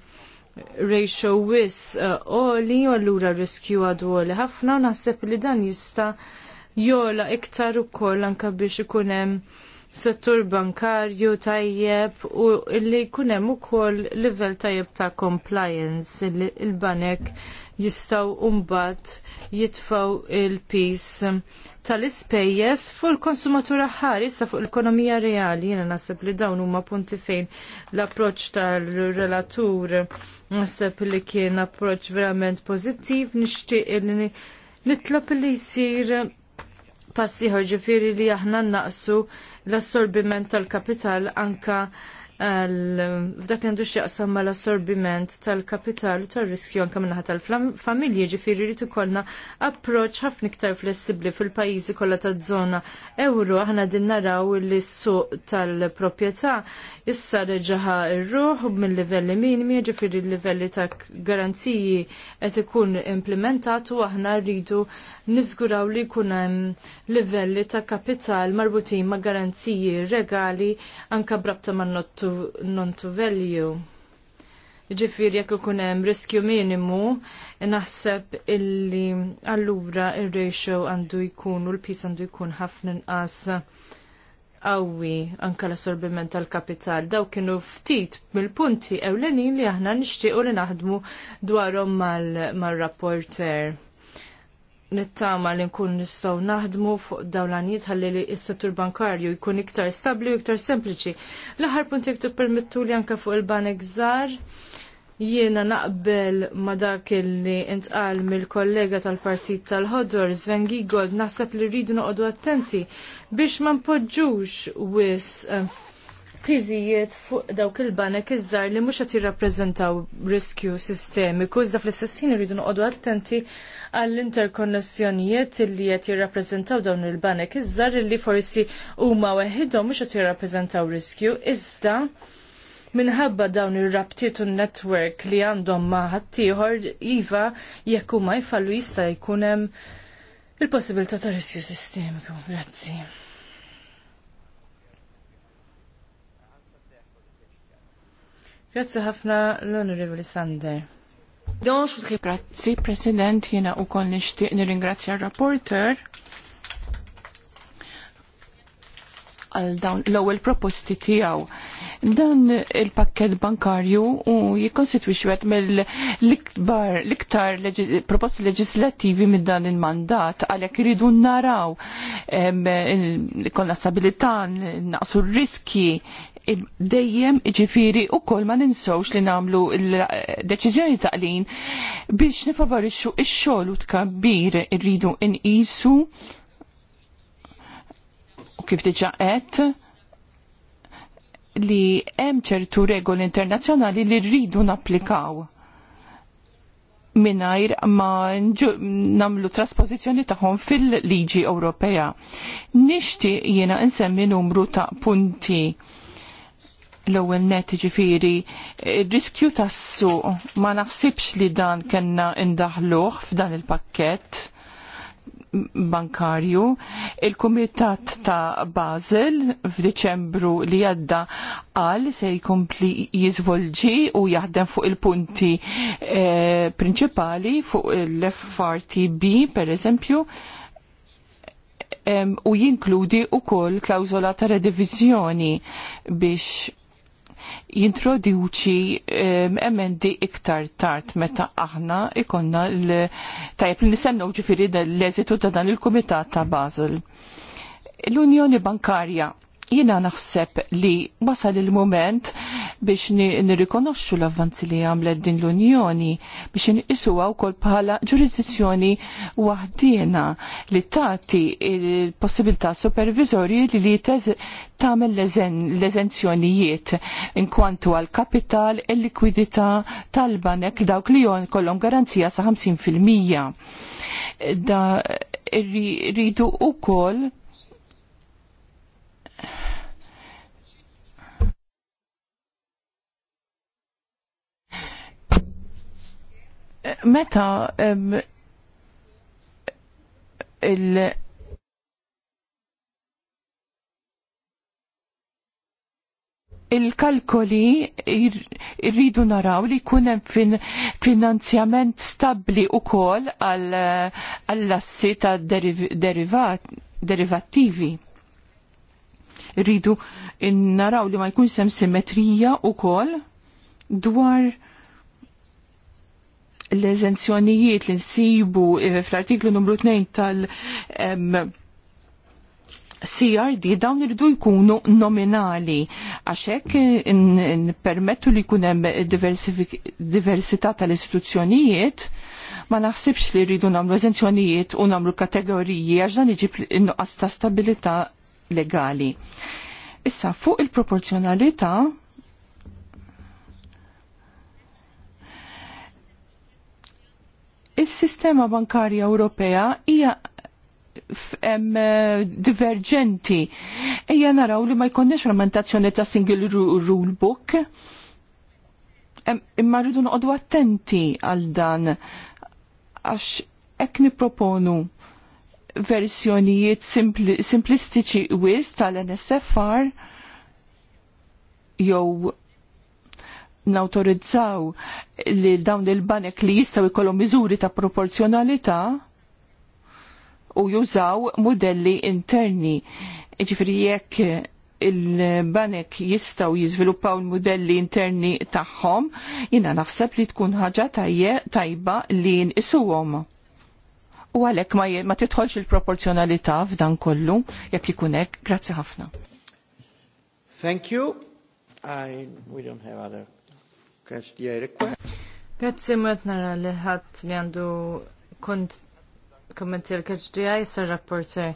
ratio wis uh, oli u allura riskju għadu oli ħafna u naħseb li dan jista' jola iktar ukoll anke biex ikun hemm settur bankarju tajjeb u li kunem u kol level tajjeb ta' compliance li il-banek jistaw umbat jitfaw il-pis tal-ispejjes fuq il-konsumatur ħari sa fuq l-ekonomija reali jena nasib li dawn huma punti fejn l-approċ tal-relatur nasib li kien approċ verament pozittiv nixtieq li nitlob li jsir passiħor ġifiri li aħna naqsu l-assorbiment tal-kapital anka f'dak li għandu xieqsam ma l-assorbiment tal-kapital u tal-riskju anka minnaħa tal-familji ġifiri li tukolna approċ ħafna iktar flessibli fil-pajizi kollha ta' żona euro aħna din naraw li s-suq tal-proprjetà issa reġaħa ir-ruħ minn livelli minimi ġifiri l-livelli ta' garanziji qed ikun implementat u aħna rridu niżguraw li jkun hemm livelli ta' kapital marbutin ma' garanziji regali anka brabta ma' non-to-value. Ġifir jekk ikun hemm riskju minimu, naħseb illi allura il ratio għandu jkun u l-pis għandu jkun ħafna inqas qawwi anka l-assorbiment tal-kapital. Daw kienu ftit mill-punti ewlenin li aħna nixtiequ li naħdmu dwarhom mal-rapporter nittama li nkun nistgħu naħdmu fuq dawlanijiet ħalli li s-settur bankarju jkun iktar stabbli u iktar sempliċi. L-aħħar punt jek tippermettu li anke fuq il-banek żgħar jiena naqbel ma dak li intqal mill-kollega tal-Partit tal-Ħodor Sven Gigold naħseb li rridu noqogħdu attenti biex ma npoġġux wis eh, piżijiet fuq dawk il-banek iż-żar li mhux qed jirrappreżentaw riskju sistemiku, iżda fl-istess ħin iridu noqogħdu attenti għall-interkonnessjonijiet li qed jirrappreżentaw dawn il-banek iż-żar li forsi huma weħidhom mhux qed jirrappreżentaw riskju, iżda minħabba dawn ir-rabtiet u netwerk li għandhom ma' ħaddieħor iva jekk huma jfallu jista' jkun hemm il-possibilità ta' riskju sistemiku. Grazzi. Grazzi ħafna l-Onorevoli Sander. Grazzi, President, jena u koll nishtiq nir rapporter għal dawn l-ewwel proposti tiegħu. Dan il-pakket bankarju u jikkonstitwix wieħed mill-ikbar l-iktar proposti leġislattivi minn dan il-mandat għalhekk iridu naraw kollha stabilità, naqsu r-riski, dejjem ġifiri u kol ma ninsawx li namlu l-deċizjoni taqlin biex nifavorixxu ix-xogħol u tkabbir irridu nqisu u kif diġa li hemm ċertu regoli internazzjonali li rridu napplikaw minajr ma namlu trasposizjoni taħħom fil-liġi Ewropea. Nixti jiena insemmi numru ta' punti l-ewwel net ġifiri, riskju tas-suq ma naħsibx li dan kellna indaħluh f'dan il-pakkett bankarju. Il-Kumitat ta' Basel f'Diċembru li għadda qal se jkompli jiżvolġi u jaħdem fuq il-punti eh, prinċipali fuq l-FRTB per eżempju u jinkludi u koll ta' redivizjoni biex jintroduċi emendi iktar tard meta aħna ikonna l li nistennew ġifiri l-eżitu ta' dan il-Kumitat ta' Basel. L-Unjoni Bankarja jina naħseb li wasal il-moment biex nirrikonoxxu l-avvanzi li għamlet din l-Unjoni biex nqisuha wkoll bħala ġurisdizzjoni waħdiena li tagħti il-possibilità supervizorji li li tagħmel l-eżenzjonijiet inkwantu għal kapital, il-likwidità tal-banek dawk li jon garanzija sa' 50%. Da rridu ukoll Meta il- il-kalkoli irridu naraw li kunem fin finanzjament stabli u kol għall-assi ta' derivativi. Rridu naraw li ma jkun sem simetrija u kol dwar l-eżenzjonijiet li nsibu eh, fl-artiklu numru 2 tal- CRD dawn irdu jkunu nominali għaxek permettu li kunem diversità tal-istituzzjonijiet ma naħsibx li rridu namlu eżenzjonijiet u namlu kategoriji għax dan iġib innuqqas ta' stabilità legali. Issa fuq il-proporzjonalità Is-sistema bankarja Ewropea hija eh, diverġenti. Ejja naraw li ma jkonniex frammentazzjoni ta' single rule book. Imma rridu noqogħdu attenti għal dan għax hekk nipproponu versjonijiet simplistiċi wis tal-NSFR jew nautorizzaw li dawn il-banek li jistaw jkollhom miżuri ta' proporzjonalità u jużaw modelli interni. Ġifri jekk il-banek jistaw jizviluppaw il-modelli interni tagħhom, jina naħseb li tkun ħaġa tajba li nqisuhom. U għalek ma, ma titħolx il-proporzjonalità f'dan kollu, jekk ikun hekk, grazzi ħafna. Thank you. I, we don't have other Grazie, mwet nara li ħadd li għandu kont kommenti l-KHDI sar rapporter.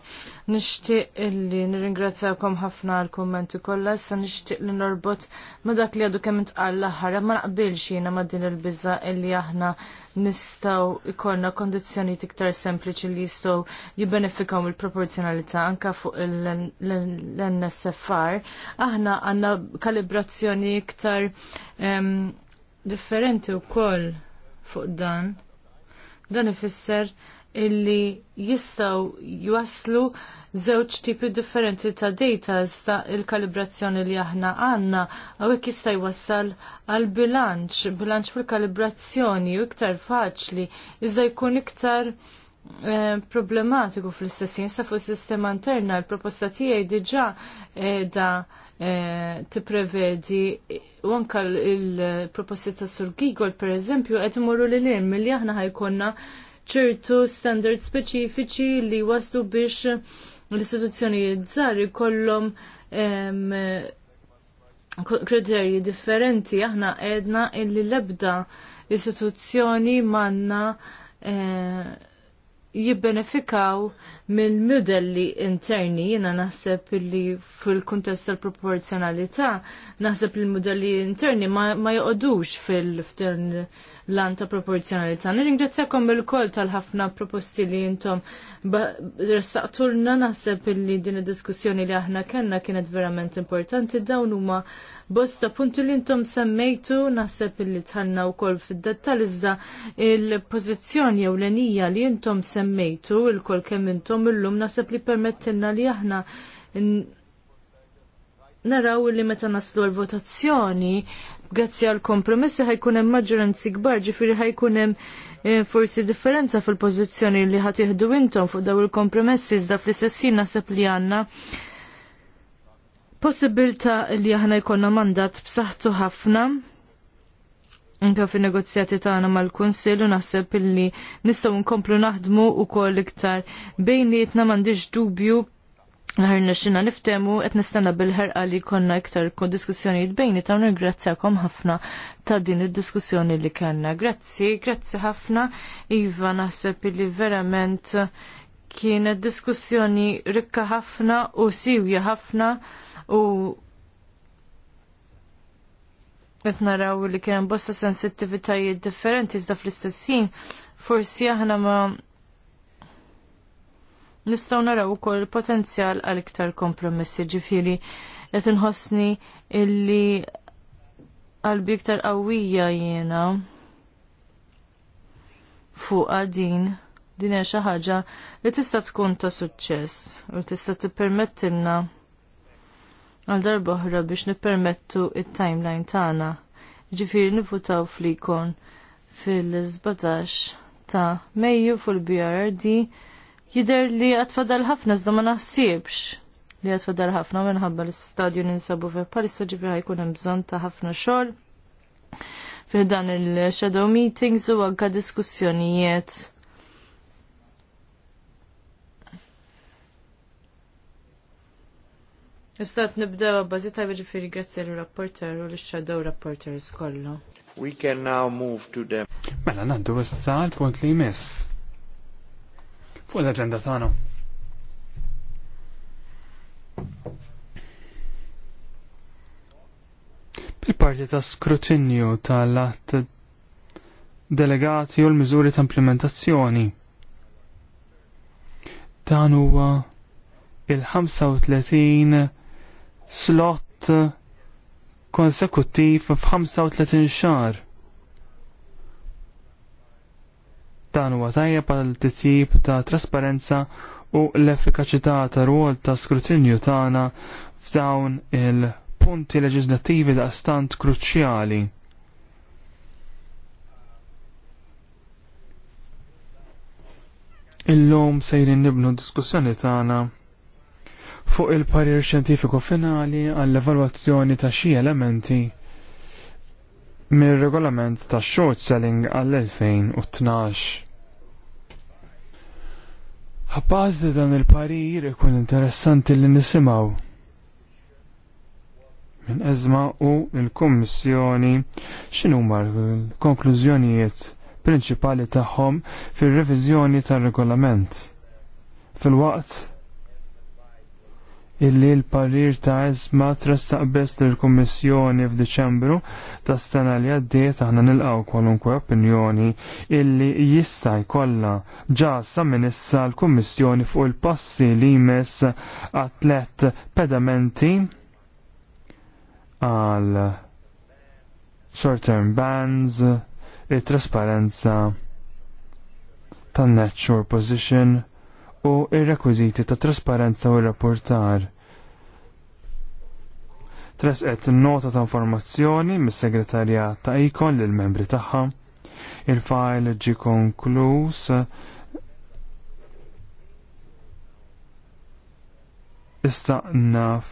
Nishtiq illi nirringrazzjawkom ħafna l kommenti kollha, issa nixtieq li norbot ma dak li għadu kemm intqal l-aħħar, ma naqbilx jiena ma din il-biża illi aħna nistgħu ikollna kondizzjonijiet iktar sempliċi li jistgħu jibbenefikaw il-proporzjonalità anka fuq l-NSFR. Aħna għandna kalibrazzjoni iktar differenti wkoll fuq dan. Dan ifisser illi jistaw jwaslu żewġ tipi differenti ta' data iżda il-kalibrazzjoni li aħna għanna għawek jista' jwassal għal bilanċ, bilanċ fil-kalibrazzjoni u iktar faċli, iżda jkun iktar eh, problematiku fl-istessin sa fuq sistema interna l-proposta tiegħi diġà da eh, tipprevedi u anka il-proposti ta' Sur Gigol per eżempju qed imorru lil ilm milli aħna ħajkonna ċertu standard speċifiċi li waslu biex l-istituzzjonijiet żgħar ikollhom kriterji differenti aħna għedna illi lebda istituzzjoni manna eh, jibbenefikaw mill-modelli interni jina naħseb li fil-kuntest tal-proporzjonalità naħseb li l-modelli interni ma, ma fil-ftin lan ta' proporzjonalità. Nirringrazzjakom bil-kol tal-ħafna proposti li jintom ressaqtulna naħseb li din id-diskussjoni li aħna kellna kienet verament importanti dawn huma bosta punti li jintom semmejtu naħseb li tħanna u kol fid-dettal iżda il-pozizjoni jew l-enija li jintom semmejtu il-kol kemm intom illum naħseb li permettinna li aħna naraw li meta naslu l-votazzjoni grazzi għal kompromissi ħajkun hemm maġġoranzi kbar, ġifieri ħajkun hemm eh, forsi differenza fil-pożizzjoni li ħad jieħdu intom fuq daw il-kompromessi iżda fl-istessin naħseb li għandna possibilta li aħna jkollna mandat b'saħħtu ħafna Anke fin negozjati tagħna mal-Kunsill u naħseb illi nistgħu nkomplu naħdmu wkoll iktar bejnietna m'għandix dubju ħarna xina niftemu qed nistenna bil-ħerqa li konna iktar diskussjonijiet bejni ta' nirgrazzjakom ħafna ta' din id-diskussjoni li kanna. Grazzi, grazzi ħafna. Iva naħseb li verament kienet diskussjoni rikka ħafna u siwja ħafna u qed naraw li kien bosta sensitivitajiet differenti zda fl-istessin forsi aħna ma' nistgħu naraw ukoll potenzjal għal iktar kompromessi ġifieri qed inħossni illi qalbi iktar qawwija jiena fuq din din hija xi ħaġa li tista' tkun ta' suċċess u tista' tippermettilna għal darba oħra biex nippermettu t timeline tagħna. Ġifieri nivutaw flikon fil-17 ta' Mejju fil-BRD Jider li għatfadal ħafna, zda ma naħsibx li għatfadal ħafna minħabba l-stadju ninsabu fe palissa ġifri ħajkun hemm bżonn ta' ħafna xogħol fi dan il-shadow meetings u anka diskussjonijiet. Istat nibdew bażi tajba ġifieri grazzi l-rapporter u l-shadow rapporters kollu. We can now move to them. Mela nandu s l-punt li jmiss fuq l-agenda tagħna. Il-parti ta' skrutinju tal-att delegati u l-miżuri ta' implementazzjoni. Dan huwa il-35 slot konsekuttiv f'35 xahar. dan huwa tajjeb għal titjib ta' trasparenza u l-effikaċità ta' rwol ta' skrutinju tagħna f'dawn il-punti leġislattivi da' stant kruċjali. Illum sejrin nibnu diskussjoni tagħna fuq il-parir xjentifiku finali għall-evalwazzjoni ta' xi elementi mir-regolament ta' short selling għall-2012. Għabbaż li dan il-parir ikun interessanti li nisimaw minn eżma u l-Kummissjoni x'inhuma l-konklużjonijiet prinċipali tagħhom fir-reviżjoni tar-regolament. Fil-waqt illi l-parir ta' ezma trastaqbess l-Kommissjoni f'Diċembru ta' stana li għaddiet aħna nilqaw kwalunkwe opinjoni illi jista' jkollha ġasa minn issa l-Kummissjoni fuq il-passi li jmess atlet pedamenti għal short-term bans, il-trasparenza tan-net position, u il rekwiżiti ta' trasparenza u r-rapportar. Tresqet nota ta' informazzjoni mis-segretarjat ta' ikon lil membri tagħha. Il-fajl ġi konkluż issa naf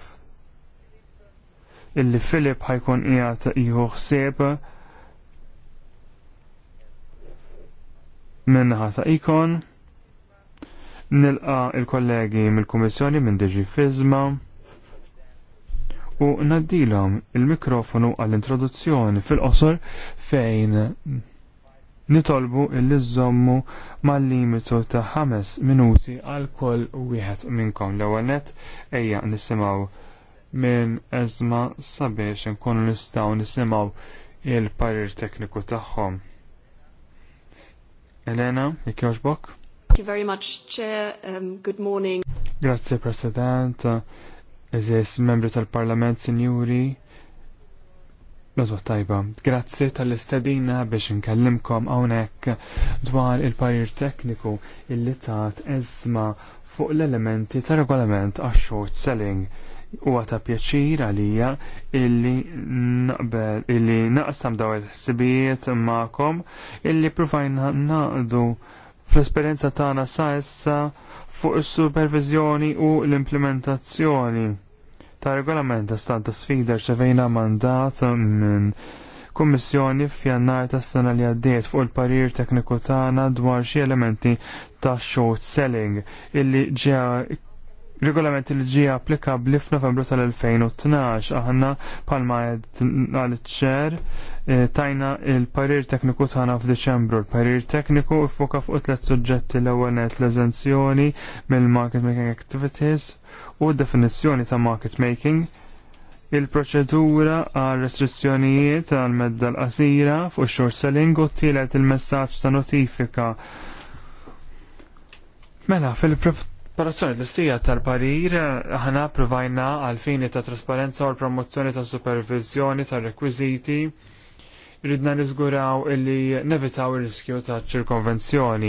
illi Filip ħajkun qiegħed jieħu ħsieb minnaħa ta' ikon nilqa il-kollegi mill-Kummissjoni minn Diġi Fizma u naddilhom il-mikrofonu għall-introduzzjoni fil-qosor fejn nitolbu il-liżommu mal-limitu ta' 5 minuti għal kull wieħed minnkom l-ewwel nett ejja nisimgħu minn eżma sabiex nkunu nistgħu nisimgħu il-parir tekniku tagħhom. Elena, jekk jogħġbok? Thank you very much, Chair. Um, good morning. Grazie, President. Eżis, membri tal-Parlament, Sinjuri. Lodwa tajba. Grazzi tal-istedina biex nkellimkom hawnhekk dwar il-parir tekniku illi tat ezma fuq l-elementi ta' regolament għax short selling. Huwa ta' pjaċir għalija illi naqbel illi naqsam daw il-ħsibijiet magħkom illi provajna naqdu na fl-esperjenza tagħna sa issa fuq is-supervizjoni u l-implementazzjoni ta' regolament ta' stat ta' sfida ċevejna mandat minn Kummissjoni f'jannar tas-sena li għaddiet fuq il-parir tekniku tagħna dwar xi elementi ta' short selling illi ġew Regolament li ġie applikabli f'Novembru tal-2012 aħna palma għal ċer eh, tajna il-parir tekniku tagħna f'Diċembru. Il-parir tekniku foka fuq tliet suġġetti l-ewwel net l-eżenzjoni mill-market making activities u d-definizzjoni ta' market making il-proċedura għal restrizzjonijiet għal medda l-qasira fuq xor selling u t-tielet il-messaġġ ta' notifika. Mela, fil-prep Parazzjoni l-istija tal-parir ħana provajna fini ta' trasparenza u l-promozzjoni ta' supervizjoni ta' rekwiziti jridna nizguraw illi nevitaw il-riskju ta' ċirkonvenzjoni.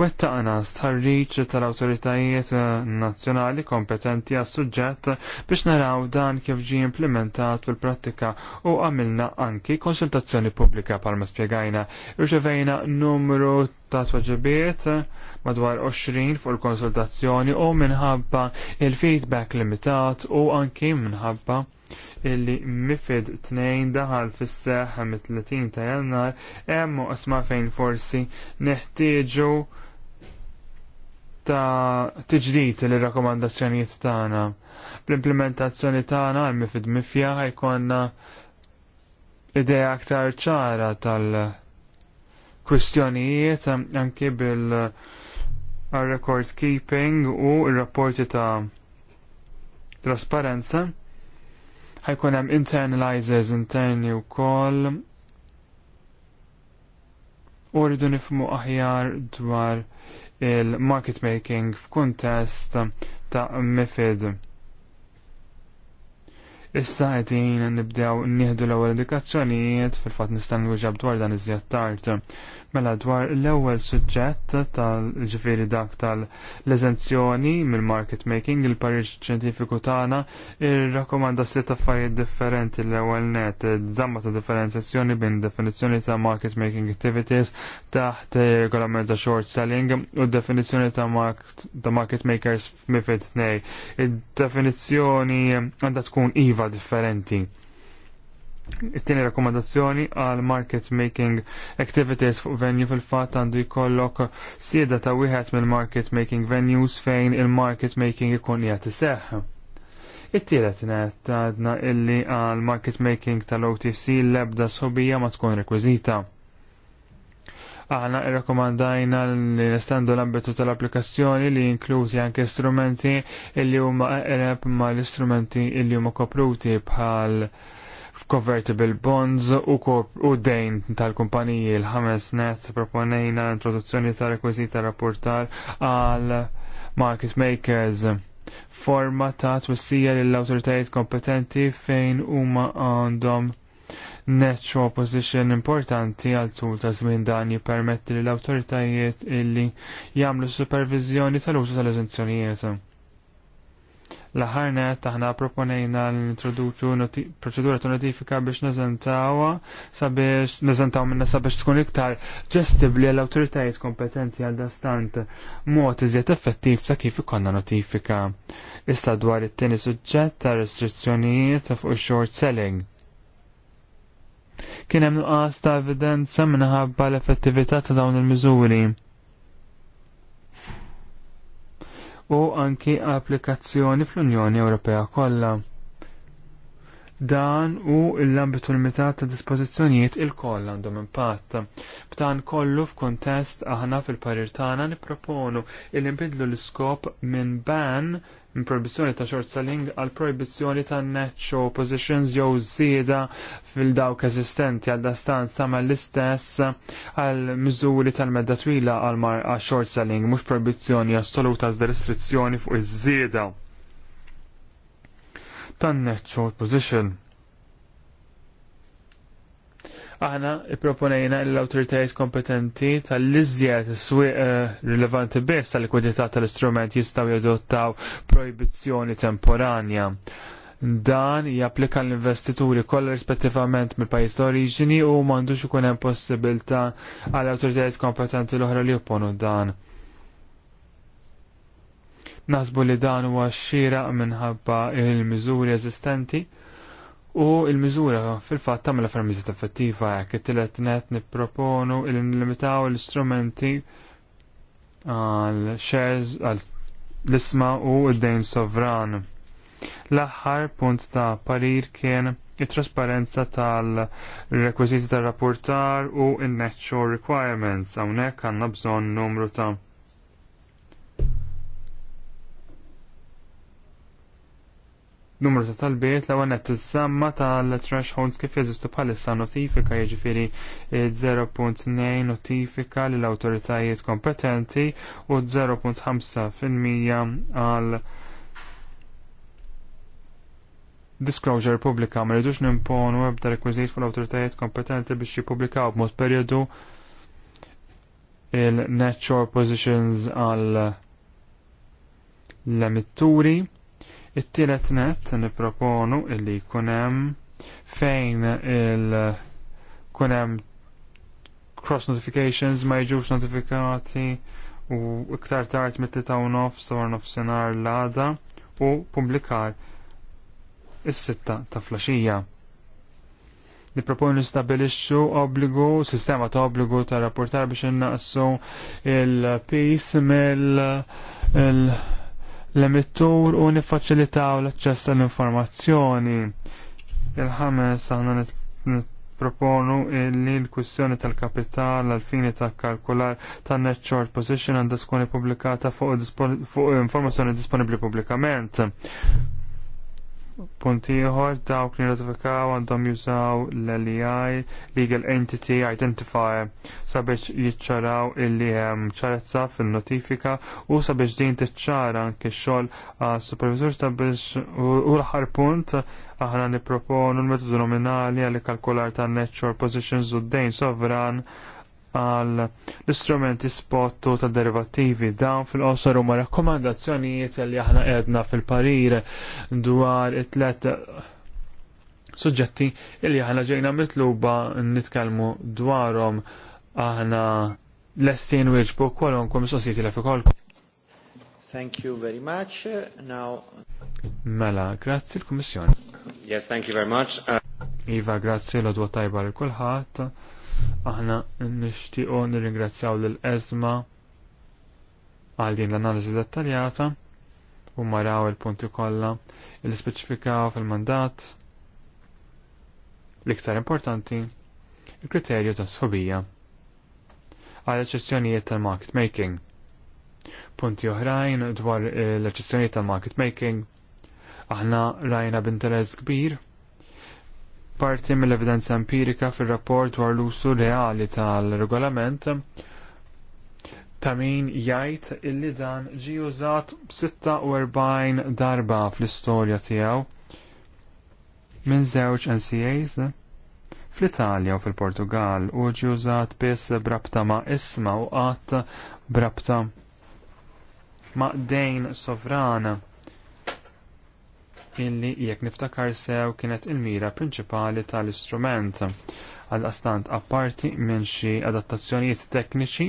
Wettaqna stħarriċ tal-autoritajiet eh, nazzjonali kompetenti għas suġġett biex naraw dan kif ġi implementat fil-prattika u għamilna anki konsultazzjoni pubblika palma spiegajna. Irċevejna numru ta' tweġibiet madwar 20 fuq il-konsultazzjoni u minħabba il-feedback limitat u anki minħabba illi mifid tnejn daħal fis seħħ mit-30 ta' jannar hemm isma' fejn forsi neħtieġu ta' tiġdid li rakkomandazzjonijiet tagħna. Bl-implementazzjoni tagħna hemm mifid mifja ħajkonna idea aktar ċara tal-kwistjonijiet anki bil- record keeping u r rapporti ta' trasparenza ħajkun hemm internalizers interni wkoll u rridu nifmu aħjar dwar il-market making f'kuntest ta' MIFID. Issa qegħdin nibdew nieħdu l-ewwel indikazzjonijiet fil-fatt nista' nwieġeb dwar dan iżjed tard. Mela dwar l-ewwel suġġett tal-ġifieri dak tal l'eżenzjoni mill-market making, il-Pariġ ċentifiku tagħna irrakkomanda sitt affarijiet differenti l-ewwel net, żamma ta' differenzjazzjoni bejn definizzjoni ta' market making activities taħt regolament ta' short selling u definizzjoni ta' market makers f'Mifid 2. Id-definizzjoni għandha tkun iva differenti it-tieni rakkomandazzjoni għal market making activities fuq venue fil-fatt għandu jkollok sieda ta' wieħed mill-market making venues fejn il-market making ikun qiegħed iseħħ. It-tielet net għadna illi għal market making tal-OTC l-ebda sobija ma tkun rekwiżita. Aħna irrakomandajna li nestandu l-ambitu tal-applikazzjoni li jinkluzi anke strumenti illi huma eqreb ma l-istrumenti illi huma kopruti bħal f'convertible bonds u, u dejn tal-kumpaniji l-ħames net proponejna introduzzjoni ta' rekwizita rapportar għal market makers forma ta' twissija lill awtoritajiet kompetenti fejn huma għandhom natural position importanti għal tul ta' żmien dan jippermetti lill awtoritajiet illi jagħmlu supervizjoni tal-użu tal-eżenzjonijiet L-ħarnet aħna proponejna l-introduċu proċedura ta' notifika biex neżentawa sabiex neżentaw minna sabiex tkun iktar li għall awtoritajiet kompetenti għal dastant mod iżjed effettiv ta' kif ikonna notifika. Issa dwar it-tieni suġġett ta' restrizzjonijiet fuq short selling kien hemm nuqqas ta' evidenza minħabba l-effettività ta' dawn il-miżuri. u anki applikazzjoni fl-Unjoni Ewropea kollha. Dan u l-ambitu limitat ta' dispożizzjonijiet il-koll għandhom impatt. B'dan kollu f'kuntest aħna fil-parir tagħna nipproponu il-inbidlu l-iskop minn ban minn proibizjoni ta' short selling għal proibizzjoni ta' show positions jew żieda fil-dawk eżistenti għal dastan sama l-istess għal miżuri tal-medda twila għal mar għal short selling mhux proibizzjoni assoluta zda restrizzjoni fuq iż-żieda tan show position. Aħna proponejna l-autoritajiet kompetenti tal-iżjed swieq eh, rilevanti biss tal-likwidità tal-istrument jistaw jadottaw proibizzjoni temporanja. Dan japplika l-investituri kollha rispettivament mill-pajjiż ta' oriġini u m'għandux ikun hemm possibilità għall awtoritajiet kompetenti l-oħra li jopponu dan. Nasbu li dan huwa xira minħabba il-miżuri eżistenti u il-miżura fil-fatt tagħmel affarijiet effettiva hekk it-tielet net nipproponu il nlimitaw l-istrumenti għal shares għal lisma isma u d-dejn sovran. L-aħħar punt ta' parir kien it-trasparenza tal-rekwiziti tal-rapportar u il natural requirements. Hawnhekk għandna bżonn numru ta' numru ta' talbiet la' għanet t-samma tal-thresholds kif jeżistu bħalissa notifika jiġifieri 0.2 notifika lill awtoritajiet kompetenti u 0.5% għal disclosure pubblika ma rridux nimponu ebda rekwiżit fuq l-awtoritajiet kompetenti biex jippubblikaw b'mod perjodu il natural positions għal l-emitturi It-tielet net niproponu illi kunem fejn il kunem cross notifications ma jiġux notifikati u iktar tard mit ta' u sawar nofsenar l-għada u publikar is-sitta ta' flaxija. Niproponu nistabilixxu obbligu, sistema ta' obbligu ta' rapportar biex innaqsu il-pis mill- il l-emittur u niffaċilitaw l-aċċess tal-informazzjoni. Il-ħames aħna proponu li l-kwistjoni tal-kapital għal-fini ta' kalkular ta' net short position għandha tkun pubblikata fuq, fuq informazzjoni disponibbli pubblikament. Punti ieħor dawk li notifikaw għandhom jużaw l-LEI, Legal Entity Identifier, sabiex jiċċaraw illi hemm ċarezza fin-notifika u sabiex din tiċċara anke xogħol għas-supervisur sabiex u l-aħħar punt aħna nipproponu l-metodu nominali għal kalkular tan-net positions u d-dejn sovran għal l-istrumenti spottu ta' derivativi dawn fil-qosor huma rakkomandazzjonijiet li aħna edna fil-parir dwar it-tlet suġġetti li aħna ġejna mitluba nitkellmu dwarhom aħna l-estin wieġbu kwalunkwe mistoqsijiet la' fikolkom. Thank you very much. Now Mela, grazzi l-Kummissjoni. Yes, thank you very much. Uh... Iva, grazzi l-odwa tajba l-kulħat. Aħna nixtiequ nirringrazzjaw l ezma għal din l-analiżi dettaljata u maraw il-punti kollha il speċifikaw fil-mandat l-iktar importanti il-kriterju ta' sħobija għal eċessjonijiet tal-market making. Punti oħrajn dwar l-eċezzjonijiet tal-market making aħna rajna b'interess kbir parti mill-evidenza empirika fir-rapport dwar l-usu reali tal-regolament ta' min jgħid illi dan ġi użat 46 darba fl-istorja tiegħu minn żewġ NCAs fl-Italja u fil-Portugal u ġi użat biss brabta ma' isma u qatt brabta ma' dejn sovrana illi jekk niftakar sew kienet il-mira prinċipali tal-istrument għal-astant apparti minn xi adattazzjonijiet tekniċi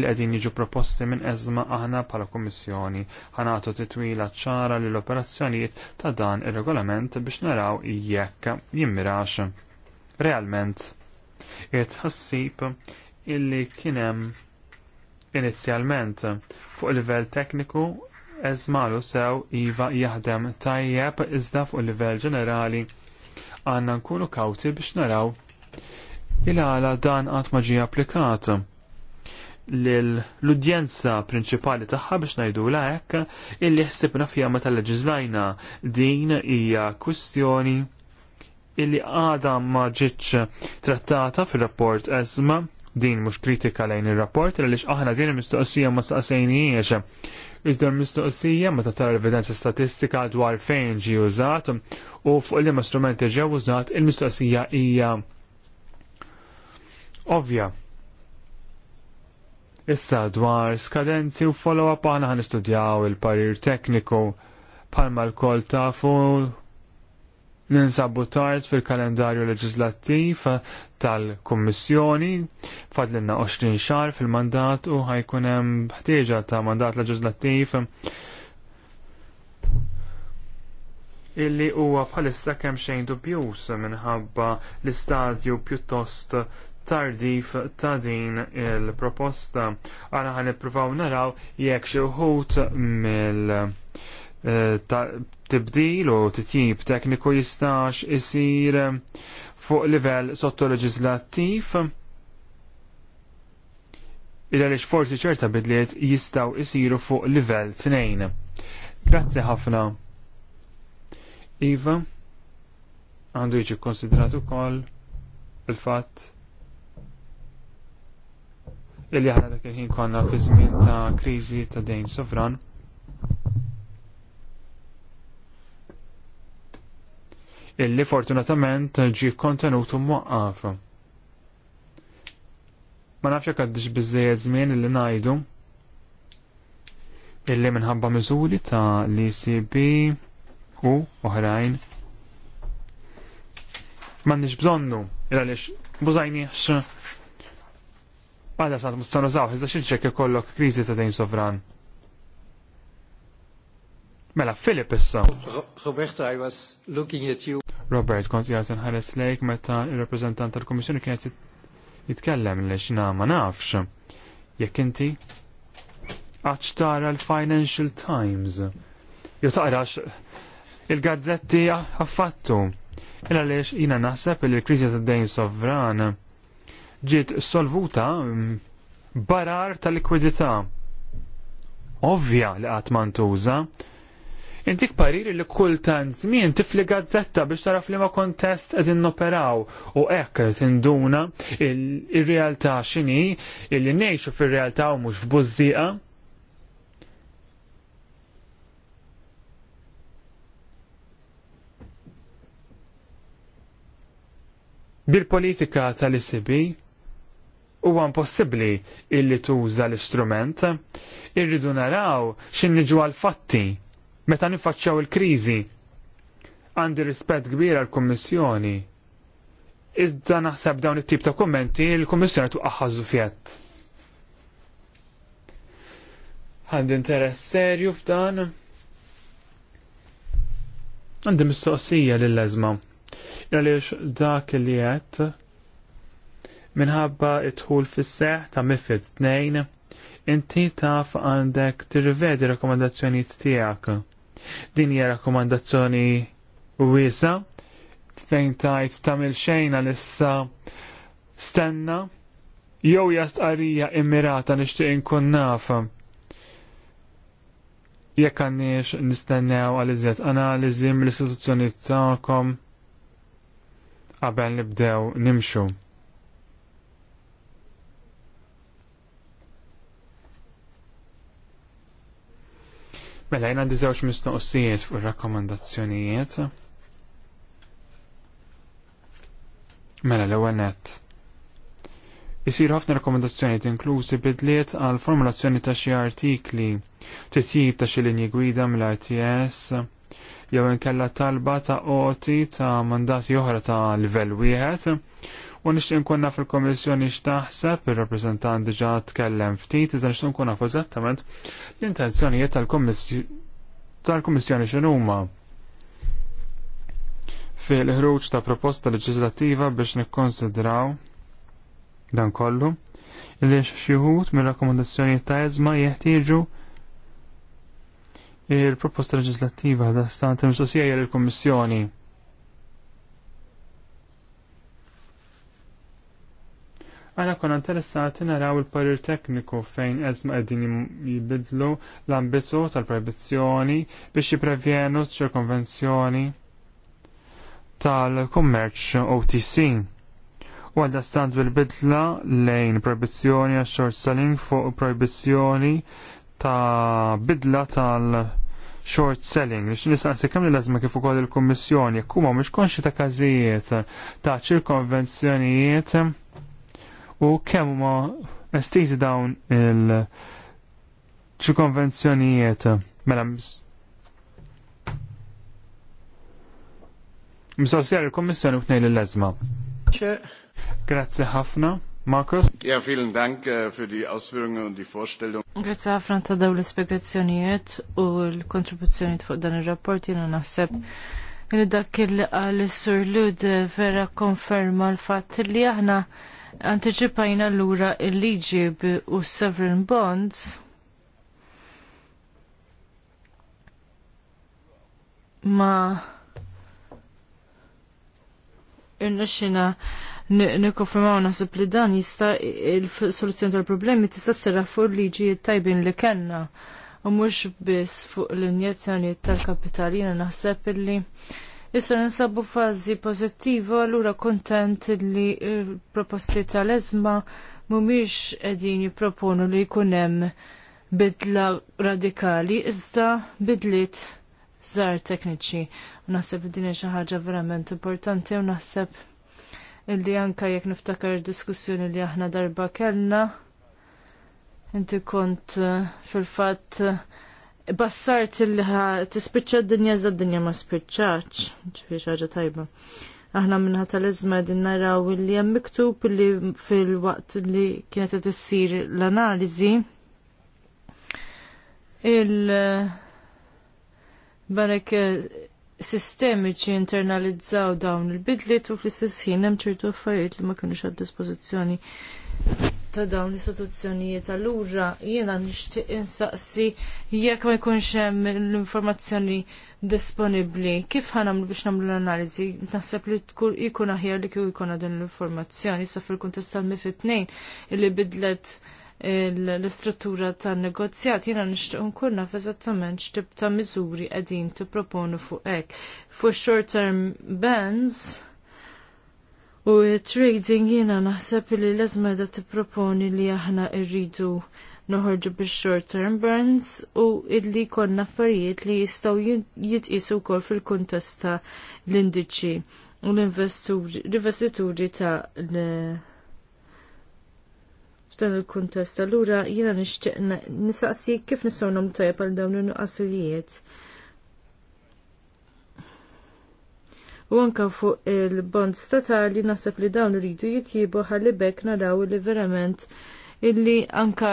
il qegħdin jiġu proposti minn eżma aħna bħala Kummissjoni ħanatu titwila ċara l operazzjonijiet ta' dan ir-regolament biex naraw jekk jimmirax realment it-ħassib illi kien hemm inizjalment fuq livell tekniku eżmalu sew iva jaħdem tajjeb iżda fuq livell ġenerali għandna nkunu kawti biex naraw il-għala dan għat maġi applikat l-udjenza prinċipali tagħha biex ngħidu hekk illi ħsibna f'jama tal leġiżlajna din hija kwistjoni illi għada ma trattata fir-rapport ezma din mhux kritika lejn ir-rapport għaliex aħna din il-mistoqsija ma staqsejniex Iżda l-mistoqsija meta tara evidenza statistika dwar fejn ġi użat u fuq liema strumenti ġew użat, il-mistoqsija hija ovvja. Issa dwar skadenzi u follow-up aħna ħanistudjaw il-parir tekniku palma l-kol tafu ninsabu tard fil-kalendarju leġislattiv tal-Kummissjoni fadlinna 20 xar fil-mandat u ħajkun hemm ħtieġa ta' mandat leġislattiv illi huwa bħalissa kemm xejn dubjus minħabba l-istadju pjuttost tardif ta' din il-proposta. Għana ħan naraw jekk xi wħud mill- Eh, tibdil u titjib tekniku jistax isir eh, fuq livell sottoleġislattiv il għaliex forsi ċerta bidliet jistaw isiru fuq livell 2. Grazzi ħafna. Iva, għandu jiġi konsiderat ukoll il-fatt illi ħana dak il-ħin konna fi żmien ta' kriżi ta' dejn sovran. illi fortunatament ġi kontenutu muqqaf. Ma nafx jekk għaddix biżejjed żmien illi ngħidu illi minħabba miżuri ta' l-ECB u oħrajn m'għandix bżonnu il għaliex bużajniex għadha sa' mustanużaw għizda xinċek ikollok kriżi ta' dejn sovran. Mela, Filip issa. Roberto, I was looking at you. Robert, kont jgħat nħares lejk meta il-reprezentant tal-Komissjoni kienet jitkellem li xna ma nafx. Jekk inti għax tara l-Financial Times. Jo taqrax il-gazzetti affattu. Illa għaliex jina naħseb li l-kriżi tad-dejn sovran ġiet solvuta barar tal-likwidità. Ovvja li qatt ma ntuża, Intik parir li kultant żmien tifli gazzetta biex taraf li ma kontest edin noperaw u hekk tinduna induna ir-realtà x'inhi li ngħixu fir-realtà u mhux f'bużdieqa. Bil-politika tal-ICB huwa impossibbli illi tuża l-istrument, irridu naraw x'inniġu għal-fatti meta nifaċċaw il-kriżi. Għandi rispett kbir għall-Kummissjoni. Iżda naħseb dawn it-tip ta' kommenti il-Kummissjoni tuqqaħħażu fjett. Għandi interess serju f'dan. Għandi mistoqsija lill-eżma. Għaliex dak li qed minħabba it-tħul fis-seħ ta' Mifid 2, inti taf għandek tirrivedi rakkomandazzjonijiet tiegħek. Din hija rakkomandazzjoni wiesa fejn tajt tamil xejn għalissa stenna jew jastqarija immirata nixtieq inkun nafa. Jekk għandniex nistennew għal iżjed analiżi mill-istituzzjoni tagħkom qabel nibdew nimxu. Mela, jena għandi mistoqsijiet fuq rakkomandazzjonijiet. Mela, l-ewwel nett. Isir ħafna rakkomandazzjonijiet inklużi bidliet għal formulazzjoni ta' xi artikli titjib ta' xi linji gwida mill its jew inkella talba ta' oti ta' mandati oħra ta' livell wieħed. U nixtieq inkunna fil kommissjoni x'taħseb ir-rappreżentant diġà tkellem ftit iżda nixtieq inkun nafu eżattament l-intenzjonijiet tal-Kummissjoni x'inhuma fil-ħruġ ta' proposta leġislattiva biex nikkonsidraw dan kollu, li wħud mir rakkomandazzjonijiet ta' eżma jeħtieġu il-proposta leġislattiva da stant imsosija il-Kommissjoni. Għana kon interessati naraw il-parir tekniku fejn ezma għedin jibidlu l-ambitu tal-proibizjoni biex jiprevjenu ċirkonvenzjoni tal-kummerċ OTC. U għadda stand bil-bidla lejn proibizjoni għax short selling fuq proibizjoni ta' bidla tal short selling, biex nistaqsi kemm li lazma kif ukoll il-Kummissjoni jekk huma mhux konxi ta' każijiet ta' ċirkonvenzjonijiet u kemm huma estiżi dawn il ċirkonvenzjonijiet mela Msostjar il-Kommissjoni u tnej l-lezma. Grazie ħafna. Markus? Ja, vielen Dank äh, für die Ausführungen und die Vorstellung. Grazie ħafna ta' daw l-ispiegazzjonijiet u l-kontribuzzjoni fuq dan ir-rapport jiena naħseb li dak li qal sur Lud vera konferma l-fatt li aħna antiċipajna lura l e liġi u sovereign bonds ma irnexxina nikkonfermaw naħseb li dan jista' il-soluzzjoni tal-problemi tista' serra fuq liġijiet tajbin li kellna u mhux biss fuq l-injezzjonijiet tal kapitali jiena naħseb illi issa ninsabu fażi pożittiva allura kontent li l-proposti tal-eżma mhumiex qegħdin jipproponu li jkun hemm bidla radikali iżda bidliet żgħar tekniċi. Naħseb li din hija xi ħaġa verament importanti u naħseb illi anka jekk niftakar diskussjoni li aħna darba kellna. Inti kont eh, fil-fatt eh, bassart il-ħa tispiċċa d-dinja za d-dinja ma spiċċaċ, ġifi ħaġa tajba. Aħna minnħa tal-izma din naraw li hemm miktub li fil-waqt li kienet qed issir l-analiżi il eh, barek sistemiċi internalizzaw dawn il-bidliet u fl-istess ħin hemm ċertu affarijiet li ma kinux għad-dispożizzjoni ta' dawn l-istituzzjonijiet allura jiena nixtieq insaqsi jekk ma jkunx hemm l-informazzjoni disponibbli kif ħanamlu biex nagħmlu l-analiżi naħseb li tkun ikun aħjar li kieku jkun din l-informazzjoni sa fil-kuntest tal-mifid 2 illi bidlet l-istruttura tan negozjat jiena nixtieq nkun naf eżattament x'tib ta' miżuri qegħdin tipproponu fuq hekk. Fuq short term bans u trading jiena naħseb li l-eżmeda tipproponi li aħna rridu noħorġu bix short term burns u illi konna affarijiet li jistaw jitqisu wkoll fil-kuntest ta' l-indiċi u l-investituri ta' f'dan il-kuntest. Allura jiena nixtieq nisaqsi kif nistgħu nagħmlu tajjeb għal dawn il nuqqasijiet U anke fuq il-bond statali naħseb li dawn iridu jitjiebu ħalli bekk naraw li verament illi anka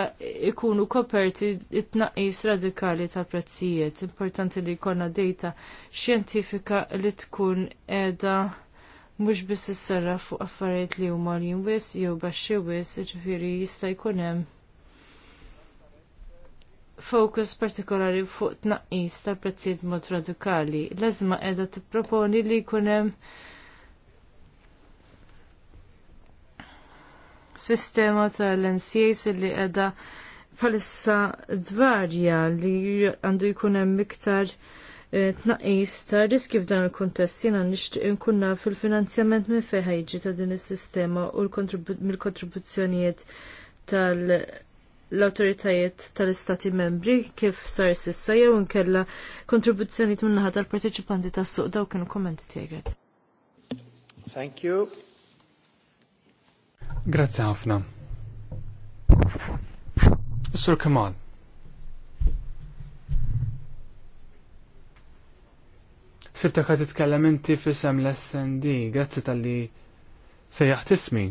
ikunu koperti it-tnaqqis radikali ta' prezzijiet. Importanti li jkollna data xjentifika li tkun qiegħda mhux biss issarra fuq affarijiet li huma li jinwis jew baxxi wis, jiġifieri jista' jkun hemm fokus partikolari fuq tnaqqis tal-prezzijiet mod radikali. L-eżma qiegħda tipproponi li jkun hemm sistema ta' ncas li qiegħda bħalissa dvarja li għandu jkun hemm iktar Eh, tnaqqis ta' riski f'dan il-kuntest jiena nixtieq inkun naf il-finanzjament minn fejn jiġi ta' din is-sistema u mill-kontribuzzjonijiet tal- awtoritajiet autoritajiet tal-istati membri kif sar sissa jew inkella kontribuzzjoni naħa tal-parteċipanti tas-suq daw kienu kommenti tiegħek. Thank you. Grazzi ħafna. Sur Kamal. Sibta għat titkellem inti fisem l-SND, grazzi tal-li sejjaħ tismi.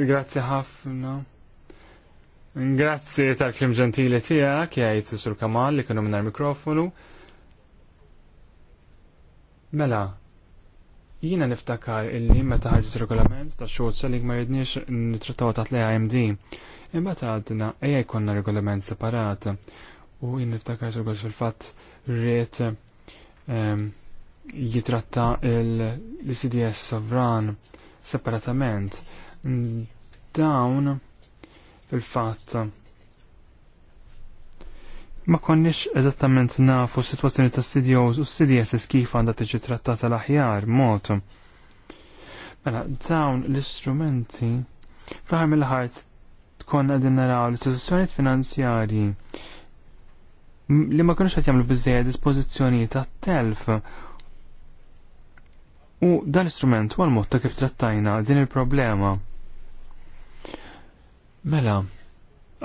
Grazzi ħafna. Grazzi tal-klim ġentili tijak, jgħajt sur Kamal li kunu minna mikrofonu. Mela, jina niftakar illi meta ħarġet regolament ta' xogħol li ma jidniex nittrattaw taħt l-AMD. Imbagħad għadna ejja jkollna regolament separat u jien niftakar fil-fatt rrit ehm, jitratta l-CDS sovran separatament. Dawn fil-fatt ma konniex eżattament nafu s-situazzjoni ta' CDOs u CDS kif għandha tiġi trattata l-aħjar mod. Mela, dawn l-istrumenti fl-ħar mill-ħart tkun għadin naraw l-istituzzjoniet finanzjarji li ma kienux qed jagħmlu biżejjed dispożizzjonijiet tat-telf. U dan l-istrument huwa l-mod ta' kif trattajna din il-problema. Mela,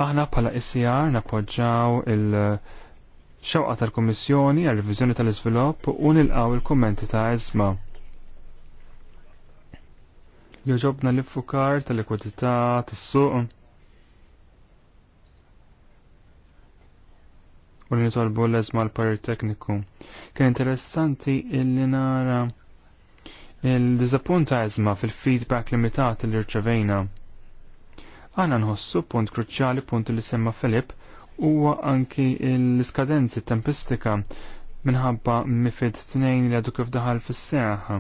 aħna bħala SCR napoġġaw il- xewqa tal-Kummissjoni għal riviżjoni tal-iżvilupp u nilqaw il-kummenti ta' ESMA. Joġobna l-iffukar tal-likwidità tas-suq u li nitolbu l-ezma l-parir tekniku. Kien interessanti illi nara il dizapunta ezma fil-feedback limitat li rċevejna. Għana nħossu punt kruċjali punt li semma Filip huwa anki l skadenzi tempistika minħabba mifid tnejn li għadu kif daħal fis-seħħa.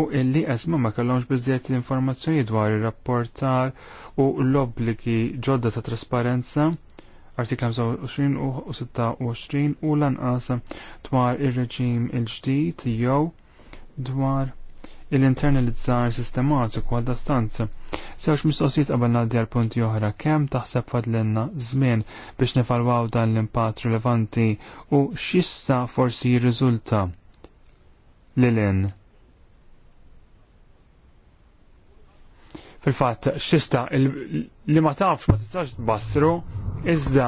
U illi esma ma kellhomx biżjed informazzjoni dwar il rapportar u l-obbligi ġodda ta' trasparenza artikla 25 u 26 u lanqas dwar ir-reġim il-ġdid jew dwar il-internalizzar sistematiku għal dastanz. Sewx mistoqsijiet qabel ngħaddi għal punti oħra kemm taħseb fadlenna żmien biex nefalwaw dan l-impatt rilevanti u x'issa forsi jirriżulta lilin. Fil-fatt x'ista li ma tafx ma tistax tbassru Iżda,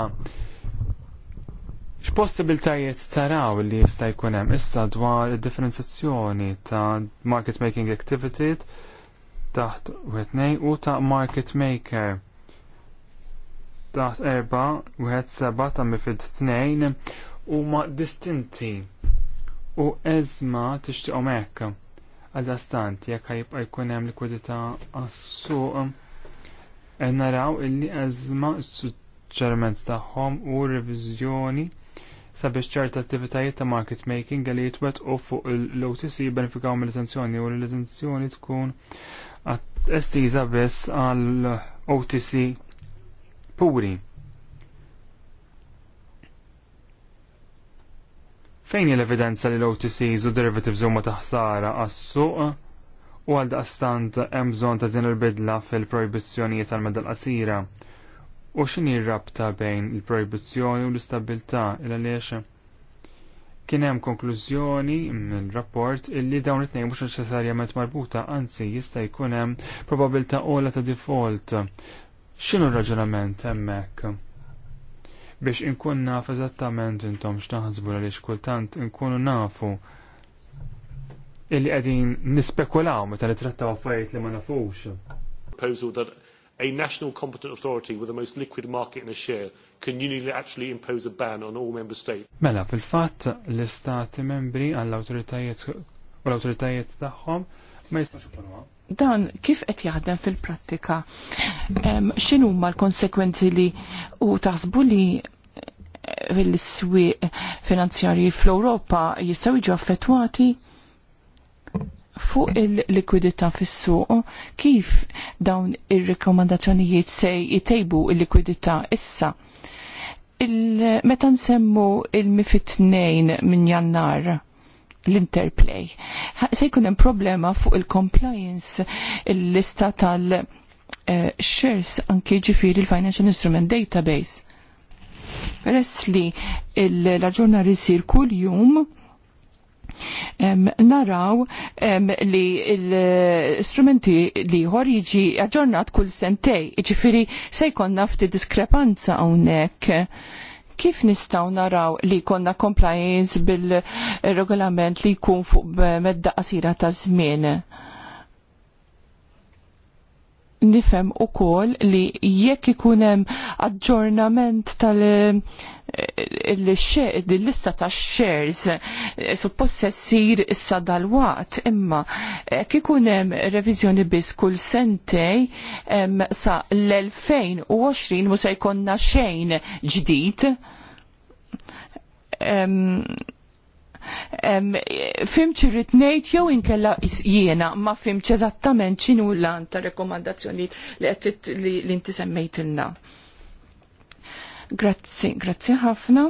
x'possibiltajiet taraw li jista' jkun hemm issa dwar id-differenzjazzjoni ta' market making activity taħt wieħed u ta' market maker taħt erba wieħed seba ta' mifid tnejn huma distinti u eżma tixtieqhom hekk. Għal-dastant, jekk jibqa' jkun hemm likwidità għas-suq, eh, naraw illi eżma ċermenz tagħhom u reviżjoni sabiex ċerta attivitajiet ta' market making għalli jitwet u fuq l-OTC benefikaw mill-lizenzjoni u l-lizenzjoni tkun estiza biss għal OTC puri. Fejn l-evidenza li l-OTCs u derivatives huma taħsara għas-suq u għal daqstant hemm bżonn ta' din il-bidla fil-projbizzjonijiet tal-medal qasira U x'inhi rabta bejn il-proibizzjoni u l istabilta il għaliex kien hemm konklużjoni mill-rapport illi dawn it-tnejn mhux neċessarjament marbuta, anzi jista' jkun hemm probabilità ogħla ta' default. X'inhu r-raġunament hemmhekk? Biex inkun naf eżattament intom x'naħsbu għaliex kultant inkunu nafu illi qegħdin nispekulaw meta nitrattaw affarijiet li ma nafux proposal that a national competent authority with the most liquid market in a share can unilaterally impose a ban on all member states. Mela, fil-fatt l-istati membri għall-autoritajiet u l-autoritajiet tagħhom ma jistax ikunu dan kif qed jaħdem fil-prattika? Xinu ma l-konsekwenzi li u taħsbu li fil eh, swi finanzjarji fl-Ewropa jistgħu jiġu affettwati? fuq il-likwidità fis-suq, kif dawn ir-rekomandazzjonijiet se jitejbu il-likwidità issa? Il Meta nsemmu il-mifit 2 minn jannar, l-interplay. Se jkun hemm problema fuq il-compliance il-lista tal-shares eh, anki ġifiri il-Financial Instrument Database. Peress li l-aġġornar isir kull jum naraw li l-strumenti li ħor jiġi aġġornat kull sentej, ġifiri se jkonna fti diskrepanza hawnhekk kif nistaw naraw li konna compliance bil-regolament li jkun fuq medda qasira ta' żmien? nifem u kol li jekk ikunem aġġornament tal l-lista ta' shares eh, suppost se sir issa dal-waqt imma jekk eh, revizjoni biss kull sentej sa l-2020 musa se jkonna xejn ġdid fimċ rritnejt ngħid jew inkella jiena ma fimċ eżattament x'inhu l-għan ta' rekomandazzjonijiet li għettit li inti semmejtilna. Grazzi, grazzi ħafna.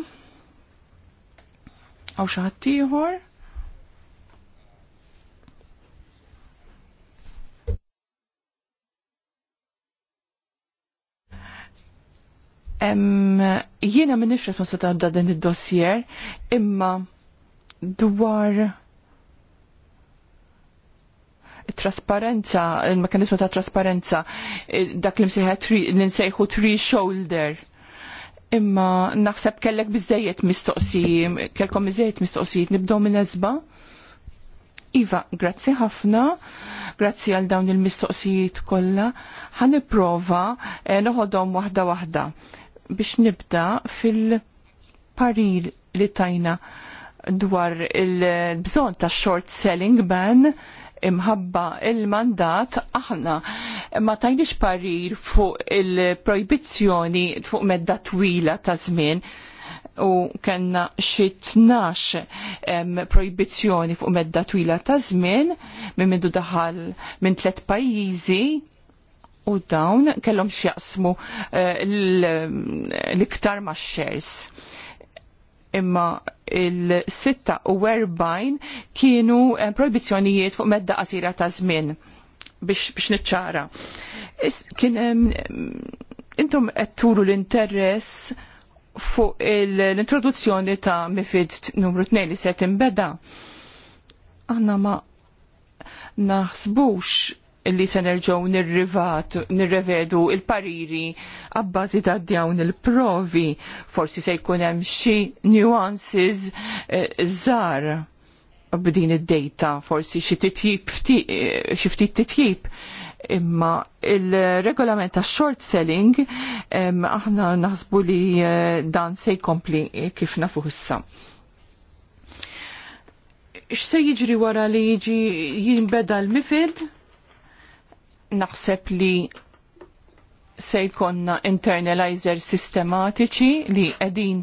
Aw xi ħadd ieħor? Jiena m'iniex responsabbli ta' din id-dossier, imma dwar trasparenza, il-mekanizmu ta' trasparenza, dak li msejħet ninsejħu tree shoulder. Imma naħseb kellek bizzejiet mistoqsijiet, kellkom bizzejiet mistoqsijiet, nibdow minn ezba. Iva, grazzi ħafna, grazzi għal dawn il-mistoqsijiet kollha. Ħan ipprova eh, noħodhom waħda waħda biex nibda fil-parir li tajna dwar il-bżon ta' short selling ban imħabba il-mandat aħna ma tajniex parir fuq il-proibizzjoni fuq medda twila ta' żmien u kena xi tnax proibizzjoni fuq medda twila ta' żmien minn minn daħal minn tliet pajjiżi u dawn kellhom x'jaqsmu eh, l-iktar ma' shares imma il-46 kienu eh, proibizjonijiet fuq medda qasira ta' żmien biex, biex niċċara. Kien intom qed turu l-interess fuq l-introduzzjoni ta' mifid numru 2 li se timbeda. Għanna ma naħsbux li se nerġgħu nirrivat, nirrevedu il-pariri abbażi ta' dawn il-provi, forsi se jkun hemm xi nuances eh, żgħar b'din id-data, forsi eh, xi ftit titjib imma il-regolament ta' short selling aħna naħsbu li eh, dan se jkompli kif nafu issa x'se jiġri wara li jiġi jinbeda l-mifid naħseb li se jkonna internalizer sistematiċi li qegħdin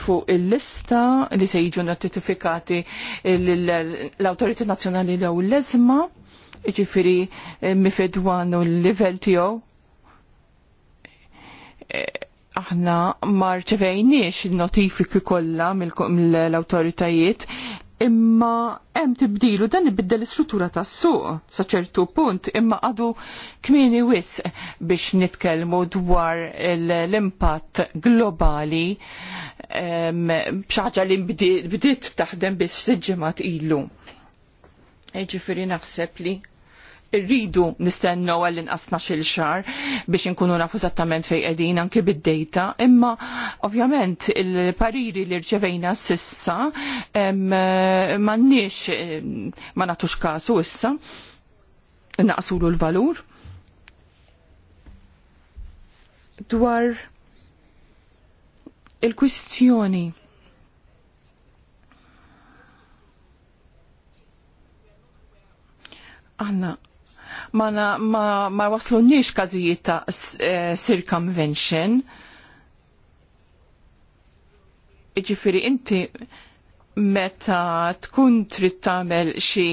fuq il-lista li se jiġu notifikati l-Autorità Nazzjonali lew l-eżma, ġifiri eh, mifid u l-level tiegħu. Eh, aħna ma rċevejniex il-notifiki kollha mill-awtoritajiet imma hemm tibdilu dan ibiddel l-istruttura tas-suq sa ċertu punt imma għadu kmieni wis biex nitkellmu dwar l-impatt globali b'xaġa li bdiet taħdem biex siġġimat ilu. Ġifieri naħseb li rridu nistennu għall-inqasna xil xar biex inkunu nafu esattament fej qegħdin anki bid-dejta, imma ovvjament il-pariri li rċevejna sissa m'għandniex ma nagħtux kasu issa naqsulu l-valur dwar il-kwistjoni Għanna ma, ma, ma waslunniex każijiet ta' eh, circumvention. Ġifiri, inti meta tkun trid tagħmel xi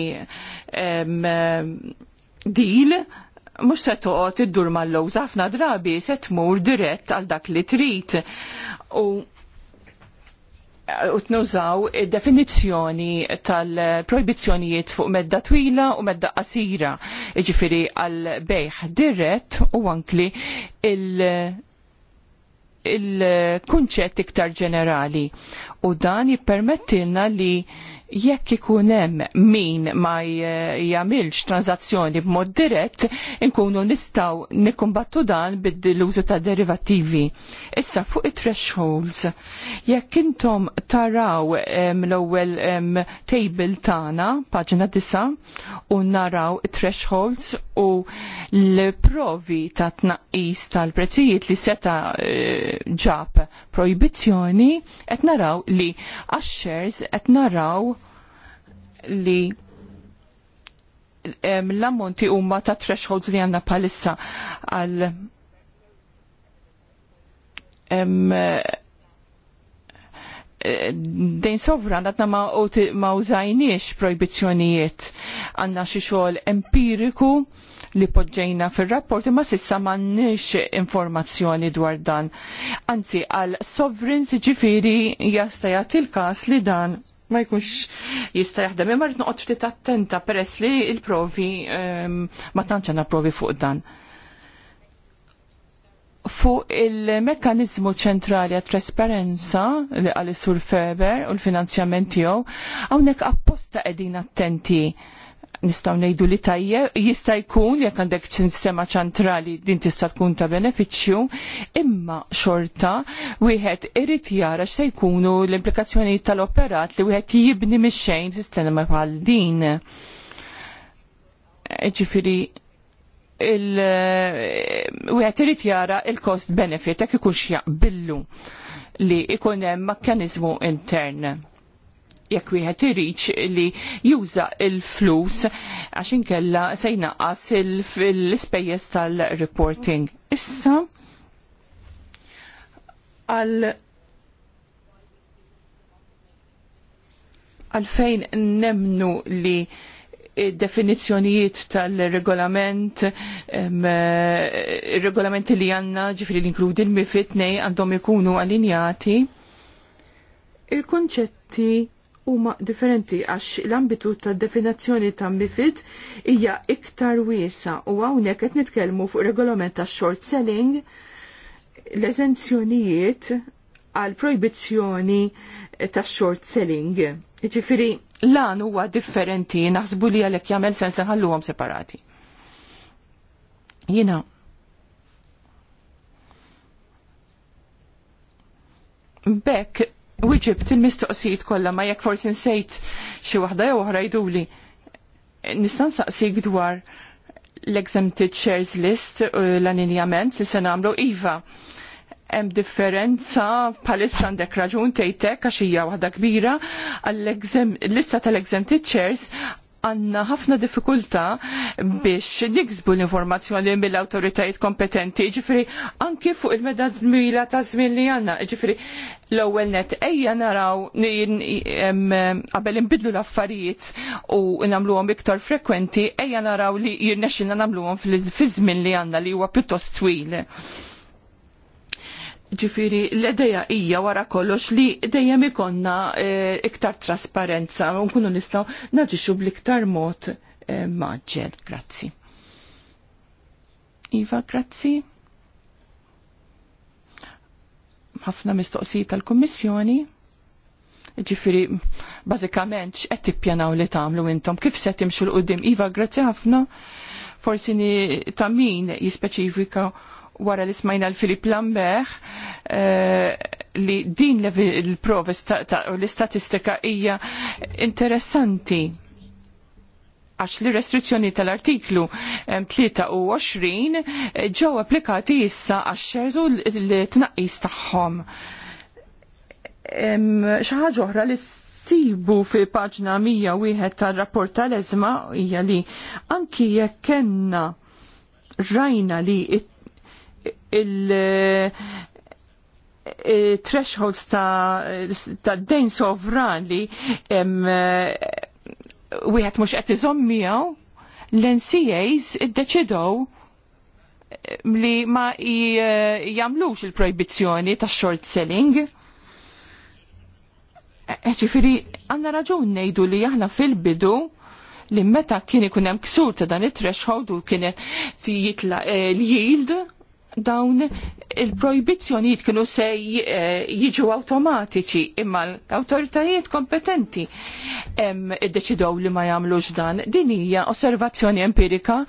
deal, mhux se toqgħod iddur mal lowża ħafna drabi se tmur dirett għal dak li trid. U u tnużaw definizzjoni tal-projbizzjonijiet fuq medda twila u medda qasira, ġifiri għal bejħ dirett u għankli il- il-kunċett iktar ġenerali u dan jippermettilna li jekk ikun hemm min ma jagħmilx tranzazzjoni b'mod dirett, inkunu nistgħu nikkumbattu dan bid-użu ta' derivattivi. Issa fuq it-thresholds, jekk intom taraw l-ewwel table tagħna, paġna disa, u naraw thresholds u l-provi ta' tnaqqis tal-prezzijiet li seta' eh, ġab proibizzjoni, qed naraw li għax qed naraw li l-ammonti huma ta' thresholds li għandna palissa għal dejn sovran għatna ma, użajniex projbizjonijiet għanna xi xogħol empiriku li poġġejna fil-rapport ma sissa m'għandniex informazzjoni dwar dan. Anzi għal sovrin ġifiri jasta jagħti l-każ li dan ma jkunx jista' jaħdem imma rid noqgħod ftit attenta peress li l-provi ehm, ma tantx għandna provi fuq dan. Fuq il-mekkanizmu ċentrali għat trasparenza li għal sur Feber u l-finanzjament tiegħu hawnhekk apposta qegħdin attenti nistgħu ngħidu li tajjeb jista' jkun jekk għandek sistema ċentrali din tista' tkun ta' benefiċċju, imma xorta wieħed irid jara x'se jkunu l-implikazzjonijiet tal-operat li wieħed jibni mix-xejn sistema bħal din. E Ġifieri il wieħed irid jara l cost benefit jekk ikun x'jaqbillu li ikun hemm mekkaniżmu intern jekk wieħed irid li juża il-flus għax inkella se jnaqqas l-ispejjeż tal-reporting. Issa għal għalfejn nemnu li definizjonijiet tal-regolament, regolament li għanna ġifri li inkludi l-mifitnej għandhom ikunu għalinjati, il-konċetti huma differenti għax l-ambitu ta' definizzjoni ta' MIFID hija iktar wiesa u hawnhekk qed nitkellmu fuq regolament ta' short selling l-eżenzjonijiet għal proibizzjoni ta' short selling. Ġifiri, lan huwa differenti, naħsbu li għalek jagħmel sens nħalluhom separati. Jina, bekk Wiġibt il-mistoqsijiet kollha ma jekk forsi nsejt xi waħda jew oħra jduli. Nista' nsaqsik dwar l-exempted shares list uh, l-aninjament li se nagħmlu iva. Hemm differenza bħalissa għandek raġun tgħidek għax hija waħda kbira għall-lista tal-exempted shares għanna ħafna diffikulta biex niksbu l-informazzjoni mill awtoritajiet kompetenti, ġifri anki fuq il-meda zmila ta' żmien li għanna, ġifri l-ewwel net ejja naraw qabel inbidlu l-affarijiet u nagħmluhom iktar frekwenti, ejja naraw li jirnexxinna nagħmluhom fi żmien li għandna li huwa pjuttost twil. Ġifiri, l ideja hija wara kollox li dejjem ikonna eh, iktar trasparenza, nkunu nistaw naġiċu bl-iktar mod eh, maġġel. Grazzi. Iva, grazzi. ħafna mistoqsijiet tal-Kommissjoni. Ġifiri, bażikament x'qed tippjanaw li tagħmlu intom, kif se timxu l qudiem Iva, grazzi ħafna. Forsi ta' min jispeċifika wara li smajna l-Filip Lambert eh, li din l-proves u l-istatistika hija interessanti għax li restrizzjoni tal-artiklu 23 eh, ġew applikati issa għax xerżu l-tnaqqis tagħhom. Xi ħaġa oħra li sibu fi paġna 101 tar-rapport tal-eżma hija li anki jekk kellna rajna li t il- eh, thresholds ta', ta dejn sovran li eh, wieħed mhux qed iżomm miegħu l-NCAs iddeċidew eh, li ma jagħmlux il-projbizzjoni ta' short selling. Ġifiri, għandna raġun ngħidu li aħna fil-bidu li meta kien ikun hemm ksur ta' dan it-threshold u kien jitla' l-yield, dawn il-projbizzjonijiet kienu se eh, jiġu automatiċi imma l-autoritajiet kompetenti id-deċidow li ma jagħmlux dan. Din hija osservazzjoni empirika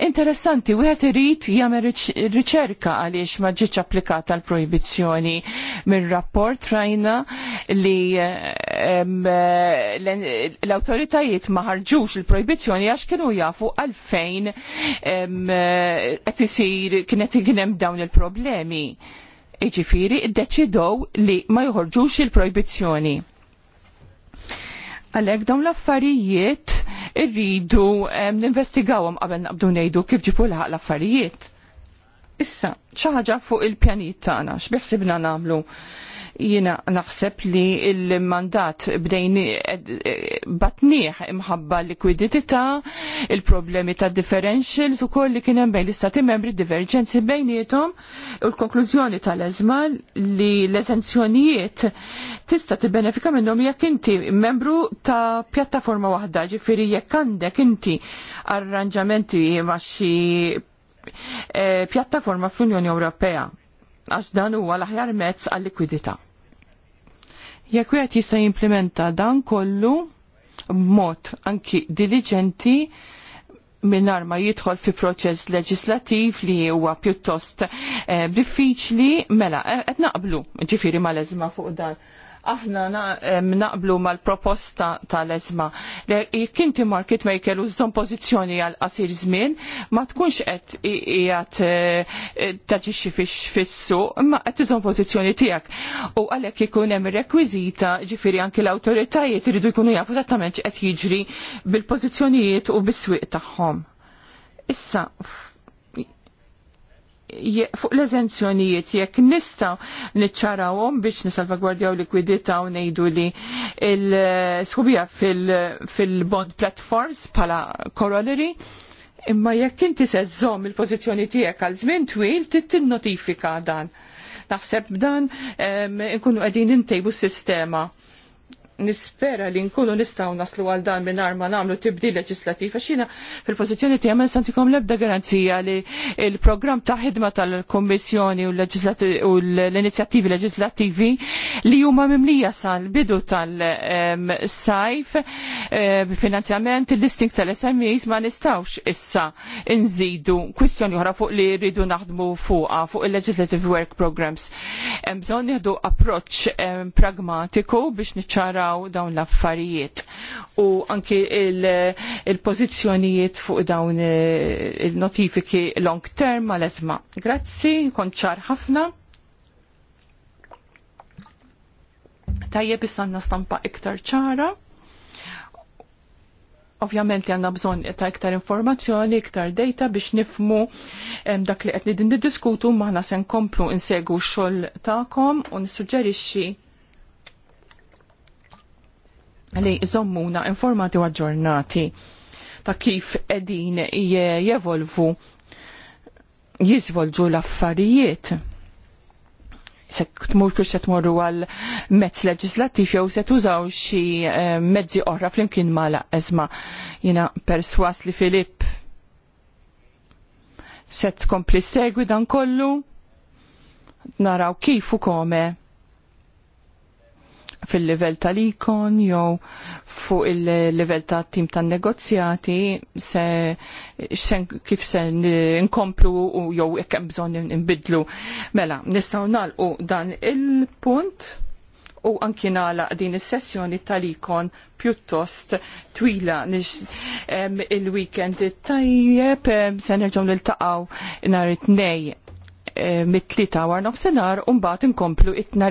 interessanti wieħed irid jagħmel riċerka għaliex ma ġietx applikata l-projbizzjoni minn rapport rajna li eh, eh, l-autoritajiet ma ħarġux il-projbizzjoni għax kienu jafu għalfejn qed isir kienet kien hemm dawn il-problemi. Iġifiri iddeċidow li ma joħorġux il-projbizzjoni. Għalhekk dawn l-affarijiet irridu ninvestigawhom qabel naqbdu ngħidu kif ġipu laħaq l-affarijiet. Issa, xi ħaġa fuq il-pjanit tagħna, x'biħsibna nagħmlu? Jiena naħseb li l mandat bdejni batniħ imħabba likwidità, il-problemi ta' differentials ukoll li kien hemm bejn l-istati membri divergenzi bejniethom u l-konklużjoni tal-eżma li l-eżenzjonijiet tista' tibbenefika minnhom jekk inti membru ta' pjattaforma waħda, ġifieri jekk għandek inti arranġamenti ma' xi eh, pjattaforma fl-Unjoni Ewropea għax dan huwa l-aħjar mezz għal likwidità. Jekk wieħed jista' jimplementa dan kollu b'mod anki diligenti minnar ma jidħol fi proċess leġislativ li huwa pjuttost eh, diffiċli mela eh, qed naqblu ġifieri mal leżma fuq dan aħna naqblu mal-proposta tal-ezma. Jekk inti market maker u żżomm pożizzjoni għal qasir żmien, ma tkunx qed qiegħed taġixxi fis-suq, imma qed iżżomm pożizzjoni tiegħek. U għalhekk ikun hemm rekwiżita, ġifieri anki l-awtoritajiet iridu jkunu jafu esattament x'qed jiġri bil-pożizzjonijiet u bis-swieq tagħhom. Issa, fuq l-eżenzjonijiet jekk nistaw niċċarawhom biex nisalvagwardjaw likwidità u ngħidu li l-sħubija fil-bond platforms bħala corollary imma jekk inti se il-pożizzjoni tiegħek għal żmien twil tittin tinnotifika dan. Naħseb dan nkunu qegħdin intejbu s-sistema nispera li nkunu nistaw naslu għal dan minn arma namlu tibdil leġislativ, xina fil-pozizjoni ti għamil santikom lebda garanzija li il-program ta' ħidma tal-Kommissjoni u l-inizjattivi leġislativi li huma mimlija sal-bidu tal-sajf eh, finanzjament l listing tal-SMEs ma nistawx issa nżidu kwistjoni oħra fuq li rridu naħdmu fuqa fuq il-Legislative Work Programs. Bżon nieħdu approċ eh, pragmatiku biex niċċara jaraw dawn l-affarijiet u anki il-pozizjonijiet il fuq dawn eh, il-notifiki long term għal eżma. Grazzi, konċar ħafna. Tajjeb issanna stampa iktar ċara. Ovvjament li għanna bżon ta' iktar informazzjoni, iktar data biex nifmu dak li qed din diskutu maħna se nkomplu insegu x-xogħol tagħkom u nissuġġerixxi li zommuna informati u aġġornati ta' kif edin jevolvu jizvolġu l-affarijiet. Se tmur kux se tmorru għal mezz leġislattiv jew se tużaw xi eh, mezzi oħra flimkien mala eżma. Jina perswas li Filipp se tkompli segwi dan kollu naraw kif u kome fil-level tal-ikon jew fuq il-level ta' tim tan negozjati se, sen, kif se nkomplu u jew jekk hemm bżonn nbidlu. Mela, nistgħu nagħlqu dan il-punt u anki nagħlaq din is-sessjoni tal-ikon pjuttost twila il-weekend tajjeb se nerġgħu niltaqgħu nhar it tnejn mit-tlieta war nofsinhar u mbagħad inkomplu it